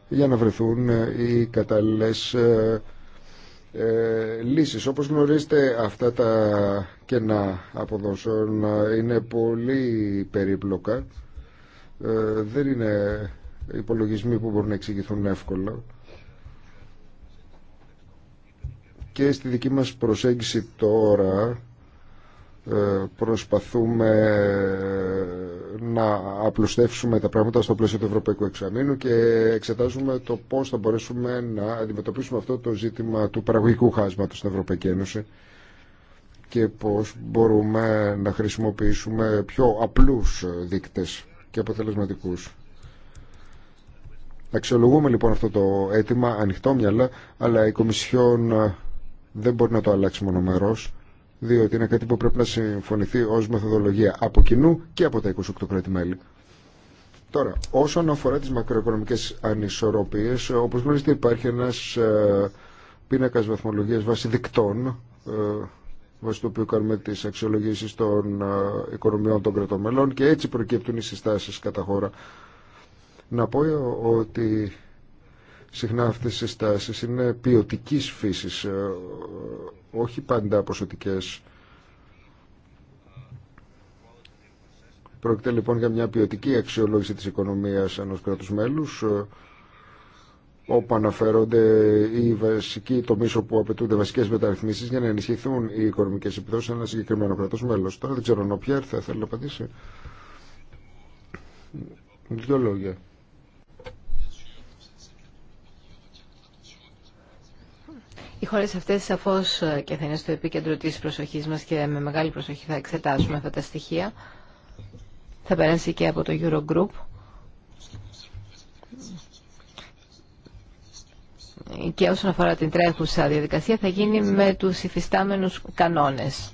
για να βρεθούν ε, οι κατάλληλες ε, λύσεις. Όπως γνωρίζετε αυτά τα κενά αποδόσεων ε, είναι πολύ περίπλοκα. Ε, δεν είναι υπολογισμοί που μπορούν να εξηγηθούν εύκολα. Και στη δική μας προσέγγιση τώρα ε, προσπαθούμε να απλουστεύσουμε τα πράγματα στο πλαίσιο του Ευρωπαϊκού Εξαμήνου και εξετάζουμε το πώς θα μπορέσουμε να αντιμετωπίσουμε αυτό το ζήτημα του παραγωγικού χάσματος στην Ευρωπαϊκή Ένωση και πώς μπορούμε να χρησιμοποιήσουμε πιο απλούς δείκτες και αποτελεσματικούς. Αξιολογούμε λοιπόν αυτό το αίτημα ανοιχτό μυαλά, αλλά η Κομισιόν δεν μπορεί να το αλλάξει μονομερός διότι είναι κάτι που πρέπει να συμφωνηθεί ως μεθοδολογία από κοινού και από τα 28 κράτη-μέλη. Τώρα, όσον αφορά τις μακροοικονομικές ανισορροπίες, όπως γνωρίζετε υπάρχει ένας ε, πίνακας βαθμολογίας βάσει δικτών, ε, βάσει το οποίο κάνουμε τις αξιολογήσεις των ε, οικονομιών των κρατών μελών και έτσι προκύπτουν οι συστάσεις κατά χώρα. Να πω ότι Συχνά αυτές οι στάσεις είναι ποιοτική φύσης, ε, όχι πάντα ποσοτικές. Πρόκειται λοιπόν για μια ποιοτική αξιολόγηση της οικονομίας ενός κράτους μέλους, ε, όπου αναφέρονται οι βασικοί τομεί όπου απαιτούνται βασικές μεταρρυθμίσεις για να ενισχυθούν οι οικονομικές επιδόσεις σε ένα συγκεκριμένο κράτο μέλο. Τώρα δεν ξέρω, ο Πιέρ θα θέλει να απαντήσει. Δύο λόγια. Οι χώρε αυτές σαφώ ε, και θα είναι στο επίκεντρο τη προσοχής μας και με μεγάλη προσοχή θα εξετάσουμε αυτά τα στοιχεία. Θα περάσει και από το Eurogroup. Και όσον αφορά την τρέχουσα διαδικασία θα γίνει με τους υφιστάμενους κανόνες.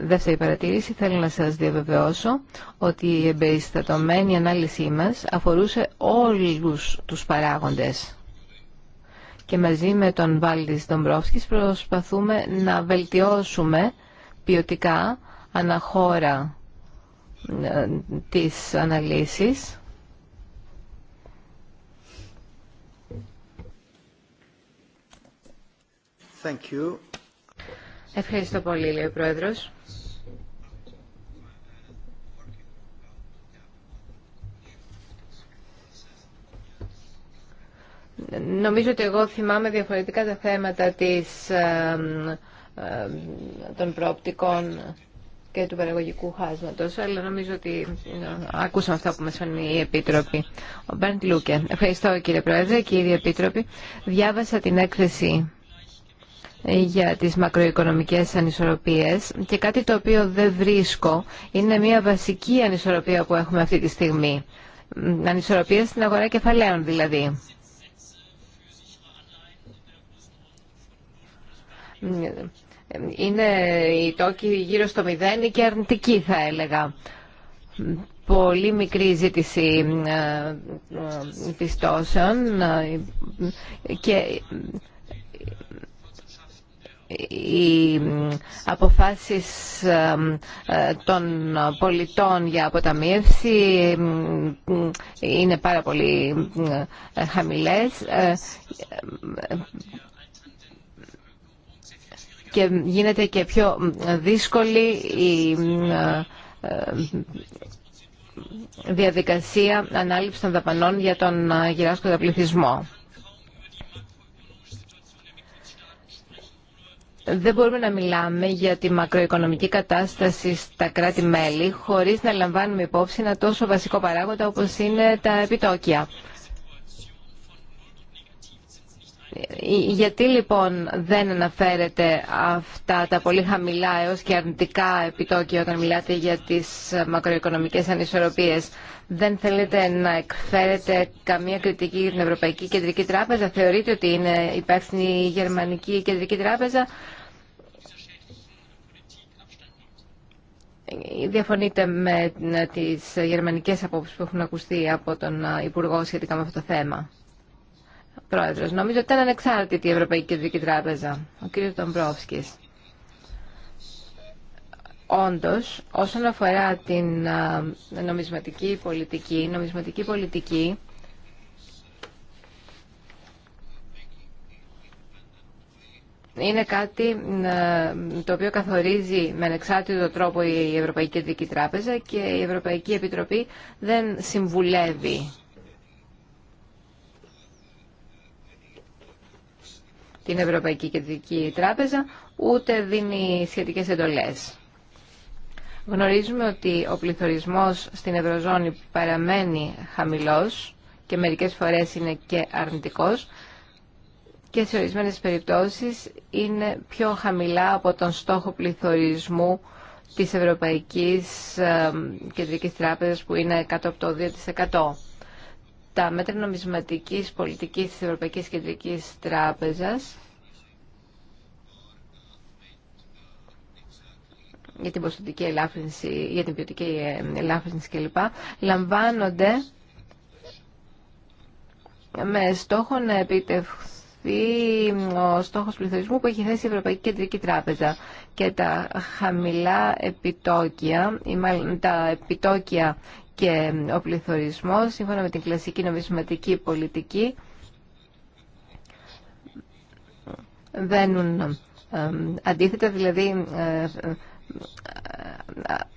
δεύτερη παρατήρηση, θέλω να σας διαβεβαιώσω ότι η εμπεριστατωμένη ανάλυση μας αφορούσε όλους τους παράγοντες. Και μαζί με τον Βάλτης Ντομπρόφσκης προσπαθούμε να βελτιώσουμε ποιοτικά αναχώρα ε, της αναλύσης Thank Ευχαριστώ πολύ, λέει ο Πρόεδρος. Νομίζω ότι εγώ θυμάμαι διαφορετικά τα θέματα της, των προοπτικών και του παραγωγικού χάσματος, αλλά νομίζω ότι ακούσαμε ε, αυτά που μας φανεί η Επίτροπη. Ο Μπέρντ Λούκε. Ευχαριστώ κύριε Πρόεδρε, κύριε Επίτροπη. Διάβασα την έκθεση για τις μακροοικονομικές ανισορροπίες και κάτι το οποίο δεν βρίσκω είναι μια βασική ανισορροπία που έχουμε αυτή τη στιγμή. Ανισορροπία στην αγορά κεφαλαίων δηλαδή. Είναι η τόκη γύρω στο μηδέν και αρνητική θα έλεγα. Πολύ μικρή ζήτηση πιστώσεων και οι αποφάσεις ε, των πολιτών για αποταμίευση είναι πάρα πολύ ε, χαμηλές ε, και γίνεται και πιο δύσκολη η διαδικασία ανάληψης των δαπανών για τον γυράσκοντα πληθυσμό. Δεν μπορούμε να μιλάμε για τη μακροοικονομική κατάσταση στα κράτη-μέλη χωρίς να λαμβάνουμε υπόψη ένα τόσο βασικό παράγοντα όπως είναι τα επιτόκια. Γιατί λοιπόν δεν αναφέρετε αυτά τα πολύ χαμηλά έως και αρνητικά επιτόκια όταν μιλάτε για τις μακροοικονομικές ανισορροπίες. Δεν θέλετε να εκφέρετε καμία κριτική για την Ευρωπαϊκή Κεντρική Τράπεζα. Θεωρείτε ότι είναι υπεύθυνη η Γερμανική Κεντρική Τράπεζα. Διαφωνείτε με ε, τις γερμανικές απόψεις που έχουν ακουστεί από τον ε, Υπουργό σχετικά με αυτό το θέμα. Πρόεδρος, νομίζω ότι ήταν ανεξάρτητη η Ευρωπαϊκή Κεντρική Τράπεζα, ο κ. Ντομπρόφσκης. Όντως, όσον αφορά την ε, νομισματική πολιτική, νομισματική πολιτική είναι κάτι ε, το οποίο καθορίζει με ανεξάρτητο τρόπο η Ευρωπαϊκή Κεντρική Τράπεζα και η Ευρωπαϊκή Επιτροπή δεν συμβουλεύει. την Ευρωπαϊκή Κεντρική Τράπεζα, ούτε δίνει σχετικές εντολές. Γνωρίζουμε ότι ο πληθωρισμός στην Ευρωζώνη παραμένει χαμηλός και μερικές φορές είναι και αρνητικός και σε ορισμένες περιπτώσεις είναι πιο χαμηλά από τον στόχο πληθωρισμού της Ευρωπαϊκής ε, Κεντρικής Τράπεζας που είναι κάτω από το 2%. Τα μέτρα νομισματικής πολιτικής της Ευρωπαϊκής Κεντρικής Τράπεζας για την ποσοτική ελάφρυνση, για την ποιοτική ε, ελάφρυνση κλπ. λαμβάνονται με στόχο να επιτευχθούν ή ο στόχος πληθωρισμού που έχει θέσει η ο στόχος πληθωρισμού που έχει θέσει η Ευρωπαϊκή Κεντρική Τράπεζα. Και τα χαμηλά επιτόκια, ή τα επιτόκια και ο πληθωρισμός, σύμφωνα με την κλασική νομισματική πολιτική, βαίνουν αντίθετα, δηλαδή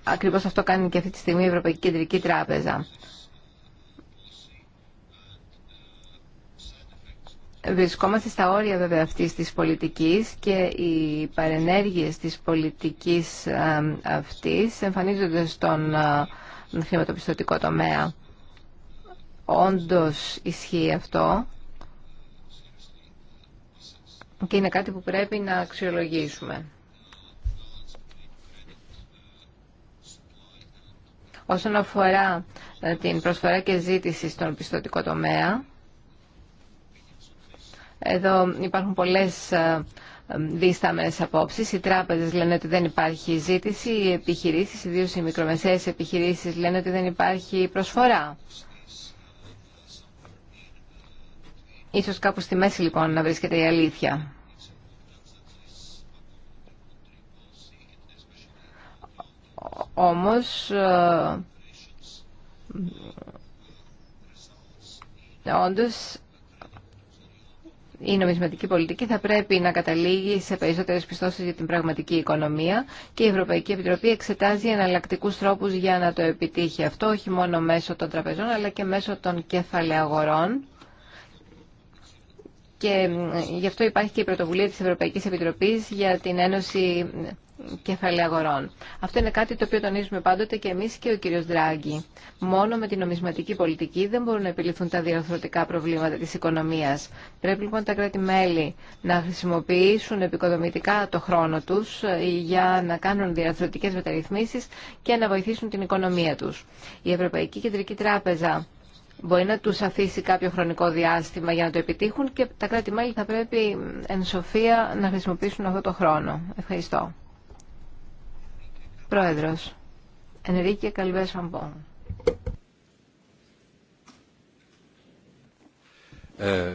ακριβώς αυτό κάνει και αυτή τη στιγμή η Ευρωπαϊκή Κεντρική Τράπεζα. Βρισκόμαστε στα όρια βέβαια αυτής της πολιτικής και οι παρενέργειες της πολιτικής αυτής εμφανίζονται στον ε, χρηματοπιστωτικό τομέα. Όντως ισχύει αυτό και είναι κάτι που πρέπει να αξιολογήσουμε. Όσον αφορά ε, την προσφορά και ζήτηση στον πιστωτικό τομέα, εδώ υπάρχουν πολλές ε, δίσταμες απόψεις. Οι τράπεζες λένε ότι δεν υπάρχει ζήτηση, οι επιχειρήσεις, ιδίω οι μικρομεσαίες επιχειρήσεις λένε ότι δεν υπάρχει προσφορά. Ίσως κάπου στη μέση λοιπόν να βρίσκεται η αλήθεια. Όμως, ε, όντως, η νομισματική πολιτική θα πρέπει να καταλήγει σε περισσότερες πιστώσεις για την πραγματική οικονομία και η Ευρωπαϊκή Επιτροπή εξετάζει εναλλακτικούς τρόπους για να το επιτύχει αυτό, όχι μόνο μέσω των τραπεζών αλλά και μέσω των κεφαλαίων και γι' αυτό υπάρχει και η πρωτοβουλία της Ευρωπαϊκής Επιτροπής για την Ένωση κεφαλή αγορών. Αυτό είναι κάτι το οποίο τονίζουμε πάντοτε και εμείς και ο κύριος Δράγκη. Μόνο με την νομισματική πολιτική δεν μπορούν να επιληθούν τα διαρθρωτικά προβλήματα της οικονομίας. Πρέπει λοιπόν τα κράτη-μέλη να χρησιμοποιήσουν επικοδομητικά το χρόνο τους ε, για να κάνουν διαρθρωτικές μεταρρυθμίσεις και να βοηθήσουν την οικονομία τους. Η Ευρωπαϊκή Κεντρική Τράπεζα μπορεί να τους αφήσει κάποιο χρονικό διάστημα για να το επιτύχουν και τα κράτη-μέλη θα πρέπει εν σοφία να χρησιμοποιήσουν αυτό το χρόνο. Ευχαριστώ. Πρόεδρος, Ενρίκε Καλβέ ε,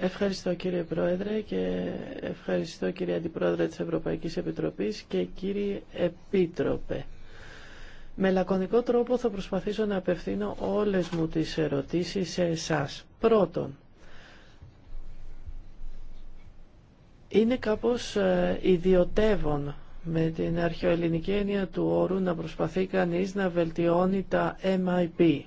Ευχαριστώ κύριε Πρόεδρε και ευχαριστώ κύριε Αντιπρόεδρε της Ευρωπαϊκής Επιτροπής και κύριε Επίτροπε. Με λακωνικό τρόπο θα προσπαθήσω να απευθύνω όλες μου τις ερωτήσεις σε εσάς. Πρώτον, είναι κάπως ε, ιδιωτεύον με την αρχαιοελληνική έννοια του όρου να προσπαθεί κανείς να βελτιώνει τα MIP.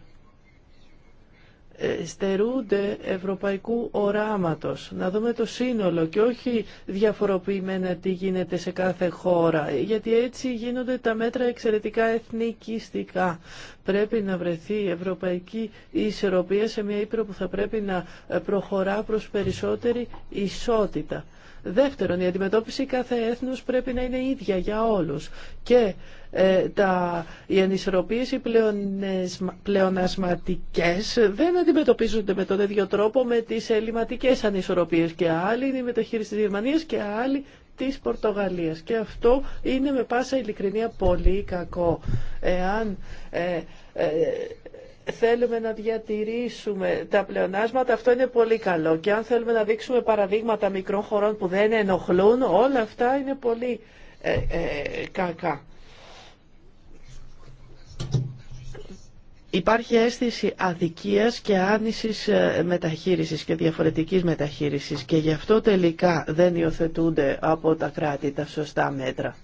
Ε, στερούνται ευρωπαϊκού οράματος, να δούμε το σύνολο και όχι διαφοροποιημένα τι γίνεται σε κάθε χώρα, γιατί έτσι γίνονται τα μέτρα εξαιρετικά εθνικιστικά. Πρέπει να βρεθεί ευρωπαϊκή ισορροπία σε μια ύπρο που θα πρέπει να προχωρά προς περισσότερη ισότητα. Δεύτερον, η αντιμετώπιση κάθε έθνους πρέπει να είναι ίδια για όλους και ε, τα, οι ανισορροπίες οι πλεονασματικές δεν αντιμετωπίζονται με τον ίδιο τρόπο με τις ελληματικές ανισορροπίες και άλλοι είναι η μεταχείριση της Γερμανία και άλλοι της Πορτογαλίας και αυτό είναι με πάσα ειλικρινία πολύ κακό εάν ε, ε, θέλουμε να διατηρήσουμε τα πλεονάσματα, αυτό είναι πολύ καλό. Και αν θέλουμε να δείξουμε παραδείγματα μικρών χωρών που δεν ενοχλούν, όλα αυτά είναι πολύ ε, ε, κακά. Υπάρχει αίσθηση αδικίας και άνησης ε, μεταχείρισης και διαφορετικής μεταχείρισης και γι' αυτό τελικά δεν υιοθετούνται από τα κράτη τα σωστά μέτρα.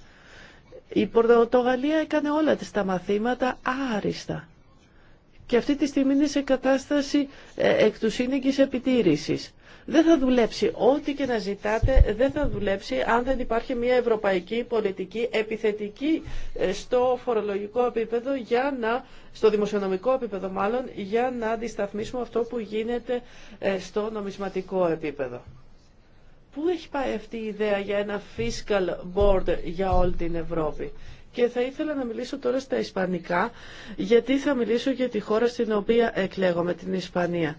Η Πορτογαλία έκανε όλα τα μαθήματα άριστα και αυτή τη στιγμή είναι σε κατάσταση ε, εκ του επιτήρησης. Δεν θα δουλέψει. Ό,τι και να ζητάτε δεν θα δουλέψει αν δεν υπάρχει μια ευρωπαϊκή πολιτική επιθετική ε, στο φορολογικό επίπεδο για να, στο δημοσιονομικό επίπεδο μάλλον, για να αντισταθμίσουμε αυτό που γίνεται ε, στο νομισματικό επίπεδο. Πού έχει πάει αυτή η ιδέα για ένα fiscal board για όλη την Ευρώπη. Και θα ήθελα να μιλήσω τώρα στα Ισπανικά, γιατί θα μιλήσω για τη χώρα στην οποία εκλέγομαι, την Ισπανία.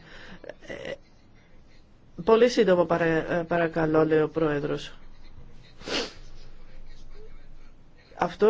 Ε, πολύ σύντομα ε, παρακαλώ, λέει ο Πρόεδρος. Αυτό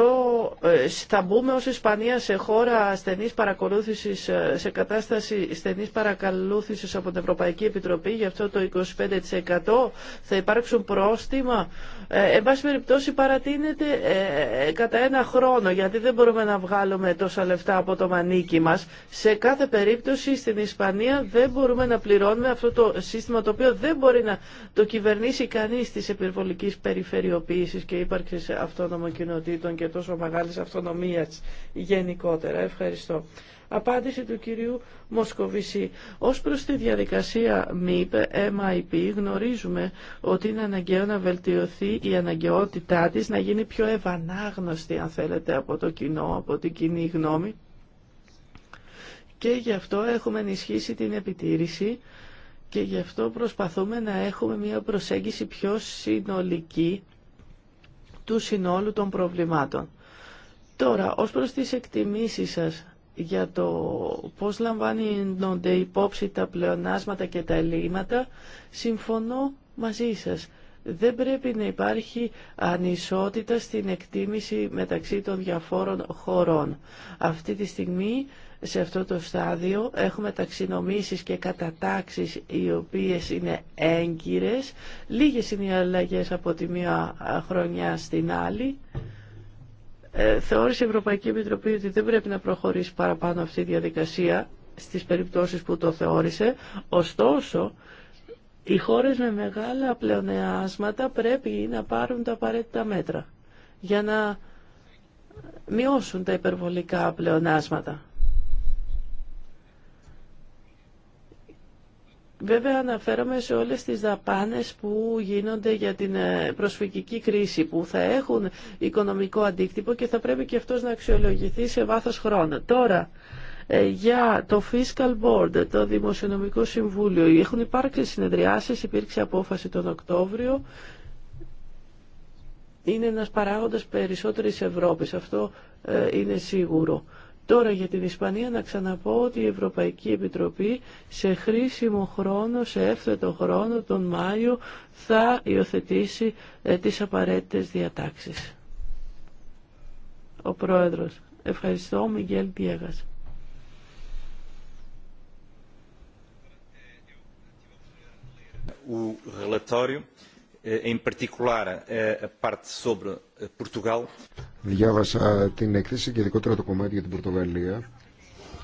ε, θα μπούμε ως Ισπανία σε χώρα στενής παρακολούθησης, σε κατάσταση στενής παρακολούθησης από την Ευρωπαϊκή Επιτροπή, γι' αυτό το 25% θα υπάρξουν πρόστιμα ε, εν πάση περιπτώσει παρατείνεται ε, ε, κατά ένα χρόνο γιατί δεν μπορούμε να βγάλουμε τόσα λεφτά από το μανίκι μας. Σε κάθε περίπτωση στην Ισπανία δεν μπορούμε να πληρώνουμε αυτό το σύστημα το οποίο δεν μπορεί να το κυβερνήσει κανείς της επιβολικής περιφερειοποίησης και ύπαρξης αυτόνομων κοινοτήτων και τόσο μεγάλης αυτονομίας γενικότερα. Ευχαριστώ. Απάντηση του κυρίου Μοσκοβισή. Ως προς τη διαδικασία MIP γνωρίζουμε ότι είναι αναγκαίο να βελτιωθεί η αναγκαιότητά της, να γίνει πιο ευανάγνωστη αν θέλετε από το κοινό, από την κοινή γνώμη. Και γι' αυτό έχουμε ενισχύσει την επιτήρηση και γι' αυτό προσπαθούμε να έχουμε μια προσέγγιση πιο συνολική του συνόλου των προβλημάτων. Τώρα, ως προς τις εκτιμήσεις σας, για το πώς λαμβάνονται υπόψη τα πλεονάσματα και τα ελλείμματα, συμφωνώ μαζί σας. Δεν πρέπει να υπάρχει ανισότητα στην εκτίμηση μεταξύ των διαφόρων χωρών. Αυτή τη στιγμή σε αυτό το στάδιο έχουμε ταξινομήσεις και κατατάξεις οι οποίες είναι έγκυρες. Λίγες είναι οι αλλαγές από τη μία χρονιά στην άλλη. Ε, θεώρησε η Ευρωπαϊκή Επιτροπή ότι δεν πρέπει να προχωρήσει παραπάνω αυτή η διαδικασία στις περιπτώσεις που το θεώρησε. Ωστόσο, οι χώρες με μεγάλα πλεονεάσματα πρέπει να πάρουν τα απαραίτητα μέτρα για να μειώσουν τα υπερβολικά πλεονάσματα. Βέβαια αναφέρομαι σε όλες τις δαπάνες που γίνονται για την ε, προσφυγική κρίση που θα έχουν οικονομικό αντίκτυπο και θα πρέπει και αυτός να αξιολογηθεί σε βάθος χρόνου. Τώρα, ε, για το Fiscal Board, το Δημοσιονομικό Συμβούλιο, έχουν υπάρξει συνεδριάσεις, υπήρξε απόφαση τον Οκτώβριο. Είναι ένας παράγοντας περισσότερης Ευρώπης, αυτό ε, είναι σίγουρο. Τώρα για την Ισπανία να ξαναπώ ότι η Ευρωπαϊκή Επιτροπή σε χρήσιμο χρόνο, σε έφθετο χρόνο, τον Μάιο, θα υιοθετήσει ε, τις απαραίτητες διατάξεις. Ο Πρόεδρος. Ευχαριστώ, Μιγγέλ Πιέγας. Ε, particular a ε, parte sobre ε, Portugal. Διάβασα την έκθεση και ειδικότερα το κομμάτι για την Πορτογαλία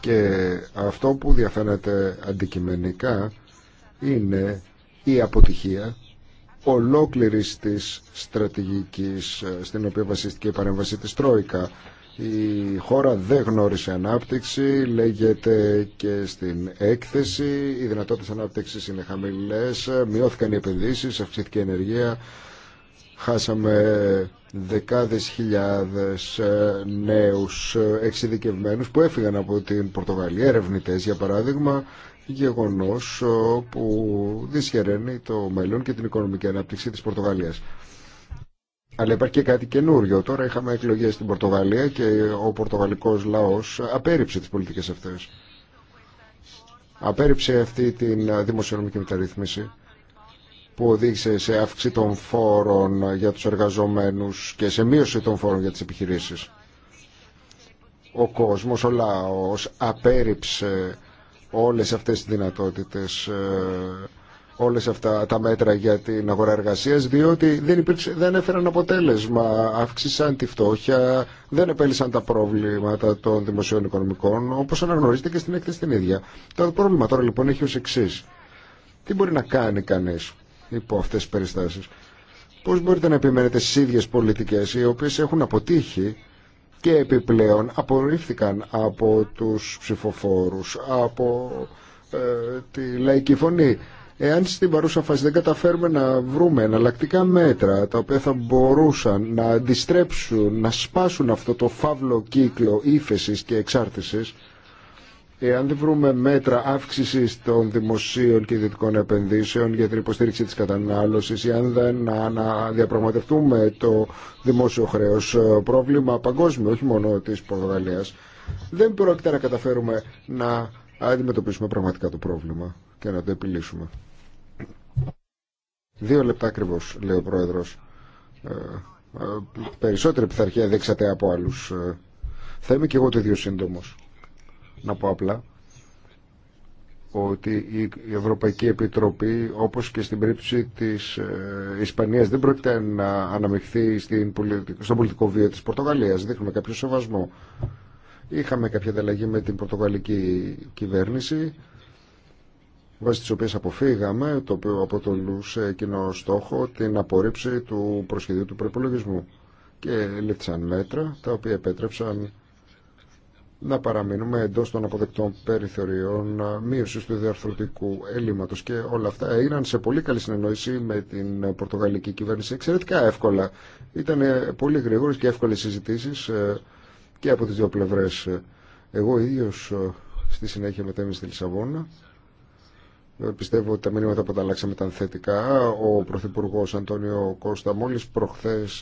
και αυτό που διαφαίνεται αντικειμενικά είναι η αποτυχία ολόκληρης της στρατηγικής στην οποία βασίστηκε η παρέμβαση της Τρόικα η χώρα δεν γνώρισε ανάπτυξη, λέγεται και στην έκθεση. Οι δυνατότητε ανάπτυξη είναι χαμηλέ, μειώθηκαν οι επενδύσει, αυξήθηκε η ενεργεία. Χάσαμε δεκάδες χιλιάδες ε, νέους εξειδικευμένους που έφυγαν από την Πορτογαλία, ερευνητέ, για παράδειγμα, γεγονός ε, που δυσχεραίνει το μέλλον και την οικονομική ανάπτυξη της Πορτογαλίας. Αλλά υπάρχει και κάτι καινούριο. Τώρα είχαμε εκλογέ στην Πορτογαλία και ο Πορτογαλικό λαός απέρριψε τις πολιτικές αυτέ. Απέρριψε αυτή την δημοσιονομική μεταρρύθμιση που οδήγησε σε αύξηση των φόρων για τους εργαζομένους και σε μείωση των φόρων για τις επιχειρήσεις. Ο κόσμος, ο λαός απέρριψε όλες αυτές τις δυνατότητες ε, όλες αυτά τα μέτρα για την αγορά εργασία, διότι δεν, υπήρξε, δεν έφεραν αποτέλεσμα, αύξησαν τη φτώχεια, δεν επέλυσαν τα προβλήματα των δημοσίων οικονομικών όπω αναγνωρίζεται και στην έκθεση την ίδια. Το πρόβλημα τώρα λοιπόν έχει ως εξή. Τι μπορεί να κάνει κανεί υπό αυτέ τι περιστάσει. Πώ μπορείτε να επιμένετε στι ίδιε πολιτικέ οι οποίε έχουν αποτύχει και επιπλέον απορρίφθηκαν από του ψηφοφόρου, από ε, τη λαϊκή φωνή. Εάν στην παρούσα φάση δεν καταφέρουμε να βρούμε εναλλακτικά μέτρα τα οποία θα μπορούσαν να αντιστρέψουν, να σπάσουν αυτό το φαύλο κύκλο ύφεση και εξάρτησης, εάν δεν βρούμε μέτρα αύξησης των δημοσίων και ιδιωτικών επενδύσεων για την υποστήριξη της κατανάλωσης, εάν δεν να, το δημόσιο χρέος, ε, πρόβλημα παγκόσμιο, όχι μόνο της Πορτογαλίας, δεν πρόκειται να καταφέρουμε να αντιμετωπίσουμε πραγματικά το πρόβλημα και να το επιλύσουμε. Δύο λεπτά ακριβώ, λέει ο πρόεδρο. Ε, ε, περισσότερη πειθαρχία δείξατε από άλλου. Ε, θα είμαι και εγώ το ίδιο σύντομο. Να πω απλά ότι η Ευρωπαϊκή Επιτροπή, όπως και στην περίπτωση της ε, Ισπανίας, δεν πρόκειται να αναμειχθεί στην στον πολιτικό βίο της Πορτογαλίας. Δείχνουμε κάποιο σεβασμό. Είχαμε κάποια ανταλλαγή με την Πορτογαλική κυβέρνηση βάσει τις οποίες αποφύγαμε, το οποίο αποτελούσε κοινό στόχο, την απορρίψη του προσχεδίου του προπολογισμού και λήφθησαν μέτρα τα οποία επέτρεψαν να παραμείνουμε εντό των αποδεκτών περιθωριών μείωση του διαρθρωτικού ελλείμματο. Και όλα αυτά έγιναν σε πολύ καλή συνεννόηση με την Πορτογαλική κυβέρνηση εξαιρετικά εύκολα. Ήταν πολύ γρήγορε και εύκολε συζητήσει ε, και από τι δύο πλευρέ. Εγώ ίδιο ε, στη συνέχεια μετέμεινε στη Λισαβόνα ε, πιστεύω ότι τα μηνύματα που ανταλλάξαμε ήταν θετικά. Ο Πρωθυπουργό Αντώνιο Κώστα μόλι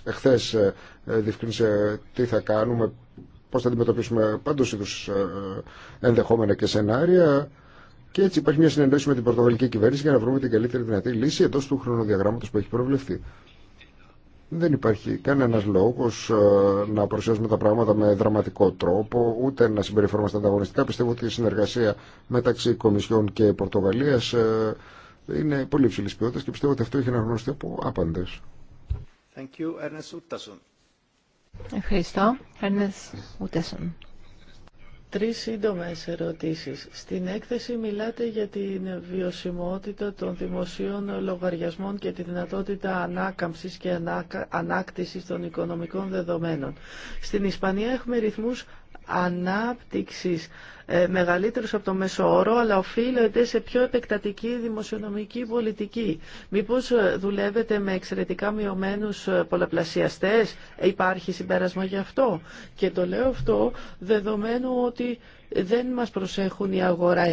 εχθέ ε, ε, διευκρίνησε τι θα κάνουμε, πώ θα αντιμετωπίσουμε πάντω είδου ενδεχόμενα και σενάρια. Και έτσι υπάρχει μια συνεννόηση με την Πορτογαλική κυβέρνηση για να βρούμε την καλύτερη δυνατή λύση εντό του χρονοδιαγράμματο που έχει προβλεφθεί. Δεν υπάρχει κανένας λόγος ε, να παρουσιάζουμε τα πράγματα με δραματικό τρόπο, ούτε να συμπεριφερόμαστε ανταγωνιστικά. Πιστεύω ότι η συνεργασία μεταξύ Κομισιών και Πορτογαλίας ε, είναι πολύ υψηλή ποιότητα και πιστεύω ότι αυτό έχει αναγνωριστεί από άπαντε. Ευχαριστώ. Ernest Τρεις σύντομες ερωτήσεις. Στην έκθεση μιλάτε για την βιωσιμότητα των δημοσίων λογαριασμών και τη δυνατότητα ανάκαμψης και ανάκτησης των οικονομικών δεδομένων. Στην Ισπανία έχουμε ρυθμούς ανάπτυξης ε, μεγαλύτερος από το μέσο όρο, αλλά οφείλεται σε πιο επεκτατική δημοσιονομική πολιτική. Μήπως ε, δουλεύετε με εξαιρετικά μειωμένους ε, πολλαπλασιαστές, υπάρχει συμπέρασμα γι' αυτό. Και το λέω αυτό δεδομένου ότι δεν μας προσέχουν οι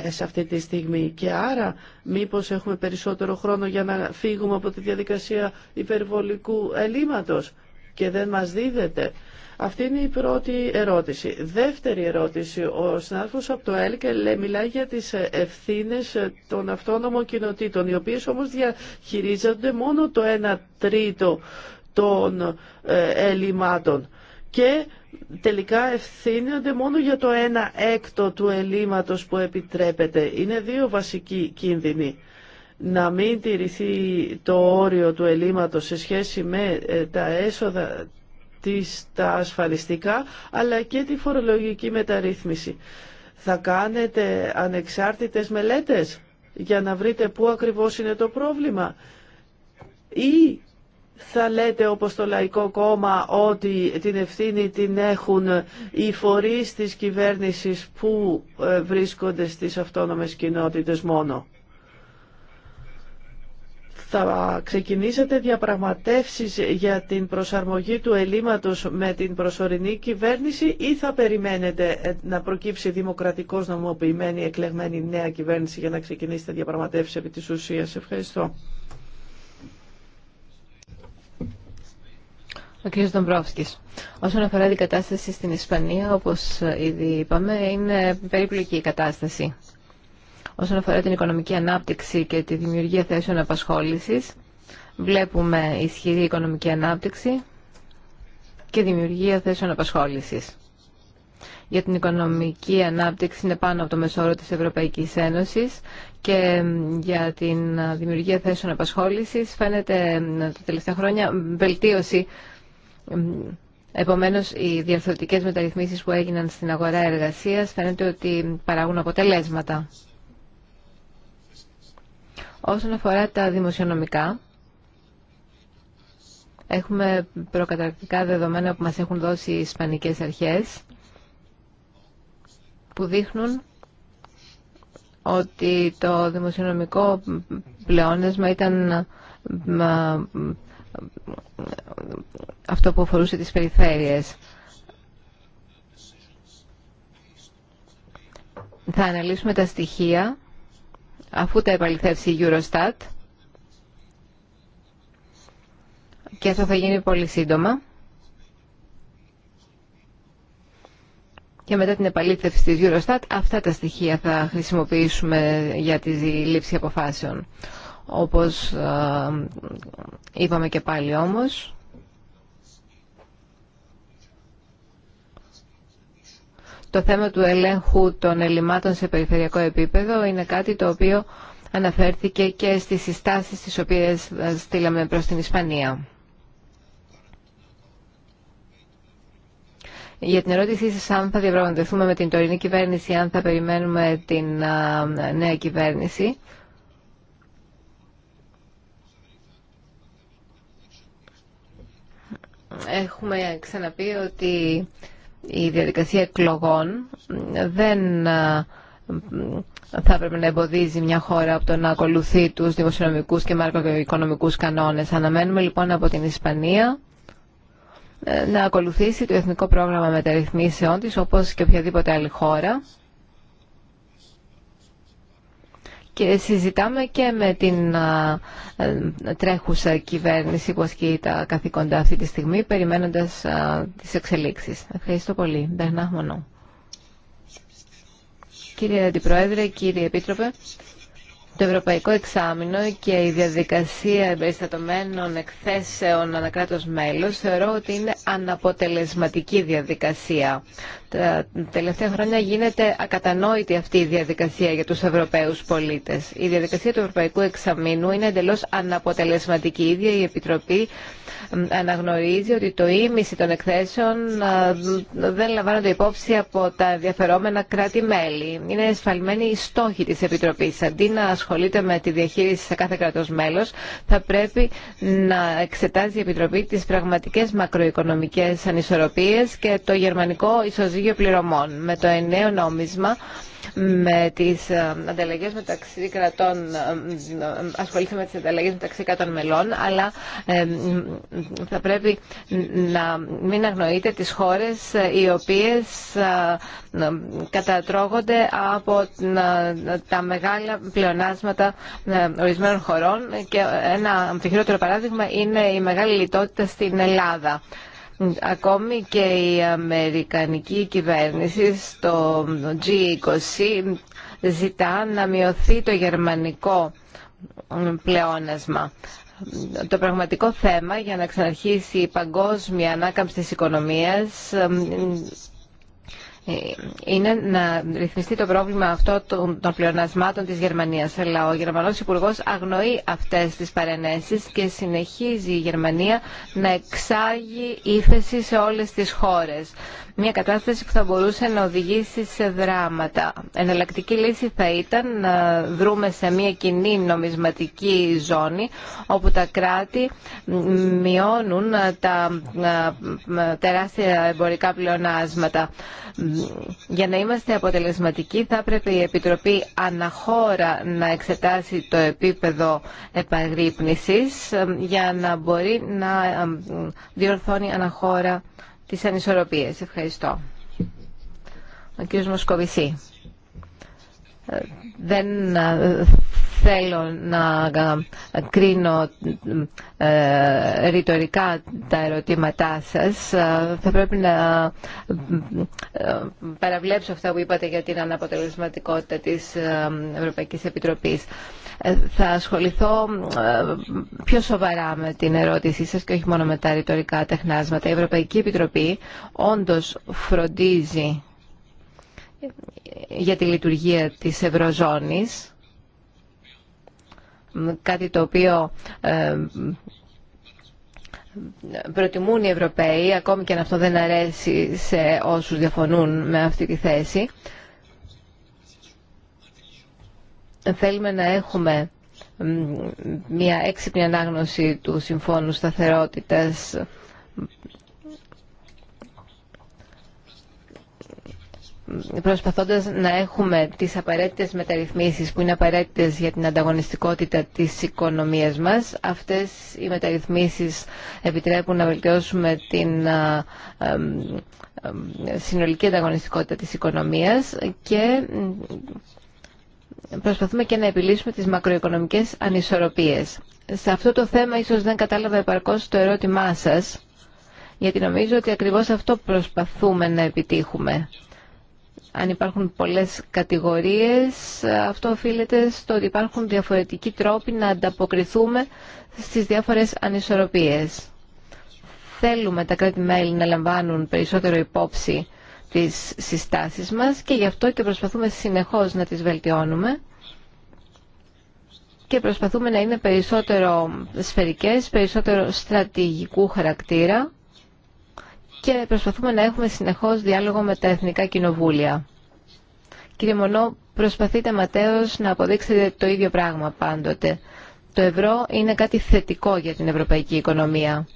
σε αυτή τη στιγμή και άρα μήπως έχουμε περισσότερο χρόνο για να φύγουμε από τη διαδικασία υπερβολικού ελλείμματος και δεν μας δίδεται. Αυτή είναι η πρώτη ερώτηση. Δεύτερη ερώτηση. Ο συνάδελφος από το ΕΛΚΕ μιλάει για τις ευθύνες των αυτόνομων κοινοτήτων, οι οποίες όμως διαχειρίζονται μόνο το 1 τρίτο των ε, ελλημάτων και τελικά ευθύνονται μόνο για το 1 έκτο του ελλείμματος που επιτρέπεται. Είναι δύο βασικοί κίνδυνοι να μην τηρηθεί το όριο του ελλείμματος σε σχέση με ε, τα έσοδα τις, τα ασφαλιστικά αλλά και τη φορολογική μεταρρύθμιση. Θα κάνετε ανεξάρτητες μελέτες για να βρείτε πού ακριβώς είναι το πρόβλημα ή θα λέτε όπως το Λαϊκό Κόμμα ότι την ευθύνη την έχουν οι φορείς της κυβέρνησης που ε, βρίσκονται στις αυτόνομες κοινότητες μόνο θα ξεκινήσετε διαπραγματεύσεις για την προσαρμογή του ελλείμματος με την προσωρινή κυβέρνηση ή θα περιμένετε ε, να προκύψει δημοκρατικός νομοποιημένη εκλεγμένη νέα κυβέρνηση για να ξεκινήσετε διαπραγματεύσεις επί της ουσίας. Ευχαριστώ. Ο κ. Όσον αφορά την κατάσταση στην Ισπανία, όπως ε, ήδη είπαμε, είναι περίπλοκη η κατάσταση. Όσον αφορά την οικονομική ανάπτυξη και τη δημιουργία θέσεων απασχόλησης, βλέπουμε ισχυρή οικονομική ανάπτυξη και δημιουργία θέσεων απασχόλησης. Για την οικονομική ανάπτυξη είναι πάνω από το μεσόρο της Ευρωπαϊκής Ένωσης και για την δημιουργία θέσεων απασχόλησης φαίνεται τα τελευταία χρόνια βελτίωση Επομένως, οι διαρθρωτικές μεταρρυθμίσεις που έγιναν στην αγορά εργασίας φαίνεται ότι παράγουν αποτελέσματα. Όσον αφορά τα δημοσιονομικά, έχουμε προκαταρκτικά δεδομένα που μας έχουν δώσει οι Ισπανικές αρχές που δείχνουν ότι το δημοσιονομικό πλεόνασμα ήταν αυτό που αφορούσε τις περιφέρειες. Θα αναλύσουμε τα στοιχεία αφού τα επαληθεύσει η Eurostat και αυτό θα γίνει πολύ σύντομα. Και μετά την επαλήθευση της Eurostat αυτά τα στοιχεία θα χρησιμοποιήσουμε για τη λήψη αποφάσεων. Όπως ε, είπαμε και πάλι όμως, Το θέμα του ελέγχου των ελλημάτων σε περιφερειακό επίπεδο είναι κάτι το οποίο αναφέρθηκε και στις συστάσεις τις οποίες ε, στείλαμε προς την Ισπανία. Για την ερώτησή σας αν θα διαπραγματευτούμε με την τωρινή κυβέρνηση, αν θα περιμένουμε την ε, νέα κυβέρνηση, έχουμε ξαναπεί ότι η διαδικασία εκλογών δεν ε, θα έπρεπε να εμποδίζει μια χώρα από το να ακολουθεί τους δημοσιονομικούς και μαρκοοικονομικούς κανόνες. Αναμένουμε λοιπόν από την Ισπανία ε, να ακολουθήσει το Εθνικό Πρόγραμμα Μεταρρυθμίσεών της όπως και οποιαδήποτε άλλη χώρα και συζητάμε και με την ε, τρέχουσα κυβέρνηση που ασκεί τα καθήκοντα αυτή τη στιγμή περιμένοντας τις εξελίξεις. Ευχαριστώ πολύ. Μπερνά Μονό. Κύριε Αντιπρόεδρε, κύριε Επίτροπε, το Ευρωπαϊκό Εξάμεινο και η διαδικασία εμπεριστατωμένων εκθέσεων ανακράτως μέλος θεωρώ ότι είναι αναποτελεσματική διαδικασία. Τα τελευταία χρόνια γίνεται ακατανόητη αυτή η διαδικασία για τους Ευρωπαίους πολίτες. Η διαδικασία του Ευρωπαϊκού Εξαμήνου είναι εντελώς αναποτελεσματική. Η η Επιτροπή αναγνωρίζει ότι το ίμιση των εκθέσεων δεν λαμβάνονται υπόψη από τα ενδιαφερόμενα κράτη-μέλη. Είναι εσφαλμένοι οι στόχοι της Επιτροπής. Αντί να ασχολείται με τη διαχείριση σε κάθε κρατός μέλος, θα πρέπει να εξετάζει η Επιτροπή τις πραγματικές μακροοικονομικές ανισορροπίες και το γερμανικό ισοζύγιο πληρωμών. Με το εννέο νόμισμα με τις ε, ανταλλαγές μεταξύ κρατών, ε, ασχολήθηκε με τις ανταλλαγές μεταξύ κρατών μελών, αλλά ε, θα πρέπει να μην αγνοείτε τις χώρες οι οποίες κατατρώγονται από τα μεγάλα πλεονάσματα ορισμένων χωρών και ένα το παράδειγμα είναι η μεγάλη λιτότητα στην Ελλάδα. Ακόμη και η Αμερικανική κυβέρνηση στο G20 ζητά να μειωθεί το γερμανικό πλεόνασμα. Το πραγματικό θέμα για να ξαναρχίσει η παγκόσμια ανάκαμψη της οικονομίας ε, είναι να ρυθμιστεί το πρόβλημα αυτό των πλεονασμάτων της Γερμανίας. Αλλά ο Γερμανός Υπουργός αγνοεί αυτές τις παρενέσεις και συνεχίζει η Γερμανία να εξάγει ύφεση σε όλες τις χώρες μια κατάσταση που θα μπορούσε να οδηγήσει σε δράματα. Εναλλακτική λύση θα ήταν να δρούμε σε μια κοινή νομισματική ζώνη όπου τα κράτη μειώνουν τα τεράστια εμπορικά πλεονάσματα. Για να είμαστε αποτελεσματικοί θα έπρεπε η Επιτροπή αναχώρα να εξετάσει το επίπεδο επαγρύπνησης για να μπορεί να διορθώνει αναχώρα τις ανισορροπίες. Ευχαριστώ. Ο κ. Μοσκοβηθή. Ε, δεν ε, θέλω να ε, κρίνω ρητορικά τα ερωτήματά σας. Θα πρέπει να παραβλέψω αυτά που είπατε για την αναποτελεσματικότητα της Ευρωπαϊκής Επιτροπής. Ε, θα ασχοληθώ ε, πιο σοβαρά με την ερώτησή σας και όχι μόνο με τα ρητορικά τεχνάσματα. Η Ευρωπαϊκή Επιτροπή όντως φροντίζει για τη λειτουργία της Ευρωζώνης, κάτι το οποίο ε, προτιμούν οι Ευρωπαίοι, ακόμη και αν αυτό δεν αρέσει σε όσους διαφωνούν με αυτή τη θέση θέλουμε να έχουμε μια έξυπνη ανάγνωση του Συμφώνου Σταθερότητας προσπαθώντας να έχουμε τις απαραίτητες μεταρρυθμίσεις που είναι απαραίτητες για την ανταγωνιστικότητα της οικονομίας μας. Αυτές οι μεταρρυθμίσεις επιτρέπουν να βελτιώσουμε την συνολική ανταγωνιστικότητα της οικονομίας και προσπαθούμε και να επιλύσουμε τις μακροοικονομικές ανισορροπίες. Σε αυτό το θέμα ίσως δεν κατάλαβα επαρκώς το ερώτημά σας, γιατί νομίζω ότι ακριβώς αυτό προσπαθούμε να επιτύχουμε. Αν υπάρχουν πολλές κατηγορίες, αυτό οφείλεται στο ότι υπάρχουν διαφορετικοί τρόποι να ανταποκριθούμε στις διάφορες ανισορροπίες. Θέλουμε τα κράτη-μέλη να λαμβάνουν περισσότερο υπόψη τις συστάσεις μας και γι' αυτό και προσπαθούμε συνεχώς να τις βελτιώνουμε και προσπαθούμε να είναι περισσότερο σφαιρικές, περισσότερο στρατηγικού χαρακτήρα και προσπαθούμε να έχουμε συνεχώς διάλογο με τα Εθνικά Κοινοβούλια. Κύριε Μονό, προσπαθείτε Ματέως να αποδείξετε το ίδιο πράγμα πάντοτε. Το ευρώ είναι κάτι θετικό για την ευρωπαϊκή οικονομία.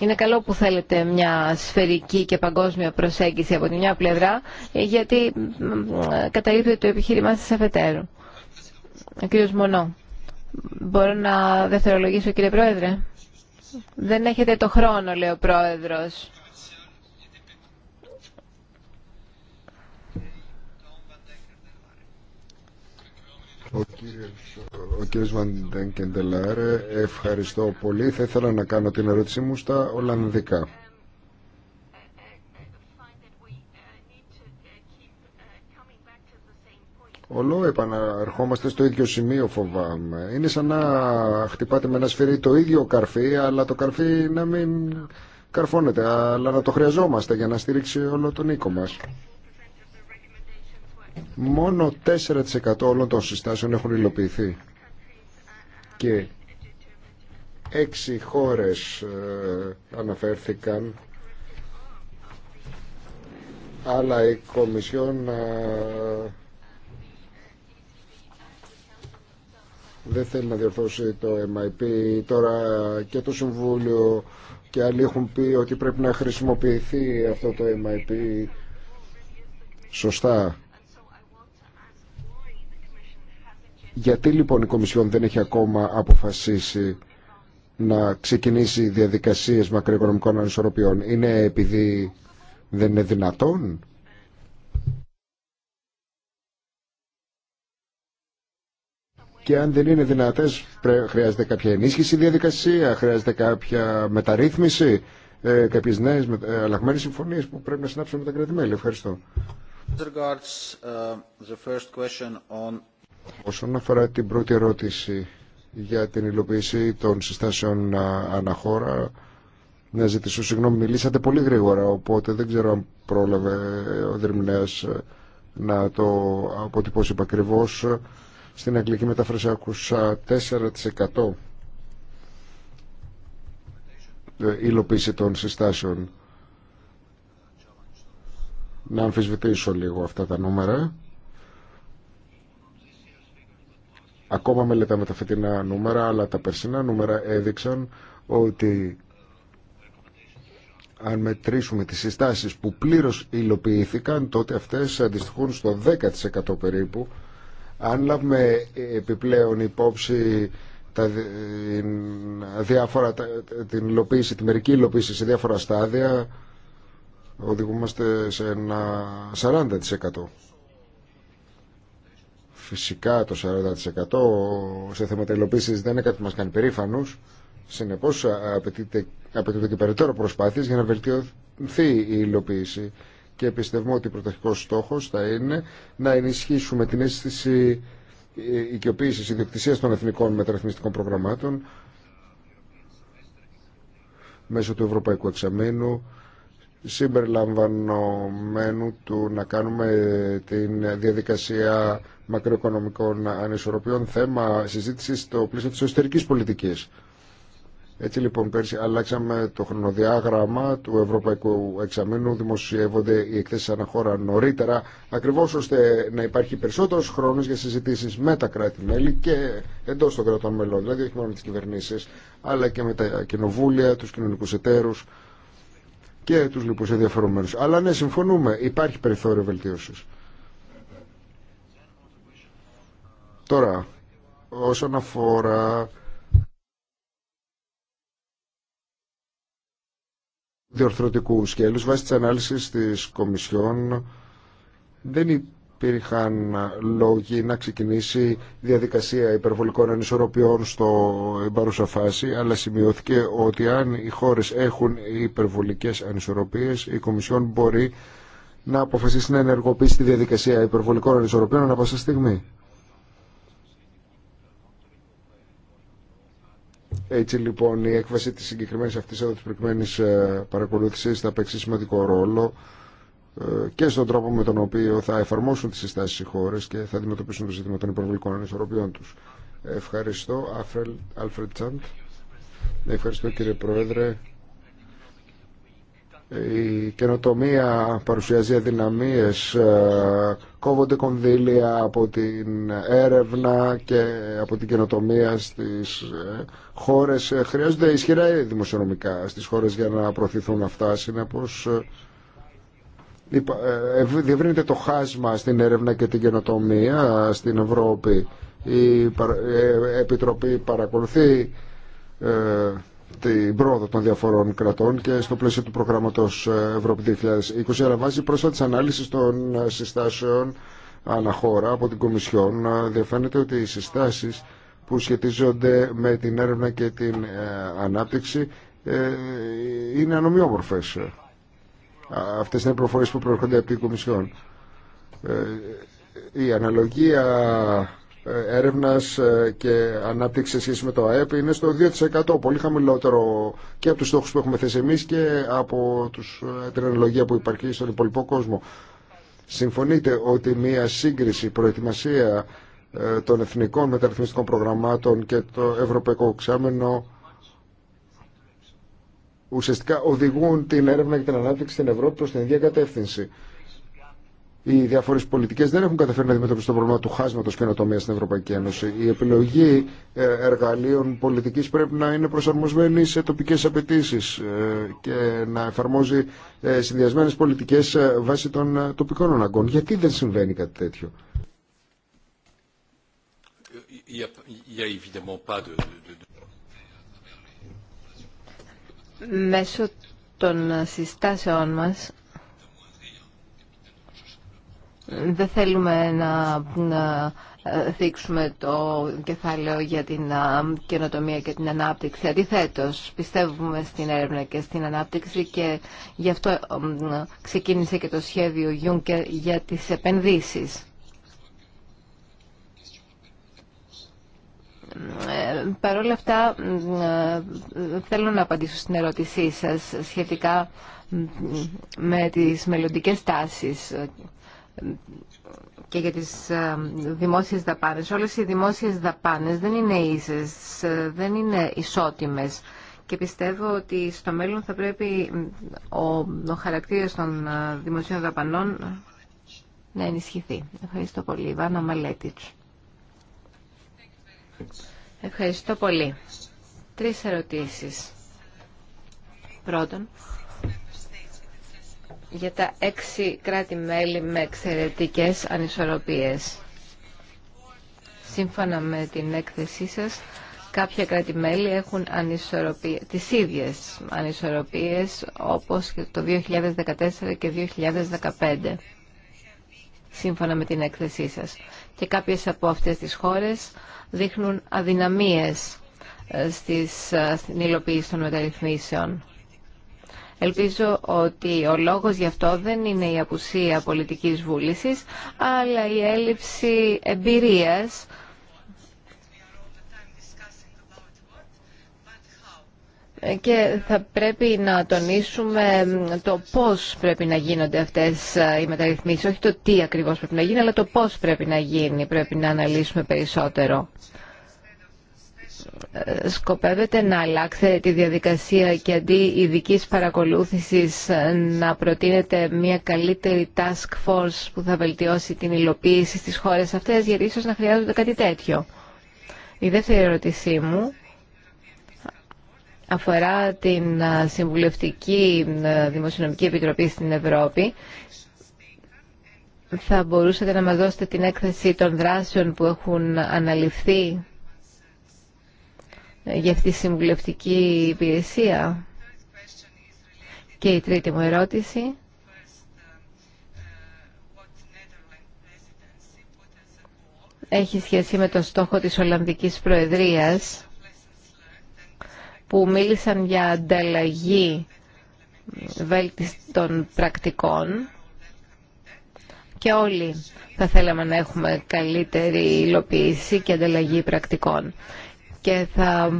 Είναι καλό που θέλετε μια σφαιρική και παγκόσμια προσέγγιση από τη μια πλευρά, γιατί καταλήφθηκε το επιχείρημά σας αφετέρου. Ο κύριος Μονό. Μπορώ να δευτερολογήσω κύριε Πρόεδρε. Δεν έχετε το χρόνο, λέει ο Πρόεδρος. Ο κύριος, ο Βαντεν Κεντελάρε, ευχαριστώ πολύ. Θα ήθελα να κάνω την ερώτησή μου στα Ολλανδικά. Όλο επαναρχόμαστε στο ίδιο σημείο φοβάμαι. Είναι σαν να χτυπάτε με ένα σφυρί το ίδιο καρφί, αλλά το καρφί να μην καρφώνεται, αλλά να το χρειαζόμαστε για να στηρίξει όλο τον οίκο μας μόνο 4% όλων των συστάσεων έχουν υλοποιηθεί και έξι χώρες ε, αναφέρθηκαν αλλά η Κομισιόν ε, δεν θέλει να διορθώσει το MIP τώρα και το Συμβούλιο και άλλοι έχουν πει ότι πρέπει να χρησιμοποιηθεί αυτό το MIP σωστά Γιατί λοιπόν η Κομισιόν δεν έχει ακόμα αποφασίσει να ξεκινήσει διαδικασίες μακροοικονομικών ανισορροπιών. Είναι επειδή δεν είναι δυνατόν. Και αν δεν είναι δυνατές χρειάζεται κάποια ενίσχυση διαδικασία, χρειάζεται κάποια μεταρρύθμιση, ε, κάποιες νέες ε, αλλαγμένες συμφωνίες που πρέπει να συνάψουμε με τα κρατημέλη. Ευχαριστώ. Όσον αφορά την πρώτη ερώτηση για την υλοποίηση των συστάσεων ε, αναχώρα, να ζητήσω συγγνώμη, μιλήσατε πολύ γρήγορα, οπότε δεν ξέρω αν πρόλαβε ο Δερμηνέας ε, να το αποτυπώσει ακριβώ. Στην αγγλική μετάφραση άκουσα 4% ε, υλοποίηση των συστάσεων. Να αμφισβητήσω λίγο αυτά τα νούμερα. Ακόμα μελετάμε τα φετινά νούμερα, αλλά τα περσινά νούμερα έδειξαν ότι αν μετρήσουμε τις συστάσεις που πλήρως υλοποιήθηκαν, τότε αυτές αντιστοιχούν στο 10% περίπου. Αν λάβουμε επιπλέον υπόψη τα διάφορα, την υλοποίηση, τη μερική υλοποίηση σε διάφορα στάδια, οδηγούμαστε σε ένα 40%. Φυσικά το 40% σε θέματα υλοποίηση δεν είναι κάτι που μα κάνει περήφανου. Συνεπώ απαιτούνται και περαιτέρω προσπάθειε για να βελτιωθεί η υλοποίηση. Και πιστεύω ότι ο πρωταρχικό στόχο θα είναι να ενισχύσουμε την αίσθηση οικειοποίηση ιδιοκτησία των εθνικών μεταρρυθμιστικών προγραμμάτων μέσω του Ευρωπαϊκού Εξαμένου συμπεριλαμβανομένου του να κάνουμε την διαδικασία μακροοικονομικών ανισορροπιών θέμα συζήτηση στο πλαίσιο της εσωτερικής πολιτικής. Έτσι λοιπόν πέρσι αλλάξαμε το χρονοδιάγραμμα του Ευρωπαϊκού Εξαμήνου, δημοσιεύονται οι εκθέσεις αναχώρα νωρίτερα, ακριβώς ώστε να υπάρχει περισσότερος χρόνος για συζητήσεις με τα κράτη-μέλη και εντός των κρατών μελών, δηλαδή όχι μόνο με τις κυβερνήσεις, αλλά και με τα κοινοβούλια, του κοινωνικού εταίρους και τους λοιπούς ενδιαφερομένους. Αλλά ναι, συμφωνούμε, υπάρχει περιθώριο βελτίωσης. Τώρα, όσον αφορά διορθωτικού σκέλους, βάσει της ανάλυσης της Κομισιόν, δεν υπάρχει υπήρχαν λόγοι να ξεκινήσει διαδικασία υπερβολικών ανισορροπιών στο παρούσα φάση, αλλά σημειώθηκε ότι αν οι χώρες έχουν υπερβολικές ανισορροπίες, η Κομισιόν μπορεί να αποφασίσει να ενεργοποιήσει τη διαδικασία υπερβολικών ανισορροπιών ανά πάσα στιγμή. Έτσι λοιπόν η έκβαση της συγκεκριμένης αυτής εδώ της προηγουμένης ε, παρακολούθησης θα παίξει σημαντικό ρόλο ε, και στον τρόπο με τον οποίο θα εφαρμόσουν τι συστάσει οι χώρε και θα αντιμετωπίσουν το ζήτημα των υπερβολικών ανισορροπιών του. Ευχαριστώ, Άλφρεντ Τσάντ. Ευχαριστώ, κύριε Πρόεδρε. Η καινοτομία παρουσιάζει αδυναμίε. Ε, κόβονται κονδύλια από την έρευνα και από την καινοτομία στι ε, χώρε. Χρειάζονται ισχυρά δημοσιονομικά στι χώρε για να προωθηθούν αυτά. Συνεπώς, ε, ε, ε, διευρύνεται το χάσμα στην έρευνα και την καινοτομία στην Ευρώπη. Η Επιτροπή παρακολουθεί την πρόοδο των διαφορών κρατών και στο πλαίσιο του προγράμματος Ευρώπη 2020 αλλά βάζει πρόσφατης ανάλυση των συστάσεων αναχώρα από την Κομισιόν διαφαίνεται ότι οι συστάσεις που σχετίζονται με την έρευνα και την ανάπτυξη είναι ανομοιόμορφες Αυτές είναι οι προφορές που προέρχονται από την Κομισιόν. Ε, η αναλογία ε, έρευνας ε, και ανάπτυξη σε σχέση με το ΑΕΠ είναι στο 2%, πολύ χαμηλότερο και από τους στόχους που έχουμε θέσει εμείς και από τους, την αναλογία που υπάρχει στον υπόλοιπο κόσμο. Συμφωνείτε ότι μια σύγκριση, προετοιμασία των εθνικών μεταρρυθμιστικών προγραμμάτων και το ευρωπαϊκό εξάμενο ουσιαστικά οδηγούν την έρευνα και την ανάπτυξη στην Ευρώπη προς την ίδια κατεύθυνση. Οι διάφορε πολιτικέ δεν έχουν καταφέρει να αντιμετωπίσουν το πρόβλημα του χάσματο καινοτομία στην Ευρωπαϊκή Ένωση. Η επιλογή εργαλείων πολιτική πρέπει να είναι προσαρμοσμένη σε τοπικέ απαιτήσει και να εφαρμόζει συνδυασμένε πολιτικέ βάσει των τοπικών αναγκών. Γιατί δεν συμβαίνει κάτι τέτοιο. Μέσω των συστάσεών μας δεν θέλουμε να, δείξουμε το κεφάλαιο για την ε, καινοτομία και την ανάπτυξη. Αντιθέτω, πιστεύουμε στην έρευνα και στην ανάπτυξη και γι' αυτό ε, ε, ξεκίνησε και το σχέδιο Juncker για τις επενδύσεις. Παρ' όλα αυτά ε, θέλω να απαντήσω στην ερώτησή σας σχετικά με τις μελλοντικέ τάσεις ε, και για τις ε, δημόσιες δαπάνες. Όλες οι δημόσιες δαπάνες δεν είναι ίσες, δεν είναι ισότιμες και πιστεύω ότι στο μέλλον θα πρέπει ο, ο χαρακτήρας των δημοσίων δαπανών να ενισχυθεί. Ευχαριστώ πολύ. Βάνα Μαλέτιτς. Ευχαριστώ πολύ. Τρεις ερωτήσεις. Πρώτον, για τα έξι κράτη-μέλη με εξαιρετικές ανισορροπίες. Σύμφωνα με την έκθεσή σας, κάποια κράτη-μέλη έχουν ανισορροπίες, τις ίδιες ανισορροπίες όπως το 2014 και 2015 σύμφωνα με την έκθεσή σας. Και κάποιες από αυτές τις χώρες δείχνουν αδυναμίες ε, στις, ε, στην υλοποίηση των μεταρρυθμίσεων. Ελπίζω ότι ο λόγος γι' αυτό δεν είναι η απουσία πολιτικής βούλησης, αλλά η έλλειψη εμπειρίας και θα πρέπει να τονίσουμε το πώς πρέπει να γίνονται αυτές οι μεταρρυθμίσεις, όχι το τι ακριβώς πρέπει να γίνει, αλλά το πώς πρέπει να γίνει, πρέπει να αναλύσουμε περισσότερο. Σκοπεύετε να αλλάξετε τη διαδικασία και αντί ειδική παρακολούθησης να προτείνετε μια καλύτερη task force που θα βελτιώσει την υλοποίηση στις χώρες αυτές, γιατί ίσως να χρειάζονται κάτι τέτοιο. Η δεύτερη ερώτησή μου αφορά την Συμβουλευτική Δημοσιονομική Επιτροπή στην Ευρώπη. Θα μπορούσατε να μας δώσετε την έκθεση των δράσεων που έχουν αναλυφθεί ε, για αυτή τη συμβουλευτική υπηρεσία. Και η τρίτη μου ερώτηση. Έχει σχέση με τον στόχο της Ολλανδικής Προεδρίας που μίλησαν για ανταλλαγή των πρακτικών και όλοι θα θέλαμε να έχουμε καλύτερη υλοποίηση και ανταλλαγή πρακτικών. Και θα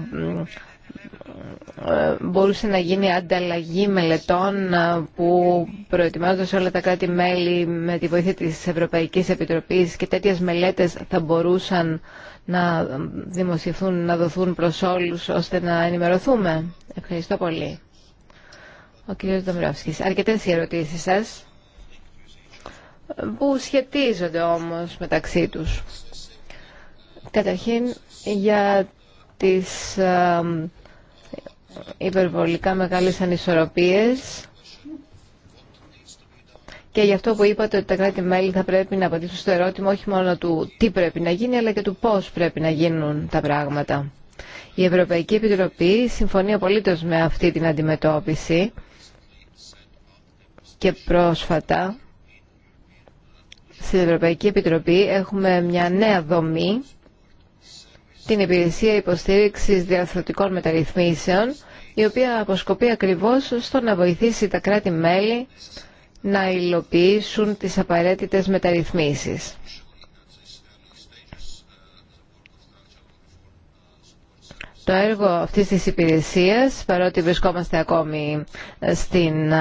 ε, μπορούσε να γίνει ανταλλαγή μελετών ε, που προετοιμάζονται σε όλα τα κράτη-μέλη με τη βοήθεια της Ευρωπαϊκής Επιτροπής και τέτοιες μελέτες θα μπορούσαν να δημοσιευθούν, να δοθούν προς όλους ώστε να ενημερωθούμε. Ευχαριστώ πολύ. Ο κ. Δομιρόφσκης. αρκετές οι ερωτήσεις σας που σχετίζονται όμως μεταξύ τους. Καταρχήν για τις ε, υπερβολικά μεγάλες ανισορροπίες και γι' αυτό που είπατε ότι τα κράτη-μέλη θα πρέπει να απαντήσουν στο ερώτημα όχι μόνο του τι πρέπει να γίνει αλλά και του πώς πρέπει να γίνουν τα πράγματα. Η Ευρωπαϊκή Επιτροπή συμφωνεί απολύτως με αυτή την αντιμετώπιση και πρόσφατα στην Ευρωπαϊκή Επιτροπή έχουμε μια νέα δομή την υπηρεσία υποστήριξης διαρθρωτικών μεταρρυθμίσεων, η οποία αποσκοπεί ακριβώς στο να βοηθήσει τα κράτη-μέλη να υλοποιήσουν τις απαραίτητες μεταρρυθμίσεις. το έργο αυτής της υπηρεσίας, παρότι βρισκόμαστε ακόμη ε, στην ε,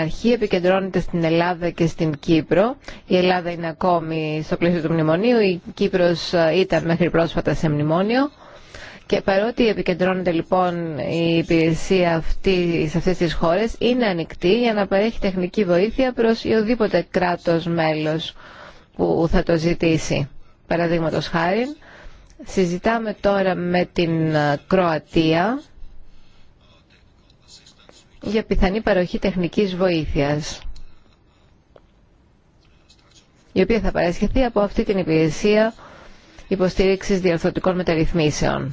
αρχή, επικεντρώνεται στην Ελλάδα και στην Κύπρο. Η Ελλάδα είναι ακόμη στο πλαίσιο του μνημονίου, η Κύπρος ε, ήταν μέχρι πρόσφατα σε μνημόνιο. Και παρότι επικεντρώνεται λοιπόν η υπηρεσία αυτή σε αυτές τις χώρες, είναι ανοιχτή για να παρέχει τεχνική βοήθεια προς οδήποτε κράτος μέλος που θα το ζητήσει. Παραδείγματος χάρη, Συζητάμε τώρα με την ε, Κροατία για πιθανή παροχή τεχνικής βοήθειας η οποία θα παρασχεθεί από αυτή την υπηρεσία υποστήριξης διαρθρωτικών μεταρρυθμίσεων.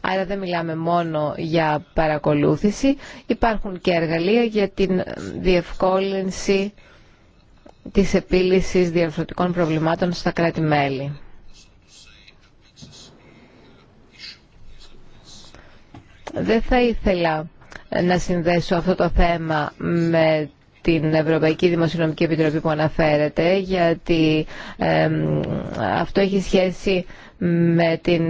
Άρα δεν μιλάμε μόνο για παρακολούθηση, υπάρχουν και εργαλεία για την διευκόλυνση της επίλυσης διαρθρωτικών προβλημάτων στα κράτη-μέλη. Δεν θα ήθελα ε, να συνδέσω αυτό το θέμα με την Ευρωπαϊκή Δημοσιονομική Επιτροπή που αναφέρεται, γιατί αυτό έχει σχέση με την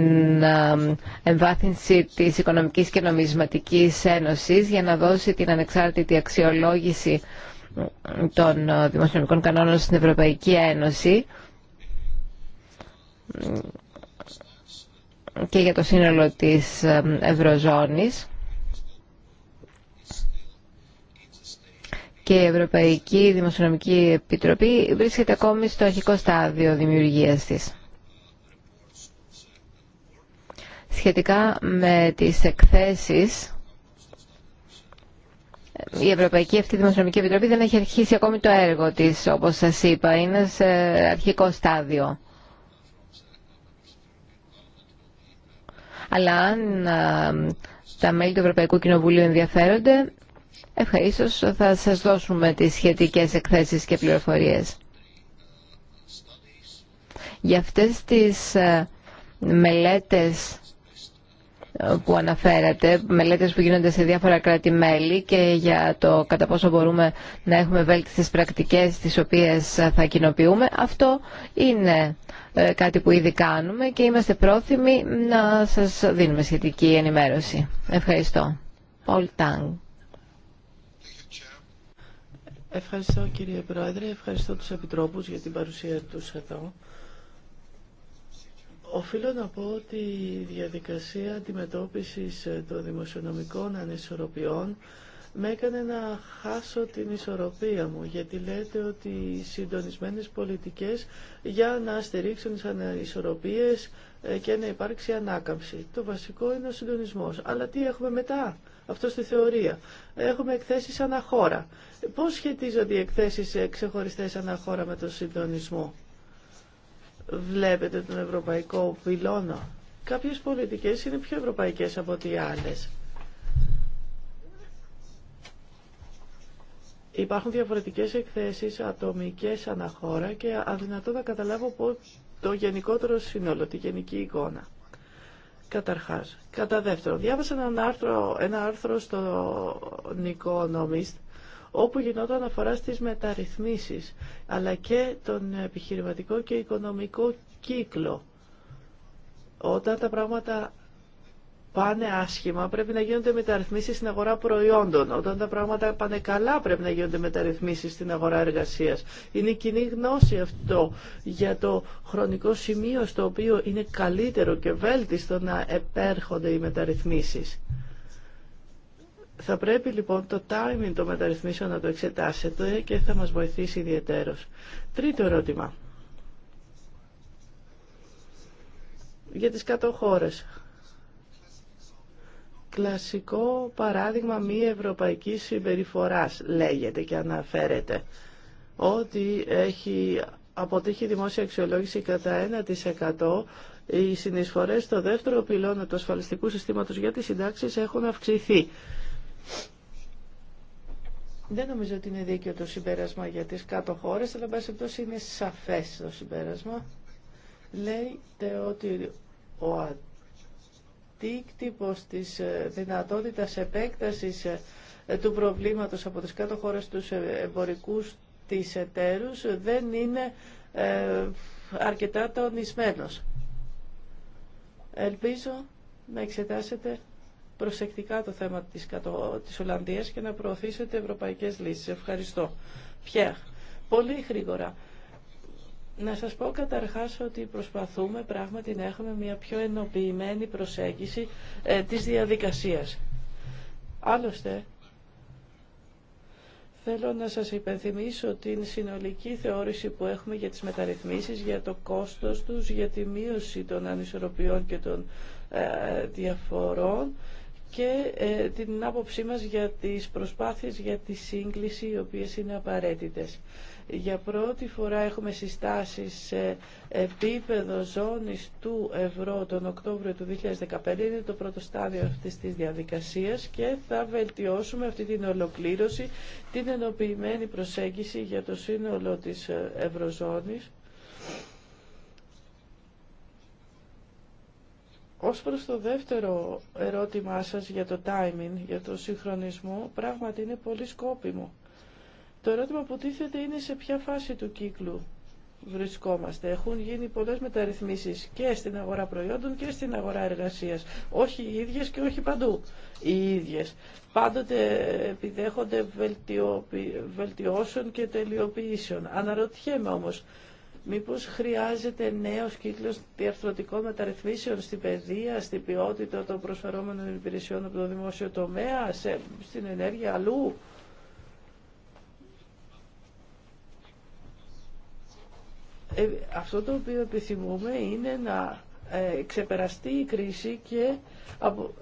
ε, εμβάθυνση της Οικονομικής και Νομισματικής Ένωσης για να δώσει την ανεξάρτητη αξιολόγηση των ε, δημοσιονομικών κανόνων στην Ευρωπαϊκή Ένωση και για το σύνολο της ε, Ευρωζώνης και η Ευρωπαϊκή Δημοσιονομική Επιτροπή βρίσκεται ακόμη στο αρχικό στάδιο δημιουργίας της. Σχετικά με τις εκθέσεις, η Ευρωπαϊκή αυτή Δημοσιονομική Επιτροπή δεν έχει αρχίσει ακόμη το έργο της, όπως σας είπα, είναι σε αρχικό στάδιο. Αλλά αν τα μέλη του Ευρωπαϊκού Κοινοβουλίου ενδιαφέρονται, ευχαριστώ, θα σας δώσουμε τις σχετικές εκθέσεις και πληροφορίες. Για αυτές τις μελέτες που αναφέρατε, μελέτες που γίνονται σε διάφορα κράτη-μέλη και για το κατά πόσο μπορούμε να έχουμε βέλτιστες πρακτικές τις οποίες θα κοινοποιούμε. Αυτό είναι ε, κάτι που ήδη κάνουμε και είμαστε πρόθυμοι να σας δίνουμε σχετική ενημέρωση. Ευχαριστώ. Ευχαριστώ κύριε Πρόεδρε, ευχαριστώ τους Επιτρόπους για την παρουσία τους εδώ. Οφείλω να πω ότι η διαδικασία αντιμετώπισης ε, των δημοσιονομικών ανισορροπιών με έκανε να χάσω την ισορροπία μου, γιατί λέτε ότι οι συντονισμένες πολιτικές για να στηρίξουν τις ανισορροπίες ε, και να υπάρξει ανάκαμψη. Το βασικό είναι ο συντονισμός. Αλλά τι έχουμε μετά, αυτό στη θεωρία. Έχουμε εκθέσεις αναχώρα. Πώς σχετίζονται οι εκθέσεις ξεχωριστές αναχώρα με τον συντονισμό βλέπετε τον ευρωπαϊκό πυλώνα. Κάποιες πολιτικές είναι πιο ευρωπαϊκές από ό,τι άλλες. Υπάρχουν διαφορετικές εκθέσεις, ατομικές αναχώρα και αδυνατό να καταλάβω το γενικότερο σύνολο, τη γενική εικόνα. Καταρχάς. Κατά δεύτερο, διάβασα ένα άρθρο, ένα άρθρο στο νικόνομιστ όπου γινόταν αφορά στις μεταρρυθμίσεις, αλλά και τον επιχειρηματικό και οικονομικό κύκλο. Όταν τα πράγματα πάνε άσχημα, πρέπει να γίνονται μεταρρυθμίσεις στην αγορά προϊόντων. Όταν τα πράγματα πάνε καλά, πρέπει να γίνονται μεταρρυθμίσεις στην αγορά εργασίας. Είναι κοινή γνώση αυτό για το χρονικό σημείο στο οποίο είναι καλύτερο και βέλτιστο να επέρχονται οι μεταρρυθμίσεις. Θα πρέπει λοιπόν το timing των μεταρρυθμίσεων να το εξετάσετε και θα μας βοηθήσει ιδιαιτέρως. Τρίτο ερώτημα. Για τις κάτω Κλασικό παράδειγμα μη ευρωπαϊκής συμπεριφοράς λέγεται και αναφέρεται ότι έχει αποτύχει δημόσια αξιολόγηση κατά 1% οι συνεισφορές στο δεύτερο πυλώνα του ασφαλιστικού συστήματος για τις συντάξεις έχουν αυξηθεί. Δεν νομίζω ότι είναι δίκαιο το συμπέρασμα για τις κάτω χώρες, αλλά πάση είναι σαφές το συμπέρασμα. λέει ότι ο αντίκτυπος της ε, δυνατότητας επέκτασης ε, του προβλήματος από τις κάτω χώρες τους ε, εμπορικούς της εταίρους δεν είναι αρκετά τονισμένος. Ελπίζω να εξετάσετε προσεκτικά το θέμα της, κατο... της Ολλανδίας και να προωθήσετε ευρωπαϊκές λύσεις. Ευχαριστώ. Πιέχ, πολύ γρήγορα. Να σας πω καταρχάς ότι προσπαθούμε πράγματι να έχουμε μια πιο ενοποιημένη προσέγγιση ε, της διαδικασίας. Άλλωστε, θέλω να σας υπενθυμίσω την συνολική θεώρηση που έχουμε για τις μεταρρυθμίσεις, για το κόστος τους, για τη μείωση των ανισορροπιών και των ε, διαφορών και ε, την άποψή μας για τις προσπάθειες για τη σύγκληση οι οποίες είναι απαραίτητες. Για πρώτη φορά έχουμε συστάσεις σε επίπεδο ζώνης του ευρώ τον Οκτώβριο του 2015, είναι το πρώτο στάδιο αυτής της διαδικασίας και θα βελτιώσουμε αυτή την ολοκλήρωση, την ενοποιημένη προσέγγιση για το σύνολο της ε, ευρωζώνης Ως προς το δεύτερο ερώτημά σας για το timing, για το συγχρονισμό, πράγματι είναι πολύ σκόπιμο. Το ερώτημα που τίθεται είναι σε ποια φάση του κύκλου βρισκόμαστε. Έχουν γίνει πολλές μεταρρυθμίσεις και στην αγορά προϊόντων και στην αγορά εργασίας. Όχι οι ίδιες και όχι παντού οι ίδιες. Πάντοτε επιδέχονται βελτιώσεων και τελειοποιήσεων. Αναρωτιέμαι όμως, Μήπως χρειάζεται νέος κύκλος διαρθρωτικών μεταρρυθμίσεων στην παιδεία, στην ποιότητα των προσφερόμενων υπηρεσιών από το δημόσιο τομέα, σε, στην ενέργεια αλλού. Ε, αυτό το οποίο επιθυμούμε είναι να ε, ξεπεραστεί η κρίση και από,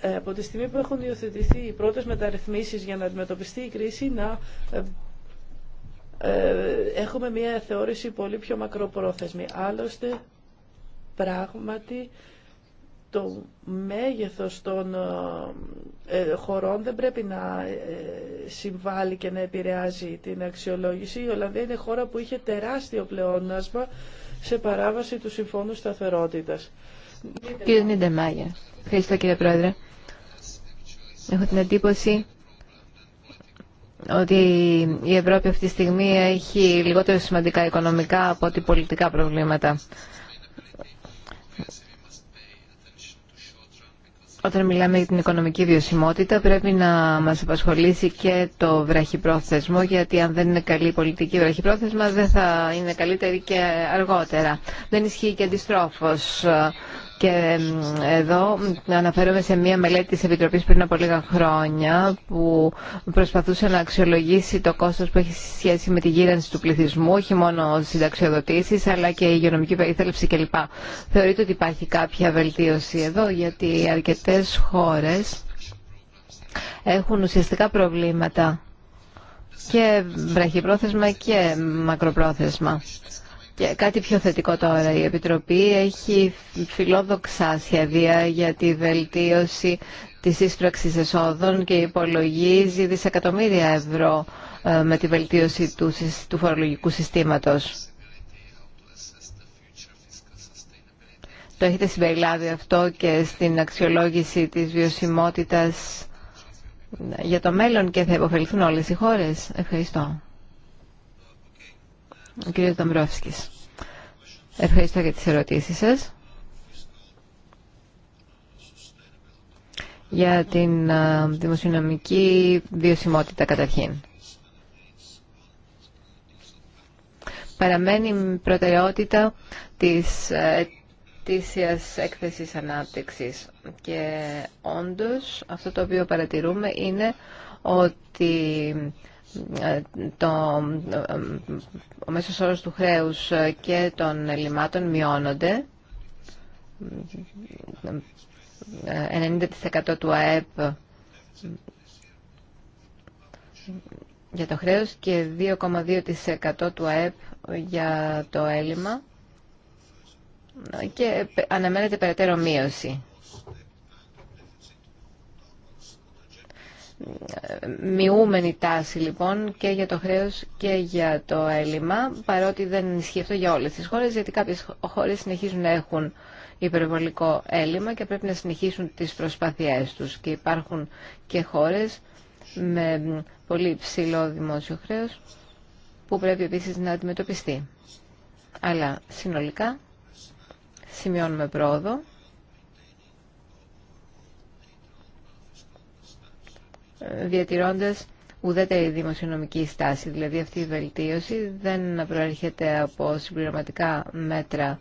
ε, από τη στιγμή που έχουν υιοθετηθεί οι πρώτες μεταρρυθμίσεις για να αντιμετωπιστεί η κρίση να ε, ε, έχουμε μια θεώρηση πολύ πιο μακροπρόθεσμη. Άλλωστε, πράγματι, το μέγεθος των ε, ε, χωρών δεν πρέπει να συμβάλλει και να επηρεάζει την αξιολόγηση. Η Ολλανδία είναι χώρα που είχε τεράστιο πλεόνασμα σε παράβαση του Συμφώνου Σταθερότητας. Κύριε Νίντεμάγια, ευχαριστώ κύριε Πρόεδρε. Έχω την εντύπωση ότι η Ευρώπη αυτή τη στιγμή έχει λιγότερο σημαντικά οικονομικά από ότι πολιτικά προβλήματα. Όταν μιλάμε για την οικονομική βιωσιμότητα πρέπει να μας απασχολήσει και το βραχυπρόθεσμο γιατί αν δεν είναι καλή η πολιτική βραχυπρόθεσμα δεν θα είναι καλύτερη και αργότερα. Δεν ισχύει και αντιστρόφως. Και εδώ αναφέρομαι σε μία μελέτη της Επιτροπής πριν από λίγα χρόνια που προσπαθούσε να αξιολογήσει το κόστος που έχει σχέση με τη γύρανση του πληθυσμού, όχι μόνο συνταξιοδοτήσεις αλλά και η υγειονομική περίθαλψη κλπ. Θεωρείτε ότι υπάρχει κάποια βελτίωση εδώ γιατί αρκετές χώρες έχουν ουσιαστικά προβλήματα και βραχυπρόθεσμα και μακροπρόθεσμα. Και κάτι πιο θετικό τώρα. Η Επιτροπή έχει φιλόδοξα σχέδια για τη βελτίωση της ίσπραξης εσόδων και υπολογίζει δισεκατομμύρια ευρώ ε, με τη βελτίωση του φορολογικού συστήματος. Το έχετε συμπεριλάβει αυτό και στην αξιολόγηση της βιωσιμότητας ε, για το μέλλον και θα υποφεληθούν όλες οι χώρες. Ευχαριστώ. Ο κύριος Ευχαριστώ για τις ερωτήσεις σας. Για την δημοσιονομική βιωσιμότητα καταρχήν. Παραμένει προτεραιότητα της ετήσιας έκθεσης ανάπτυξης. Και όντως αυτό το οποίο παρατηρούμε είναι ότι το, ο μέσος όρος του χρέους και των ελλημάτων μειώνονται. 90% του ΑΕΠ για το χρέος και 2,2% του ΑΕΠ για το έλλειμμα και αναμένεται περαιτέρω μείωση. μειούμενη τάση λοιπόν και για το χρέος και για το έλλειμμα, παρότι δεν ισχύει αυτό για όλες τις χώρες, γιατί κάποιες χώρες συνεχίζουν να έχουν υπερβολικό έλλειμμα και πρέπει να συνεχίσουν τις προσπάθειές τους. Και υπάρχουν και χώρες με πολύ ψηλό δημόσιο χρέος που πρέπει επίσης να αντιμετωπιστεί. Αλλά συνολικά σημειώνουμε πρόοδο διατηρώντας ουδέτερη δημοσιονομική στάση. Δηλαδή αυτή η βελτίωση δεν προέρχεται από συμπληρωματικά μέτρα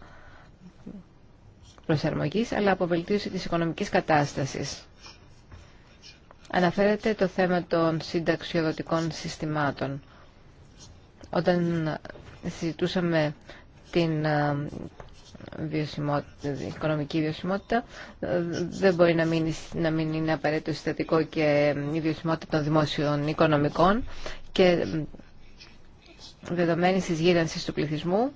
προσαρμογής, αλλά από βελτίωση της οικονομικής κατάστασης. Αναφέρεται το θέμα των συνταξιοδοτικών συστημάτων. Όταν συζητούσαμε την βιωσιμότητα, οικονομική βιωσιμότητα δεν μπορεί να μην, να είναι απαραίτητο συστατικό και η βιωσιμότητα των δημόσιων οικονομικών και δεδομένης της γύρανσης του πληθυσμού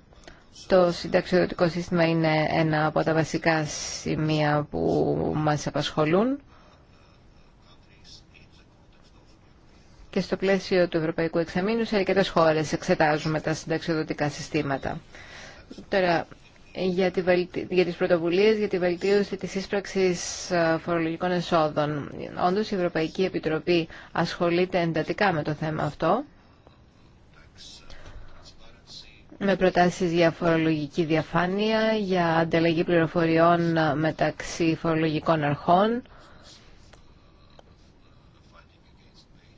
το συνταξιοδοτικό σύστημα είναι ένα από τα βασικά σημεία που μας απασχολούν και στο πλαίσιο του Ευρωπαϊκού Εξαμήνου σε αρκετές χώρες εξετάζουμε τα συνταξιοδοτικά συστήματα. Τώρα, για, τη για τις πρωτοβουλίες για τη βελτίωση της ίσπραξης ε, φορολογικών εσόδων. Όντως η Ευρωπαϊκή Επιτροπή ασχολείται εντατικά με το θέμα αυτό, με προτάσεις για φορολογική διαφάνεια, για ανταλλαγή πληροφοριών μεταξύ φορολογικών αρχών,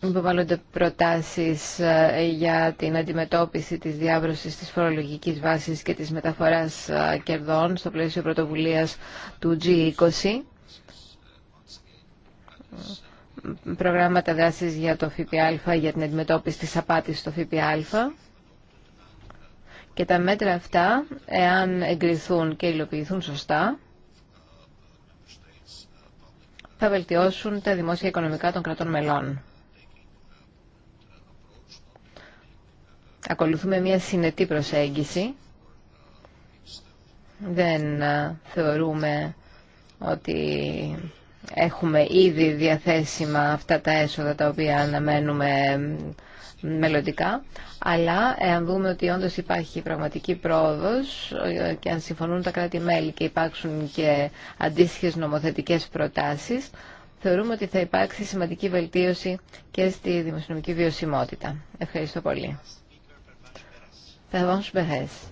υποβάλλονται προτάσεις ε, για την αντιμετώπιση της διάβρωσης της φορολογικής βάσης και της μεταφοράς ε, κερδών στο πλαίσιο πρωτοβουλίας του G20 προγράμματα δράσης για το ΦΠΑ, για την αντιμετώπιση της απάτης στο ΦΠΑ και τα μέτρα αυτά, εάν εγκριθούν και υλοποιηθούν σωστά, θα βελτιώσουν τα δημόσια οικονομικά των κρατών μελών. ακολουθούμε μια συνετή προσέγγιση. Δεν ε, θεωρούμε ότι έχουμε ήδη διαθέσιμα αυτά τα έσοδα τα οποία αναμένουμε μελλοντικά, αλλά εάν δούμε ότι όντως υπάρχει πραγματική πρόοδος ε, και αν συμφωνούν τα κράτη-μέλη και υπάρξουν και αντίστοιχες νομοθετικές προτάσεις, θεωρούμε ότι θα υπάρξει σημαντική βελτίωση και στη δημοσιονομική βιωσιμότητα. Ευχαριστώ πολύ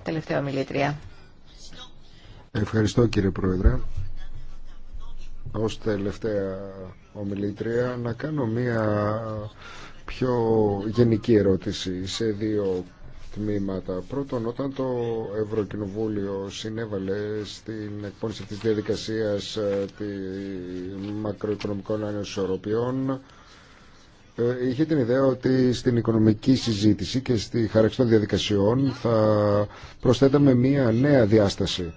τελευταία ομιλήτρια. Ευχαριστώ κύριε Πρόεδρε. Ως τελευταία ομιλήτρια να κάνω μία πιο γενική ερώτηση σε δύο τμήματα. Πρώτον, όταν το Ευρωκοινοβούλιο συνέβαλε στην εκπόνηση της διαδικασίας ε, τη μακροοικονομικών ανεσορροπιών, ε, είχε την ιδέα ότι στην οικονομική συζήτηση και στη χάραξη των διαδικασιών θα προσθέταμε μία νέα διάσταση.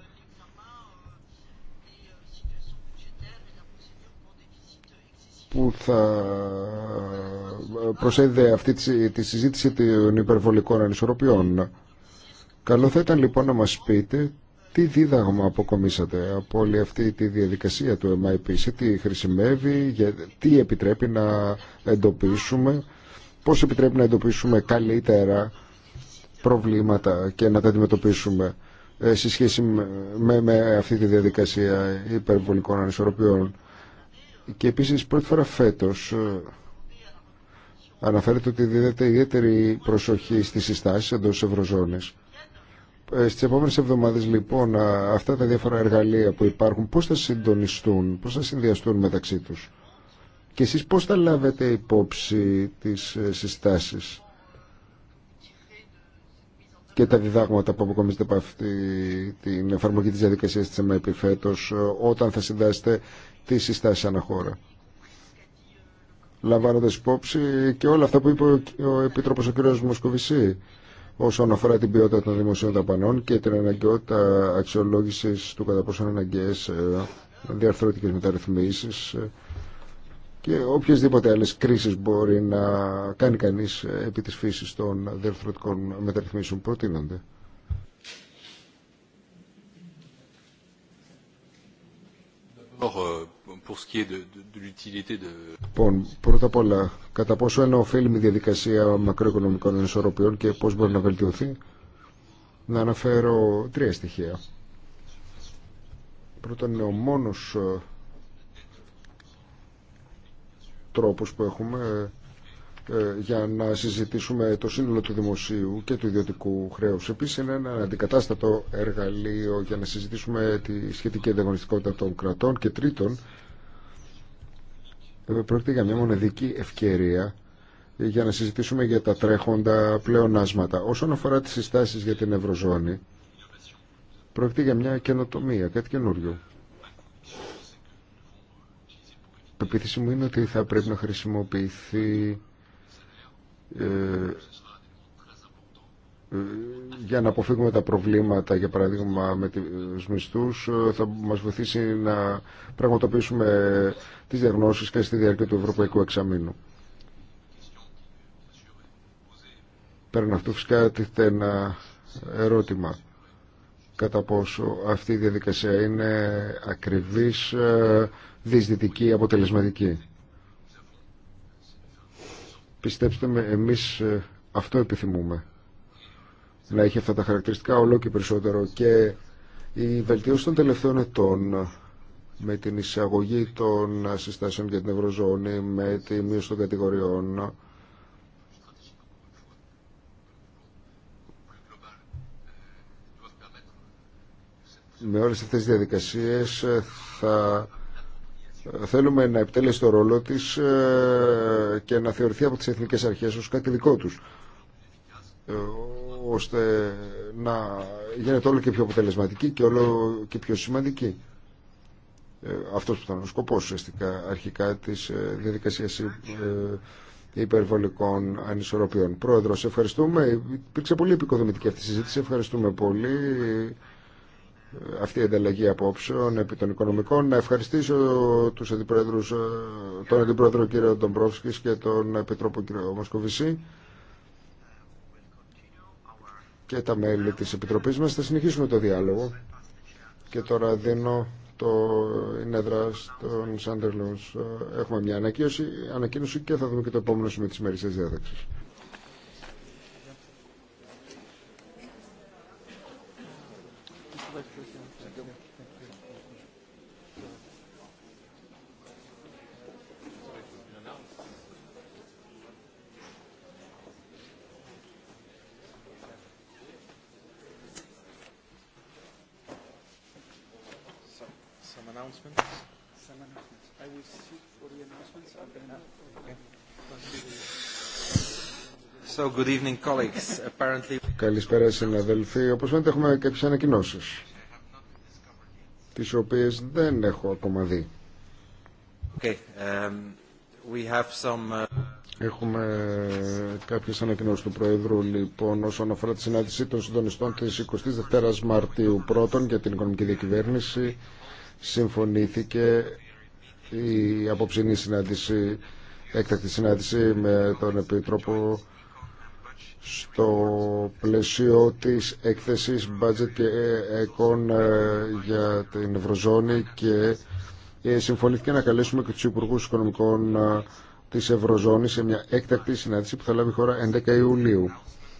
που θα ε, προσέδιδε αυτή τη συζήτηση των υπερβολικών ανισορροπιών. Καλό θα ήταν λοιπόν να μας πείτε τι δίδαγμα αποκομίσατε από όλη αυτή τη διαδικασία του MIP, σε τι χρησιμεύει, για, τι επιτρέπει να εντοπίσουμε, πώς επιτρέπει να εντοπίσουμε καλύτερα προβλήματα και να τα αντιμετωπίσουμε ε, σε σχέση με, με αυτή τη διαδικασία υπερβολικών ανισορροπιών. Και επίσης πρώτη φορά φέτος ε, αναφέρεται ότι δίδεται ιδιαίτερη προσοχή στις συστάσεις εντός Ευρωζώνης ε, Στι επόμενε εβδομάδε λοιπόν αυτά τα διάφορα εργαλεία που υπάρχουν πώ θα συντονιστούν, πώ θα συνδυαστούν μεταξύ του, και εσεί πώ θα λάβετε υπόψη τι ε, συστάσει και τα διδάγματα που αποκομίζετε από αυτή την εφαρμογή τη διαδικασία τη ΕΜΕΠΗ φέτο, ε, όταν θα συντάσετε τι συστάσεις αναχώρα. Λαμβάνοντα υπόψη και όλα αυτά που είπε ο επίτροπο ο κ. Μοσκοβισή όσον αφορά την ποιότητα των δημοσίων δαπανών και την αναγκαιότητα αξιολόγηση του κατά πόσο αναγκαίες ε, διαρθρωτικές μεταρρυθμίσεις ε, και οποιασδήποτε άλλε κρίσεις μπορεί να κάνει κανείς ε, επί της φύση των διαρθρωτικών μεταρρυθμίσεων που προτείνονται πρώτα απ' όλα, κατά πόσο είναι ωφέλιμη διαδικασία μακροοικονομικών ενισορροπιών και πώς μπορεί να βελτιωθεί, να αναφέρω τρία στοιχεία. Πρώτον, είναι ο μόνος ε, τρόπος που έχουμε ε, για να συζητήσουμε το σύνολο του δημοσίου και του ιδιωτικού χρέους. Επίσης είναι ένα αντικατάστατο εργαλείο για να συζητήσουμε τη σχετική ανταγωνιστικότητα των κρατών και τρίτον ε, πρόκειται για μια μοναδική ευκαιρία για να συζητήσουμε για τα τρέχοντα πλεονάσματα. Όσον αφορά τις συστάσεις για την Ευρωζώνη, πρόκειται για μια καινοτομία, κάτι καινούριο. Η πεποίθηση μου είναι ότι θα πρέπει να χρησιμοποιηθεί ε, για να αποφύγουμε τα προβλήματα, για παράδειγμα με τους μισθούς, θα μας βοηθήσει να πραγματοποιήσουμε τις διαγνώσεις και στη διάρκεια του Ευρωπαϊκού Εξαμήνου. Πέραν αυτού φυσικά τίθεται ένα ερώτημα κατά πόσο αυτή η διαδικασία είναι ακριβής, δυσδυτική, αποτελεσματική. Πιστέψτε με, εμείς ε, αυτό επιθυμούμε να έχει αυτά τα χαρακτηριστικά όλο και περισσότερο και η βελτίωση των τελευταίων ετών με την εισαγωγή των συστάσεων για την Ευρωζώνη, με τη μείωση των κατηγοριών, με όλες αυτές τις διαδικασίες θα θέλουμε να επιτέλεσει το ρόλο της ε, και να θεωρηθεί από τις εθνικές αρχές ως κάτι δικό τους. Ε, ώστε να γίνεται όλο και πιο αποτελεσματική και όλο και πιο σημαντική. Ε, αυτός που ήταν ο σκοπός ουσιαστικά αρχικά της ε, διαδικασίας ε, υπερβολικών ανισορροπιών. Πρόεδρο ευχαριστούμε. Υπήρξε πολύ επικοδομητική αυτή η συζήτηση. Ευχαριστούμε πολύ αυτή η ανταλλαγή απόψεων επί των οικονομικών. Να ευχαριστήσω τους αντιπρόεδρους, τον Αντιπρόεδρο κύριο Ντομπρόφσκης και τον Επιτρόπο κύριο Μοσκοβισή και τα μέλη της Επιτροπής μας. Θα συνεχίσουμε το διάλογο. Και τώρα δίνω το έδρα στον Σάντερ Έχουμε μια ανακοίνωση, ανακοίνωση και θα δούμε και το επόμενο σημείο της της διάταξης. Καλησπέρα συναδελφοί. Όπως φαίνεται έχουμε κάποιες ανακοινώσεις, τις οποίες δεν έχω ακόμα δει. Um, uh- έχουμε κάποιες ανακοινώσεις του Προέδρου λοιπόν όσον αφορά τη συνάντηση των συντονιστών της 22ης Μαρτίου 1 για την οικονομική διακυβέρνηση συμφωνήθηκε η απόψινή συνάντηση έκτακτη συνάντηση με τον Επίτροπο στο πλαίσιο της έκθεσης budget και εκών για την Ευρωζώνη και ε, συμφωνήθηκε να καλέσουμε και τους Υπουργούς Οικονομικών ε, της Ευρωζώνης σε μια έκτακτη συνάντηση που θα λάβει η χώρα 11 Ιουλίου.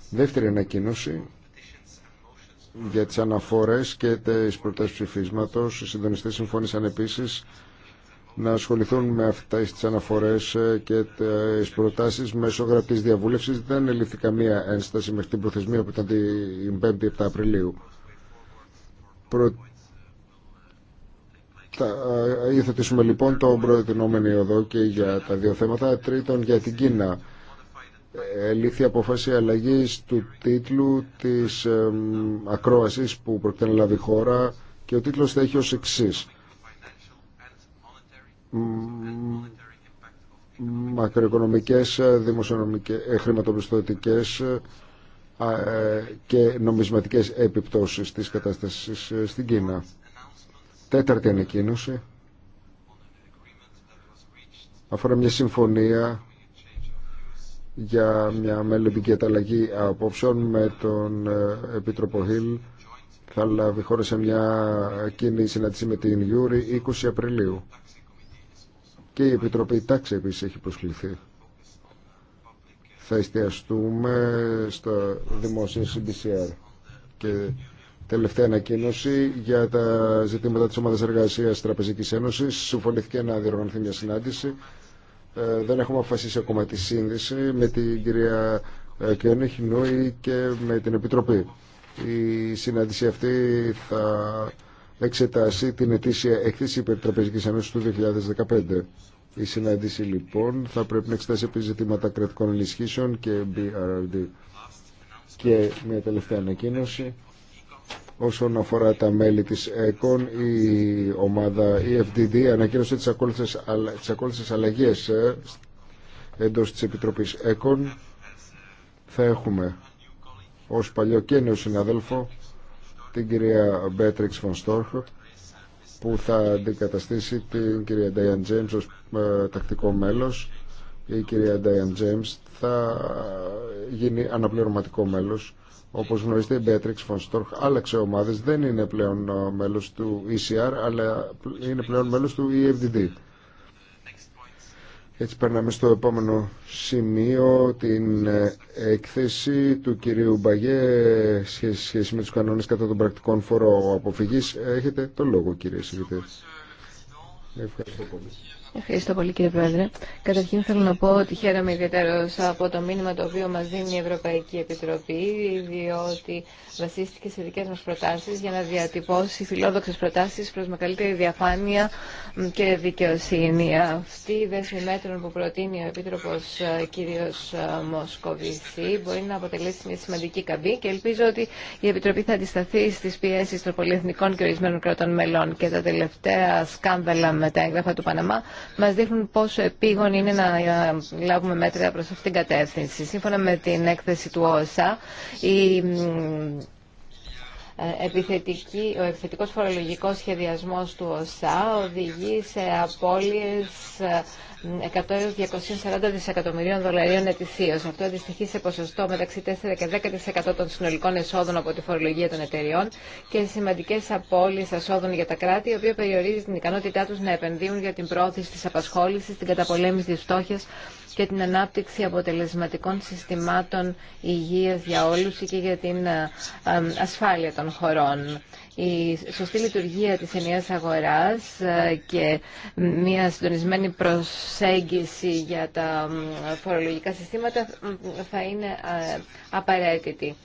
Δεύτερη ανακοίνωση για τις αναφορές και τις προτάσεις ψηφίσματος. Οι συντονιστές συμφώνησαν επίσης να ασχοληθούν με αυτές τις αναφορές ε, και τις προτάσεις μέσω γραπτής διαβούλευση Δεν ελήφθη καμία ένσταση μέχρι την προθεσμία που ήταν την 5η 7 Απριλίου. Προ... Θα ε, υιοθετήσουμε λοιπόν το προετοινόμενο εδώ και για τα δύο θέματα. Τρίτον, για την Κίνα. Ελήφθη απόφαση αλλαγή του τίτλου της ε, ακρόασης που πρόκειται να λάβει η χώρα και ο τίτλος θα έχει ω εξή μακροοικονομικές, δημοσιονομικές, ε, χρηματοπιστωτικές ε, ε, και νομισματικές επιπτώσεις της κατάστασης στην Κίνα. Τέταρτη ανακοίνωση αφορά μια συμφωνία για μια μελλοντική αταλλαγή απόψεων με τον Επίτροπο Χίλ θα λάβει χώρα σε μια κοινή συνάντηση με την Γιούρη 20 Απριλίου και η Επιτροπή Τάξη επίσης έχει προσκληθεί. Θα εστιαστούμε στο δημόσιο CBCR. Και τελευταία ανακοίνωση για τα ζητήματα της Ομάδας Εργασίας Τραπεζικής Ένωσης. Συμφωνήθηκε να διοργανωθεί μια συνάντηση. Ε, δεν έχουμε αποφασίσει ακόμα τη σύνδεση με την κυρία ε, Κιόνι Χινούη και με την Επιτροπή. Η συνάντηση αυτή θα εξετάσει την ετήσια έκθεση Υπερτραπεζικής Ένωση του 2015. Η συνάντηση λοιπόν θα πρέπει να εξετάσει επί ζητήματα κρατικών ενισχύσεων και BRD. Και μια τελευταία ανακοίνωση. Όσον αφορά τα μέλη της ΕΚΟΝ, η ομάδα EFDD ανακοίνωσε τις ακόλουθες, τις ακόλουθες τη ε, εντός της Επιτροπής ΕΚΟΝ. Θα έχουμε ως παλιό και νέο συναδέλφο την κυρία Μπέτριξ Φωνστόρχ που θα αντικαταστήσει την κυρία Νταϊαν Τζέιμς ως ε, τακτικό μέλος. Η κυρία Νταϊαν Τζέιμς θα γίνει αναπληρωματικό μέλος. Όπως γνωρίζετε η Μπέτριξ Φωνστόρχ άλλαξε ομάδες, δεν είναι πλέον ε, μέλος του ECR αλλά είναι πλέον μέλος του EFDD. Έτσι περνάμε στο επόμενο σημείο, την ε, έκθεση του κυρίου Μπαγιέ σχέση με τους κανόνες κατά των πρακτικών φοροαποφυγής. Έχετε το λόγο κύριε Συγητέ. Ευχαριστώ πολύ. Ευχαριστώ πολύ κύριε Πρόεδρε. Καταρχήν θέλω να πω ότι χαίρομαι ιδιαίτερω από το μήνυμα το οποίο μα δίνει η Ευρωπαϊκή Επιτροπή, διότι βασίστηκε σε δικέ μα προτάσει για να διατυπώσει φιλόδοξε προτάσει προ μεγαλύτερη διαφάνεια και δικαιοσύνη. Αυτή η δέσμη μέτρων που προτείνει ο επίτροπο ε, κ. Ε, Μοσκοβισή μπορεί να αποτελέσει μια σημαντική καμπή και ελπίζω ότι η Επιτροπή θα αντισταθεί στις πιέσει των πολυεθνικών και ορισμένων κρατών μελών και τα τελευταία σκάνδαλα με τα έγγραφα του Παναμά μας δείχνουν πόσο επίγον είναι να ε, λάβουμε μέτρα προς αυτήν την κατεύθυνση. Σύμφωνα με την έκθεση του ΩΣΑ, η ε, επιθετική, ο επιθετικός φορολογικός σχεδιασμός του ΟΣΑ οδηγεί σε απώλειες ε, 100 240 δισεκατομμυρίων δολαρίων ετησίω. Αυτό αντιστοιχεί σε ποσοστό μεταξύ 4 και 10% των συνολικών εσόδων από τη φορολογία των εταιριών και σημαντικές απώλειε εσόδων για τα κράτη, η οποία περιορίζει την ικανότητά του να επενδύουν για την πρόθεση της απασχόλησης, την καταπολέμηση της φτώχεια και την ανάπτυξη αποτελεσματικών συστημάτων υγεία για όλου και για την ε, ε, ασφάλεια των χωρών. Η σωστή λειτουργία της ενιαίας αγοράς ε, και μια συντονισμένη προσέγγιση για τα φορολογικά συστήματα θα είναι ε, απαραίτητη.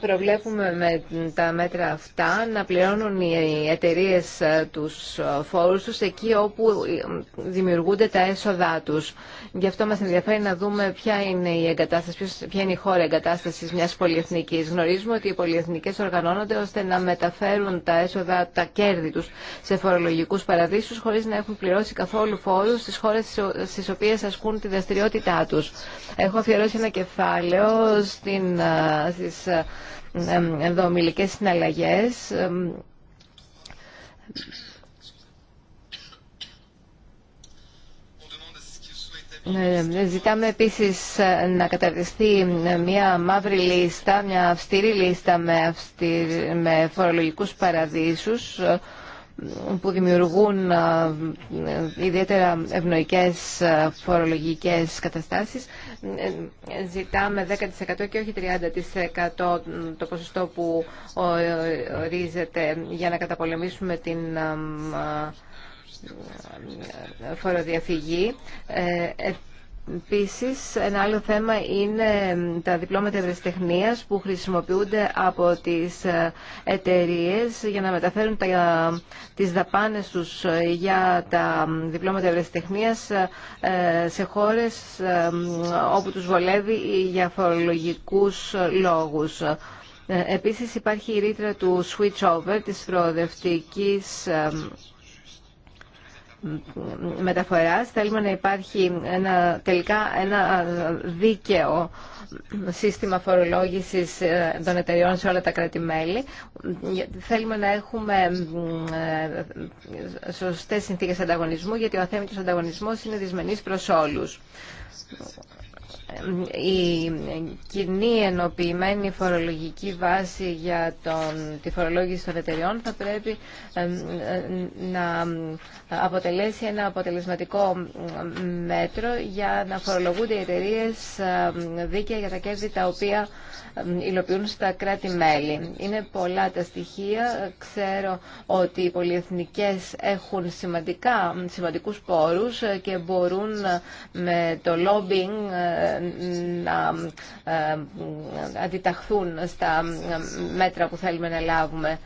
Προβλέπουμε με τα μέτρα αυτά να πληρώνουν οι εταιρείε ε, τους φόρους τους εκεί όπου ε, δημιουργούνται τα έσοδά τους. Γι' αυτό μας ενδιαφέρει να δούμε ποια είναι η, εγκατάσταση, ποια είναι η χώρα εγκατάστασης μιας πολυεθνικής. Γνωρίζουμε ότι οι πολυεθνικές οργανώνονται ώστε να μεταφέρουν τα έσοδα, τα κέρδη τους σε φορολογικούς παραδείσους χωρίς να έχουν πληρώσει καθόλου φόρους στις χώρες στις οποίες ασκούν τη δραστηριότητά τους. Έχω αφιερώσει ένα κεφάλαιο στην, ε, ενδομιλικές συναλλαγές Ζητάμε επίσης ε, να καταρτιστεί ε, μια μαύρη λίστα, μια αυστηρή λίστα με, αυστηρ... με φορολογικούς παραδείσους ε, που δημιουργούν ιδιαίτερα ευνοϊκές φορολογικές καταστάσεις ζητάμε 10% και όχι 30% το ποσοστό που ορίζεται για να καταπολεμήσουμε την φοροδιαφυγή ε, Επίση, ένα άλλο θέμα είναι τα διπλώματα ευρεσιτεχνία που χρησιμοποιούνται από τι ε, εταιρείε για να μεταφέρουν τι δαπάνε του ε, για τα διπλώματα ευρεσιτεχνία ε, σε χώρε όπου του βολεύει για φορολογικού λόγου. Επίση, υπάρχει η ρήτρα του switch over της προοδευτικής μεταφοράς. Θέλουμε να υπάρχει ένα, τελικά ένα δίκαιο σύστημα φορολόγησης ε, των εταιριών σε όλα τα κράτη-μέλη. Θέλουμε να έχουμε ε, σωστές συνθήκες ανταγωνισμού, γιατί ο αθέμητος ανταγωνισμός είναι δυσμενής προς όλους. Ε, η κοινή ενοποιημένη φορολογική βάση για τον, τη φορολόγηση των εταιριών θα πρέπει ε, ε, να αποτελέσει ένα αποτελεσματικό μέτρο για να φορολογούνται οι εταιρείε δίκαια για τα κέρδη τα οποία υλοποιούν στα κράτη-μέλη. Είναι πολλά τα στοιχεία. Ξέρω ότι οι πολυεθνικές έχουν σημαντικά, σημαντικούς πόρους και μπορούν με το lobbying να ε, αντιταχθούν στα μέτρα που θέλουμε να λάβουμε.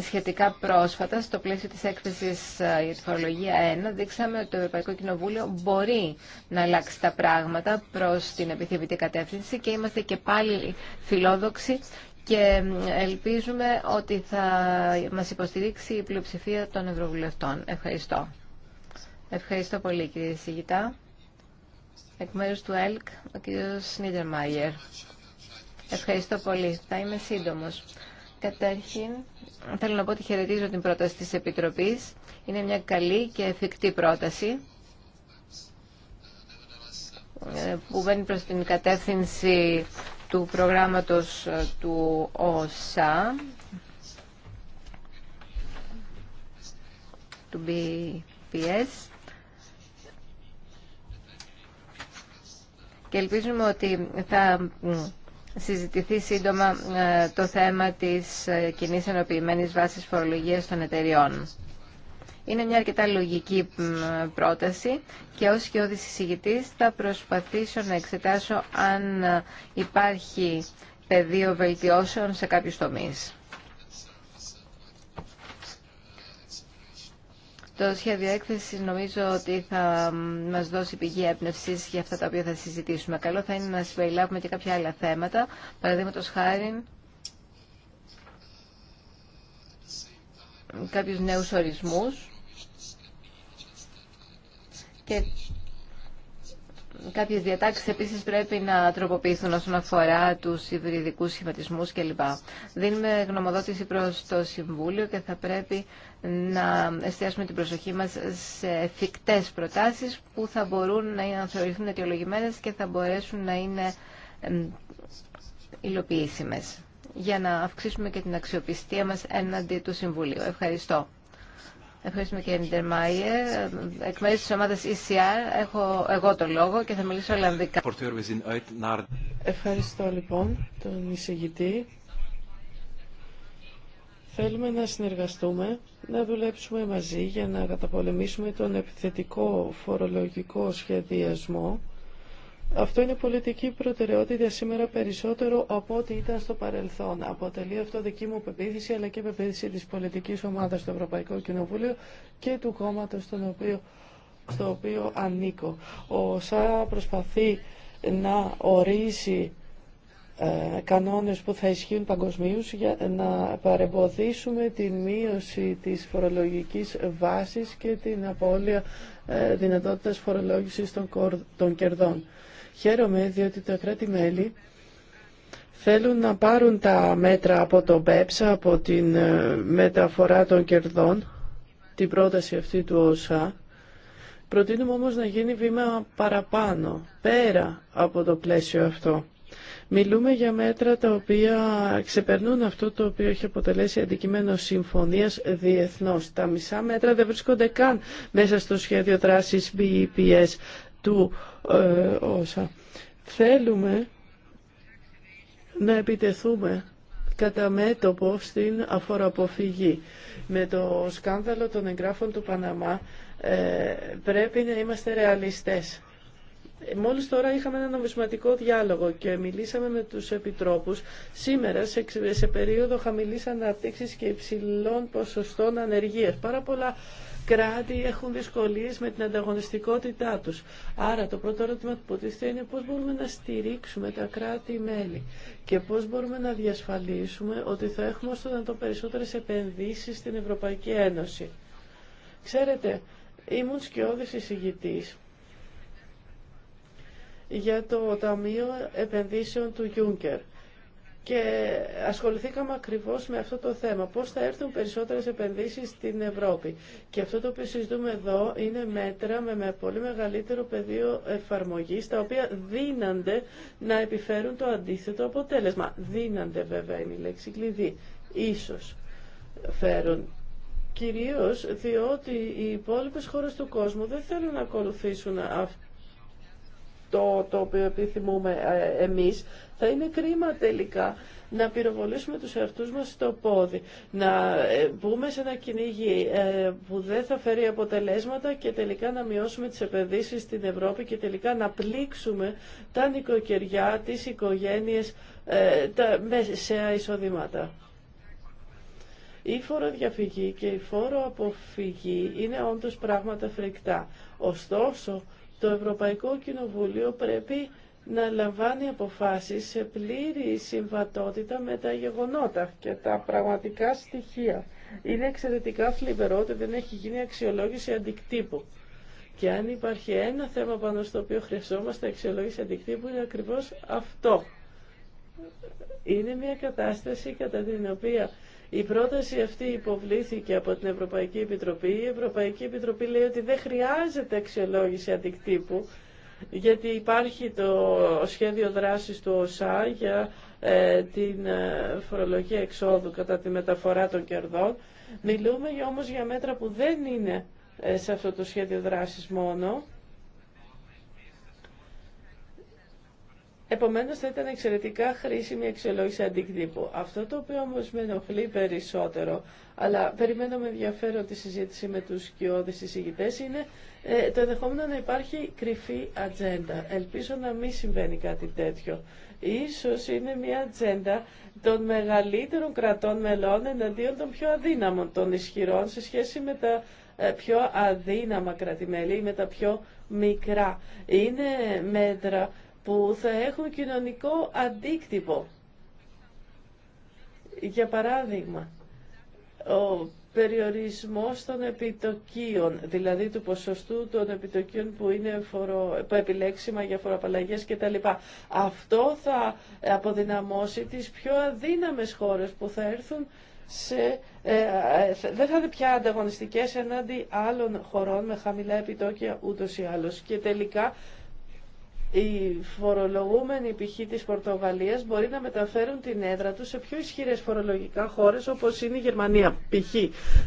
Σχετικά πρόσφατα, στο πλαίσιο της έκθεσης ε, για τη φορολογία 1, δείξαμε ότι το Ευρωπαϊκό Κοινοβούλιο μπορεί να αλλάξει τα πράγματα προς την επιθυμητή κατεύθυνση και είμαστε και πάλι φιλόδοξοι και ελπίζουμε ότι θα μας υποστηρίξει η πλειοψηφία των Ευρωβουλευτών. Ευχαριστώ. Ευχαριστώ πολύ κύριε Σιγητά. Εκ μέρους του ΕΛΚ, ο κ. Μάιερ. Ευχαριστώ πολύ. Θα είμαι σύντομος. Καταρχήν, θέλω να πω ότι χαιρετίζω την πρόταση της Επιτροπής. Είναι μια καλή και εφικτή πρόταση ε, που μπαίνει προς την κατεύθυνση του προγράμματος ε, του ΟΣΑ, του BPS. και ελπίζουμε ότι θα συζητηθεί σύντομα ε, το θέμα της ε, κοινή ενοποιημένης βάσης φορολογίας των εταιριών. Είναι μια αρκετά λογική πρόταση και ως και όδης θα προσπαθήσω να εξετάσω αν ε, υπάρχει πεδίο βελτιώσεων σε κάποιους τομείς. Το σχέδιο έκθεση νομίζω ότι θα μα δώσει πηγή έμπνευση για αυτά τα οποία θα συζητήσουμε. Καλό θα είναι να συμπεριλάβουμε και κάποια άλλα θέματα. Παραδείγματο χάρη, κάποιου νέου ορισμού και Κάποιες διατάξεις επίσης πρέπει να τροποποιηθούν όσον αφορά τους υβριδικούς σχηματισμούς κλπ. Δίνουμε γνωμοδότηση προς το Συμβούλιο και θα πρέπει να εστιάσουμε την προσοχή μας σε εφικτές προτάσεις που θα μπορούν να θεωρηθούν αιτιολογημένες και θα μπορέσουν να είναι υλοποιήσιμες για να αυξήσουμε και την αξιοπιστία μας έναντι του Συμβουλίου. Ευχαριστώ. Ευχαριστούμε κύριε Ντερμάιερ. Εκ μέρους της ομάδας ECR έχω εγώ το λόγο και θα μιλήσω Ολλανδικά. Ευχαριστώ λοιπόν τον εισηγητή. Θέλουμε να συνεργαστούμε, να δουλέψουμε μαζί για να καταπολεμήσουμε τον επιθετικό φορολογικό σχεδιασμό αυτό είναι πολιτική προτεραιότητα σήμερα περισσότερο από ό,τι ήταν στο παρελθόν. Αποτελεί αυτό δική μου πεποίθηση αλλά και πεποίθηση της πολιτικής ομάδας του Ευρωπαϊκού Κοινοβούλιο και του κόμματος οποίο, στο οποίο ανήκω. Ο ΣΑΑ προσπαθεί να ορίσει ε, κανόνες που θα ισχύουν παγκοσμίως για να παρεμποδίσουμε την μείωση της φορολογικής βάσης και την απώλεια ε, δυνατότητας φορολόγησης των κερδών. Χαίρομαι διότι τα κράτη-μέλη θέλουν να πάρουν τα μέτρα από το BEPS, από την ε, μεταφορά των κερδών, την πρόταση αυτή του ΩΣΑ. Προτείνουμε όμως να γίνει βήμα παραπάνω, πέρα από το πλαίσιο αυτό. Μιλούμε για μέτρα τα οποία ξεπερνούν αυτό το οποίο έχει αποτελέσει αντικείμενο συμφωνίας διεθνώς. Τα μισά μέτρα δεν βρίσκονται καν μέσα στο σχέδιο δράσης BEPS του ε, όσα. Θέλουμε να επιτεθούμε κατά μέτωπο στην αφοραποφυγή. Με το σκάνδαλο των εγγράφων του Παναμά ε, πρέπει να είμαστε ρεαλιστές. Μόλις τώρα είχαμε ένα νομισματικό διάλογο και μιλήσαμε με τους επιτρόπους. Σήμερα, σε περίοδο χαμηλής αναπτύξης και υψηλών ποσοστών ανεργίας, πάρα πολλά κράτη έχουν δυσκολίες με την ανταγωνιστικότητά τους. Άρα το πρώτο ερώτημα που τίθεται είναι πώς μπορούμε να στηρίξουμε τα κράτη-μέλη και πώς μπορούμε να διασφαλίσουμε ότι θα έχουμε όσο να το περισσότερες επενδύσεις στην Ευρωπαϊκή Ένωση. Ξέρετε, ήμουν σκιώδης εισηγητής για το Ταμείο Επενδύσεων του Γιούγκερ. Και ασχοληθήκαμε ακριβώς με αυτό το θέμα, πώς θα έρθουν περισσότερες επενδύσεις στην Ευρώπη. Και αυτό το οποίο συζητούμε εδώ είναι μέτρα με πολύ μεγαλύτερο πεδίο εφαρμογής, τα οποία δύνανται να επιφέρουν το αντίθετο αποτέλεσμα. Δύνανται βέβαια είναι η λέξη κλειδί. Ίσως φέρουν κυρίως διότι οι υπόλοιπε χώρες του κόσμου δεν θέλουν να ακολουθήσουν αυτό το το οποίο επιθυμούμε ε, εμείς, θα είναι κρίμα τελικά να πυροβολήσουμε τους εαυτούς μας στο πόδι, να ε, μπούμε σε ένα κυνήγι ε, που δεν θα φέρει αποτελέσματα και τελικά να μειώσουμε τις επενδύσεις στην Ευρώπη και τελικά να πλήξουμε τα νοικοκυριά, τις οικογένειες τα, σε εισοδήματα. Η φοροδιαφυγή και η φόρο αποφυγή είναι όντως πράγματα φρικτά. Ωστόσο, το Ευρωπαϊκό Κοινοβούλιο πρέπει να λαμβάνει αποφάσεις σε πλήρη συμβατότητα με τα γεγονότα και τα πραγματικά στοιχεία. Είναι εξαιρετικά θλιβερό ότι δεν έχει γίνει αξιολόγηση αντικτύπου. Και αν υπάρχει ένα θέμα πάνω στο οποίο χρειαζόμαστε αξιολόγηση αντικτύπου είναι ακριβώς αυτό. Είναι μια κατάσταση κατά την οποία η πρόταση αυτή υποβλήθηκε από την Ευρωπαϊκή Επιτροπή. Η Ευρωπαϊκή Επιτροπή λέει ότι δεν χρειάζεται αξιολόγηση αντικτύπου γιατί υπάρχει το σχέδιο δράσης του ΟΣΑ για ε, την ε, φορολογία εξόδου κατά τη μεταφορά των κερδών. Μιλούμε όμως για μέτρα που δεν είναι ε, σε αυτό το σχέδιο δράσης μόνο Επομένως θα ήταν εξαιρετικά χρήσιμη η αξιολόγηση αντικτύπου. Αυτό το οποίο όμω με ενοχλεί περισσότερο, αλλά περιμένω με ενδιαφέρον τη συζήτηση με τους σκιώδεις συζητητές είναι ε, το ενδεχόμενο να υπάρχει κρυφή ατζέντα. Ελπίζω να μην συμβαίνει κάτι τέτοιο. Ίσως είναι μια ατζέντα των μεγαλύτερων κρατών μελών εναντίον των πιο αδύναμων των ισχυρών σε σχέση με τα ε, πιο αδύναμα κρατημέλη ή με τα πιο μικρά. Είναι μέτρα που θα έχουν κοινωνικό αντίκτυπο. Για παράδειγμα, ο περιορισμός των επιτοκίων, δηλαδή του ποσοστού των επιτοκίων που είναι φορο, που επιλέξιμα για φοροαπαλλαγές κτλ. Αυτό θα αποδυναμώσει τις πιο αδύναμες χώρες που θα έρθουν σε, ε, ε, δεν θα είναι πια ανταγωνιστικές εναντί άλλων χωρών με χαμηλά επιτόκια ούτως ή άλλως. Και τελικά οι φορολογούμενοι π.χ. της Πορτογαλίας μπορεί να μεταφέρουν την έδρα τους σε πιο ισχυρές φορολογικά χώρες όπως είναι η Γερμανία π.χ.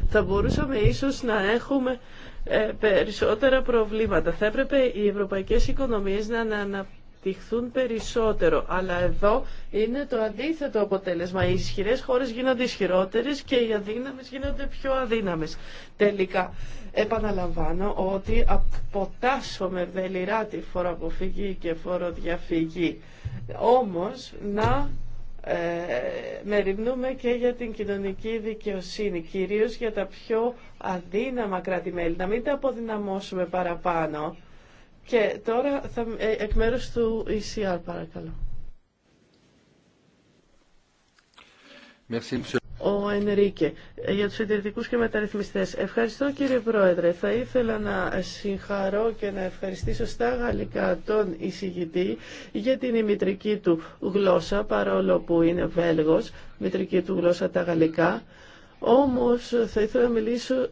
Θα μπορούσαμε ίσως να έχουμε ε, περισσότερα προβλήματα. Θα έπρεπε οι ευρωπαϊκές οικονομίες να αναπτυχθούν περισσότερο. Αλλά εδώ είναι το αντίθετο αποτέλεσμα. Οι ισχυρές χώρες γίνονται ισχυρότερες και οι αδύναμες γίνονται πιο αδύναμες τελικά. Επαναλαμβάνω ότι αποτάσσομαι δελειρά τη φοροαποφυγή και φοροδιαφυγή. Όμως να ε, μεριμνούμε και για την κοινωνική δικαιοσύνη, κυρίως για τα πιο αδύναμα κράτη-μέλη, να μην τα αποδυναμώσουμε παραπάνω. Και τώρα θα, ε, εκ μέρους του ECR παρακαλώ. Merci, ο Ενρίκε για τους συντηρητικούς και μεταρρυθμιστές. Ευχαριστώ κύριε Πρόεδρε. Θα ήθελα να συγχαρώ και να ευχαριστήσω στα γαλλικά τον εισηγητή για την ημιτρική του γλώσσα, παρόλο που είναι Βέλγος, μητρική του γλώσσα τα γαλλικά. Όμως θα ήθελα να μιλήσω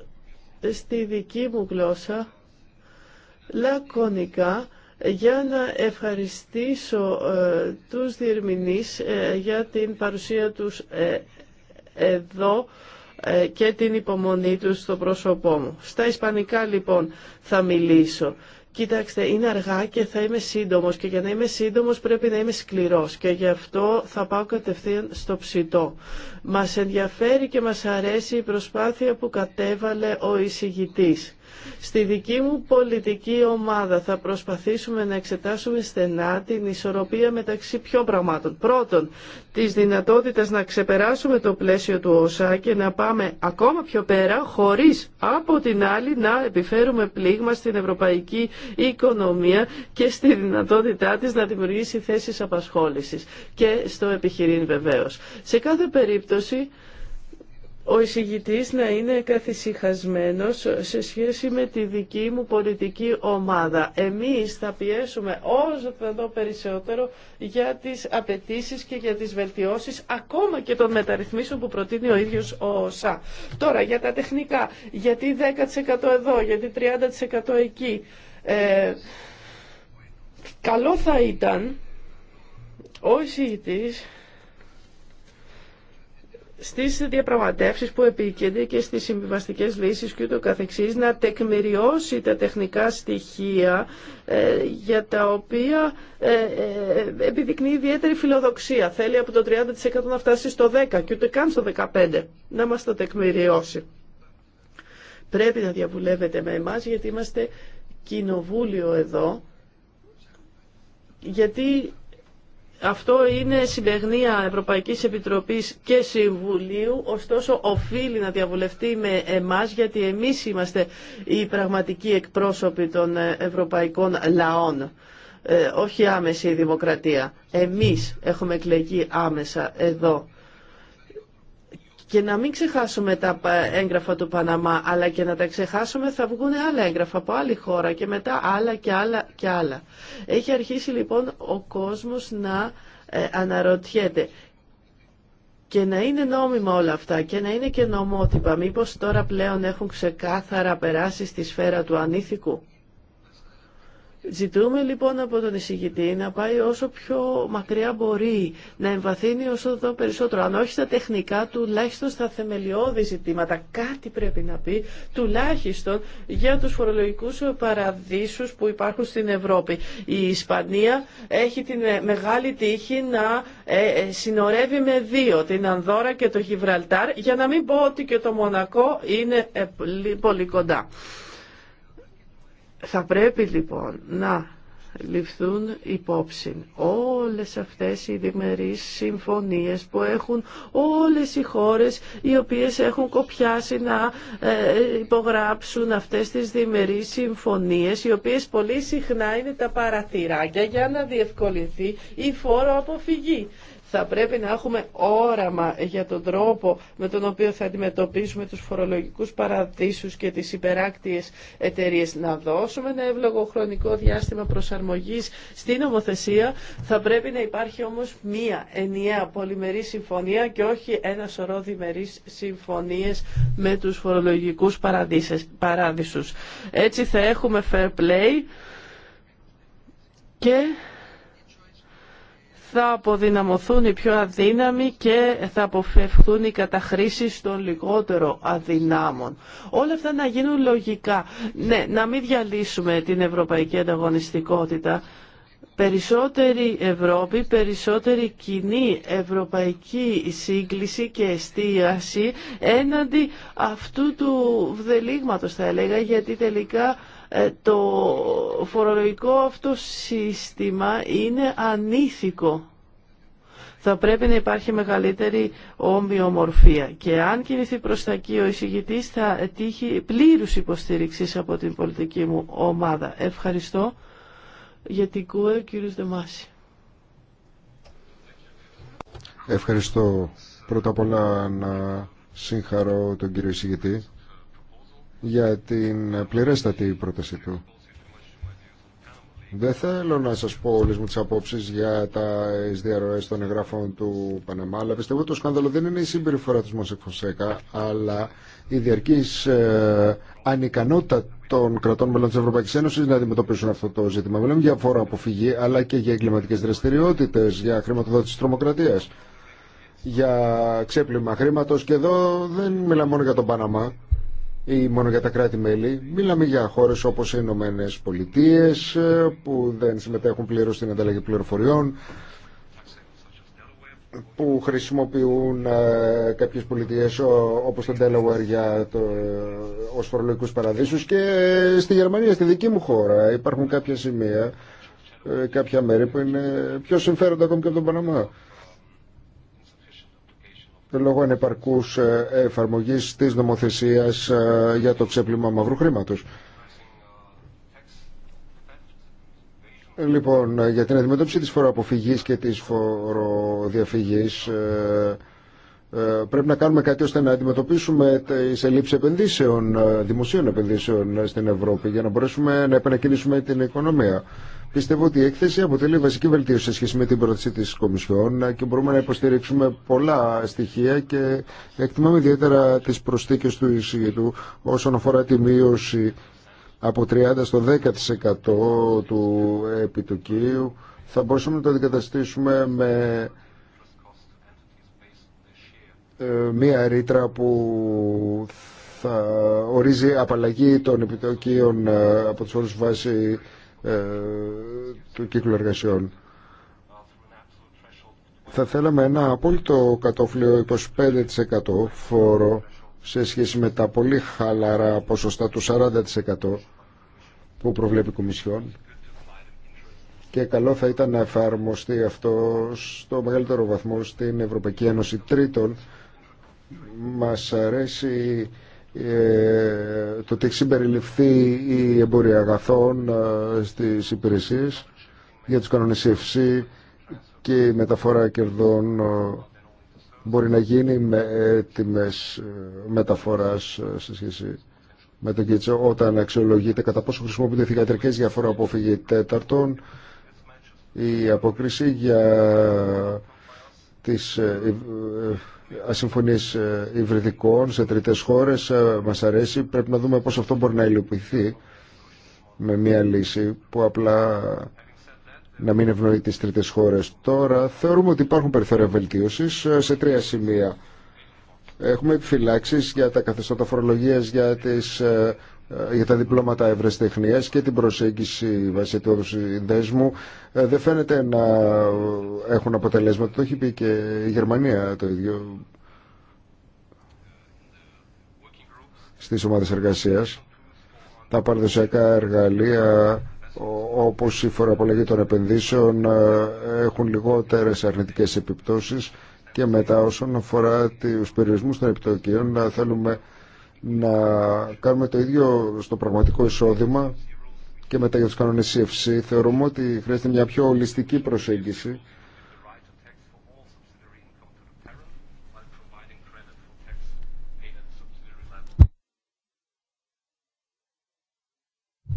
στη δική μου γλώσσα λακωνικά για να ευχαριστήσω ε, τους διερμηνείς ε, για την παρουσία τους ε, εδώ ε, και την υπομονή του στο πρόσωπό μου. Στα ισπανικά λοιπόν θα μιλήσω. Κοίταξτε, είναι αργά και θα είμαι σύντομος και για να είμαι σύντομος πρέπει να είμαι σκληρός και γι' αυτό θα πάω κατευθείαν στο ψητό. Μας ενδιαφέρει και μας αρέσει η προσπάθεια που κατέβαλε ο εισηγητής. Στη δική μου πολιτική ομάδα θα προσπαθήσουμε να εξετάσουμε στενά την ισορροπία μεταξύ πιο πραγμάτων. Πρώτον, της δυνατότητας να ξεπεράσουμε το πλαίσιο του ΩΣΑ και να πάμε ακόμα πιο πέρα χωρίς από την άλλη να επιφέρουμε πλήγμα στην ευρωπαϊκή οικονομία και στη δυνατότητά της να δημιουργήσει θέσεις απασχόλησης και στο επιχειρήν βεβαίως. Σε κάθε περίπτωση ο εισηγητής να είναι καθησυχασμένος σε σχέση με τη δική μου πολιτική ομάδα. Εμείς θα πιέσουμε όσο θα δω περισσότερο για τις απαιτήσει και για τις βελτιώσεις ακόμα και των μεταρρυθμίσεων που προτείνει ο ίδιος ο ΣΑ. Τώρα για τα τεχνικά, γιατί 10% εδώ, γιατί 30% εκεί. Ε, καλό θα ήταν ο εισηγητής στις διαπραγματεύσεις που επίκενται και στις συμβιβαστικές λύσεις και ούτω καθεξής να τεκμηριώσει τα τεχνικά στοιχεία ε, για τα οποία ε, ε, επιδεικνύει ιδιαίτερη φιλοδοξία. Θέλει από το 30% να φτάσει στο 10% και ούτε καν στο 15% να μας το τεκμηριώσει. Πρέπει να διαβουλεύετε με εμάς γιατί είμαστε κοινοβούλιο εδώ γιατί αυτό είναι συμπεγνία Ευρωπαϊκής Επιτροπής και Συμβουλίου, ωστόσο οφείλει να διαβουλευτεί με εμάς, γιατί εμείς είμαστε οι πραγματικοί εκπρόσωποι των ευρωπαϊκών λαών. Ε, όχι άμεση η δημοκρατία. Εμείς έχουμε εκλεγεί άμεσα εδώ και να μην ξεχάσουμε τα έγγραφα του Παναμά, αλλά και να τα ξεχάσουμε θα βγουν άλλα έγγραφα από άλλη χώρα και μετά άλλα και άλλα και άλλα. Έχει αρχίσει λοιπόν ο κόσμος να ε, αναρωτιέται και να είναι νόμιμα όλα αυτά και να είναι και νομότυπα. Μήπως τώρα πλέον έχουν ξεκάθαρα περάσει στη σφαίρα του ανήθικου. Ζητούμε λοιπόν από τον εισηγητή να πάει όσο πιο μακριά μπορεί, να εμβαθύνει όσο το περισσότερο. Αν όχι στα τεχνικά, τουλάχιστον στα θεμελιώδη ζητήματα. Κάτι πρέπει να πει, τουλάχιστον για τους φορολογικούς παραδείσους που υπάρχουν στην Ευρώπη. Η Ισπανία έχει την μεγάλη τύχη να ε, ε, συνορεύει με δύο, την Ανδόρα και το Γιβραλτάρ, για να μην πω ότι και το Μονακό είναι ε, πολύ κοντά. Θα πρέπει λοιπόν να ληφθούν υπόψη όλες αυτές οι διμερείς συμφωνίες που έχουν όλες οι χώρες οι οποίες έχουν κοπιάσει να ε, υπογράψουν αυτές τις διμερείς συμφωνίες οι οποίες πολύ συχνά είναι τα παραθυράκια για να διευκολυνθεί η φόρο αποφυγή θα πρέπει να έχουμε όραμα για τον τρόπο με τον οποίο θα αντιμετωπίσουμε τους φορολογικούς παραδείσους και τις υπεράκτιες εταιρείε. Να δώσουμε ένα εύλογο χρονικό διάστημα προσαρμογής στην νομοθεσία. Θα πρέπει να υπάρχει όμως μία ενιαία πολυμερή συμφωνία και όχι ένα σωρό διμερείς συμφωνίες με τους φορολογικούς παράδεισους. Έτσι θα έχουμε fair play και θα αποδυναμωθούν οι πιο αδύναμοι και θα αποφευχθούν οι καταχρήσεις των λιγότερο αδυνάμων. Όλα αυτά να γίνουν λογικά. Ναι, να μην διαλύσουμε την ευρωπαϊκή ανταγωνιστικότητα. Περισσότερη Ευρώπη, περισσότερη κοινή ευρωπαϊκή σύγκληση και εστίαση έναντι αυτού του βδελίγματος θα έλεγα γιατί τελικά ε, το φορολογικό αυτό σύστημα είναι ανήθικο. Θα πρέπει να υπάρχει μεγαλύτερη ομοιομορφία. Και αν κινηθεί προς τα εκεί ο εισηγητής θα τύχει πλήρους υποστήριξης από την πολιτική μου ομάδα. Ευχαριστώ για την ΚΟΕ, ο κύριος Δεμάση. Ευχαριστώ. Πρώτα απ' όλα να συγχαρώ τον κύριο εισηγητή για την πληρέστατη πρόταση του. Δεν θέλω να σας πω όλες μου τις απόψεις για τα διαρροές των εγγράφων του Παναμά, αλλά πιστεύω ότι το σκάνδαλο δεν είναι η συμπεριφορά του Μωσεκ Φωσέκα, αλλά η διαρκής ε, ανικανότητα των κρατών μελών της Ευρωπαϊκής Ένωσης να αντιμετωπίσουν αυτό το ζήτημα. Μιλάμε για φόρο αποφυγή, αλλά και για εγκληματικές δραστηριότητες, για χρηματοδότηση τρομοκρατίας, για ξέπλυμα χρήματος. Και εδώ δεν μιλάμε μόνο για τον Παναμά ή μόνο για τα κράτη-μέλη. Μιλάμε για χώρες όπως οι Ηνωμένε Πολιτείε ε, που δεν συμμετέχουν πλήρως στην ανταλλαγή πληροφοριών, που χρησιμοποιούν ε, κάποιες πολιτείες όπως το Delaware για το, ε, ως φορολογικούς παραδείσους και στη Γερμανία, στη δική μου χώρα υπάρχουν κάποια σημεία κάποια μέρη που είναι πιο συμφέροντα ακόμη και από τον Παναμά λόγω ανεπαρκού ε, εφαρμογή της νομοθεσίας ε, για το ξέπλυμα μαύρου χρήματο. Λοιπόν, ε, για την αντιμετώπιση της φοροαποφυγής και της φοροδιαφυγής ε, πρέπει να κάνουμε κάτι ώστε να αντιμετωπίσουμε τι ελλείψει επενδύσεων, ε, δημοσίων επενδύσεων ε, στην Ευρώπη για να μπορέσουμε να επανακινήσουμε την οικονομία. Πιστεύω ότι η έκθεση αποτελεί βασική βελτίωση σε σχέση με την πρόταση τη Κομισιόν και μπορούμε να υποστηρίξουμε πολλά στοιχεία και εκτιμάμε ιδιαίτερα τι προσθήκε του εισηγητού όσον αφορά τη μείωση από 30% στο 10% του επιτοκίου. Θα μπορούσαμε να το αντικαταστήσουμε με ε, μία ρήτρα που θα ορίζει απαλλαγή των επιτοκίων ε, από τους όρους βάση ε, του κύκλου εργασιών. Θα θέλαμε ένα απόλυτο κατόφλιο 25% φόρο σε σχέση με τα πολύ χαλαρά ποσοστά του 40% που προβλέπει η Κομισιόν και καλό θα ήταν να εφαρμοστεί αυτό στο μεγαλύτερο βαθμό στην Ευρωπαϊκή Ένωση Τρίτων μας αρέσει ε, το ότι έχει συμπεριληφθεί η εμπορία αγαθών ε, στις υπηρεσίες για τους κανόνες και η μεταφορά κερδών ε, μπορεί να γίνει με έτοιμες μεταφοράς σε σχέση με τον Κίτσο όταν αξιολογείται κατά πόσο χρησιμοποιούνται θηγατρικές διαφορά αποφυγή τέταρτων η αποκρίση για τις ασυμφωνίες ε, υβριδικών σε τρίτες χώρες ε, μας αρέσει. Πρέπει να δούμε πώς αυτό μπορεί να υλοποιηθεί με μια λύση που απλά να μην ευνοεί τις τρίτες χώρες. Τώρα θεωρούμε ότι υπάρχουν περιθώρια βελτίωσης ε, σε τρία σημεία. Έχουμε επιφυλάξει για τα καθεστώτα φορολογία για τι ε, για τα διπλώματα ευρεσιτεχνίας και την προσέγγιση βάσει του συνδέσμου ε, δεν φαίνεται να έχουν αποτελέσματα. Το έχει πει και η Γερμανία το ίδιο στις ομάδες εργασίας. Τα παραδοσιακά εργαλεία όπως η φοροαπολεγή των επενδύσεων ε, έχουν λιγότερες αρνητικές επιπτώσεις και μετά όσον αφορά τους περιορισμούς των επιτοκίων θέλουμε να κάνουμε το ίδιο στο πραγματικό εισόδημα και μετά για τους κανόνες CFC. Θεωρούμε ότι χρειάζεται μια πιο ολιστική προσέγγιση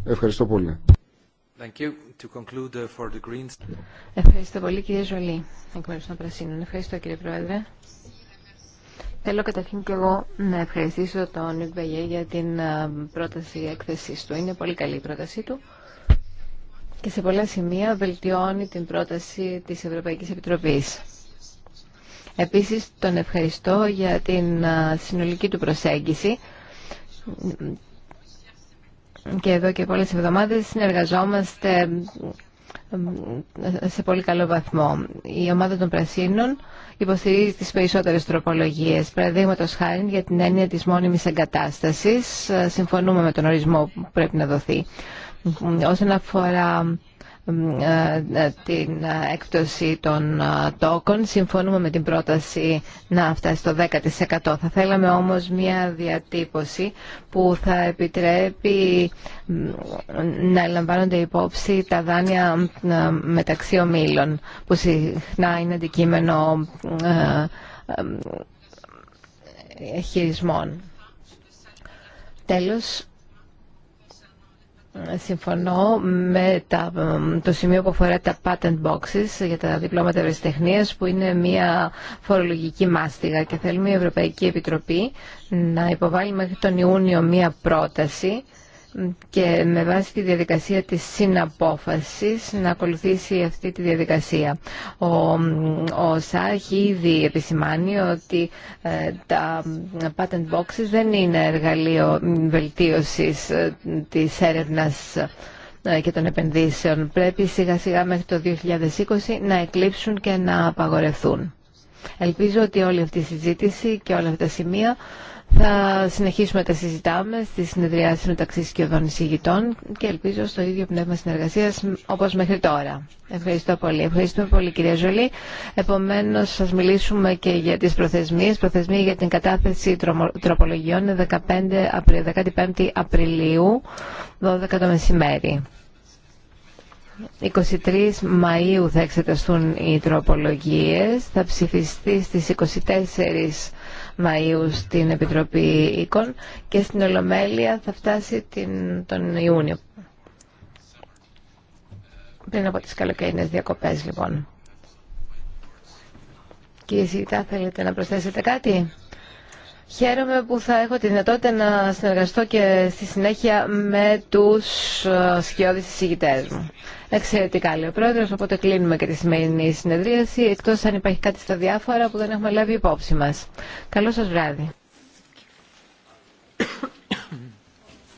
Ευχαριστώ πολύ. Thank you. To conclude uh, for the Greens. Ευχαριστώ πολύ κύριε Ζωλή, Ευχαριστώ κύριε Πρόεδρε. Θέλω καταρχήν και εγώ να ευχαριστήσω τον Νίκ για την ε, πρόταση έκθεσή του. Είναι πολύ καλή η πρότασή του και σε πολλά σημεία βελτιώνει την πρόταση της Ευρωπαϊκής Επιτροπής. Επίσης, τον ευχαριστώ για την ε, συνολική του προσέγγιση και εδώ και πολλές εβδομάδες συνεργαζόμαστε σε πολύ καλό βαθμό. Η ομάδα των Πρασίνων υποστηρίζει τις περισσότερες τροπολογίες. Παραδείγματο χάρη για την έννοια της μόνιμης εγκατάστασης. Ε, συμφωνούμε με τον ορισμό που πρέπει να δοθεί. Όσον αφορά ε, ε, την έκπτωση των ε, τόκων. Συμφωνούμε με την πρόταση να φτάσει στο 10%. Θα θέλαμε όμως μια διατύπωση που θα επιτρέπει να λαμβάνονται υπόψη τα δάνεια μεταξύ ομίλων, που συχνά είναι αντικείμενο χειρισμών. Τέλος, ε, συμφωνώ με τα, το σημείο που αφορά τα patent boxes για τα διπλώματα ευρεσιτεχνία, που είναι μια φορολογική μάστιγα και θέλουμε η Ευρωπαϊκή Επιτροπή να υποβάλει μέχρι τον Ιούνιο μια πρόταση και με βάση τη διαδικασία της συναπόφασης να ακολουθήσει αυτή τη διαδικασία. Ο, ο έχει ήδη επισημάνει ότι ε, τα patent boxes δεν είναι εργαλείο βελτίωσης ε, της έρευνας ε, και των επενδύσεων. Πρέπει σιγά σιγά μέχρι το 2020 να εκλείψουν και να απαγορευτούν. Ελπίζω ότι όλη αυτή η συζήτηση και όλα αυτά τα σημεία θα συνεχίσουμε τα συζητάμε στις συνεδριάσεις μεταξύ σκιωδών εισηγητών και ελπίζω στο ίδιο πνεύμα συνεργασίας όπως μέχρι τώρα. Ευχαριστώ πολύ. Ευχαριστούμε πολύ κυρία Ζολή. Επομένως σας μιλήσουμε και για τις προθεσμίες. Προθεσμία για την κατάθεση τροπολογιών 15 15 Απριλίου 12 το μεσημέρι. 23 Μαΐου θα εξεταστούν οι τροπολογίες, θα ψηφιστεί στις 24 Μαΐου στην Επιτροπή Οίκων και στην Ολομέλεια θα φτάσει την, τον Ιούνιο. Πριν από τις καλοκαιρινές διακοπές λοιπόν. Κύριε Σιγητά, θέλετε να προσθέσετε κάτι? Χαίρομαι που θα έχω τη δυνατότητα να συνεργαστώ και στη συνέχεια με τους ε, σκιώδεις εισηγητές μου. Εξαιρετικά, λέει ο Πρόεδρος, οπότε κλείνουμε και τη σημερινή συνεδρίαση, εκτός αν υπάρχει κάτι στα διάφορα που δεν έχουμε λάβει υπόψη μας. Καλό σας βράδυ.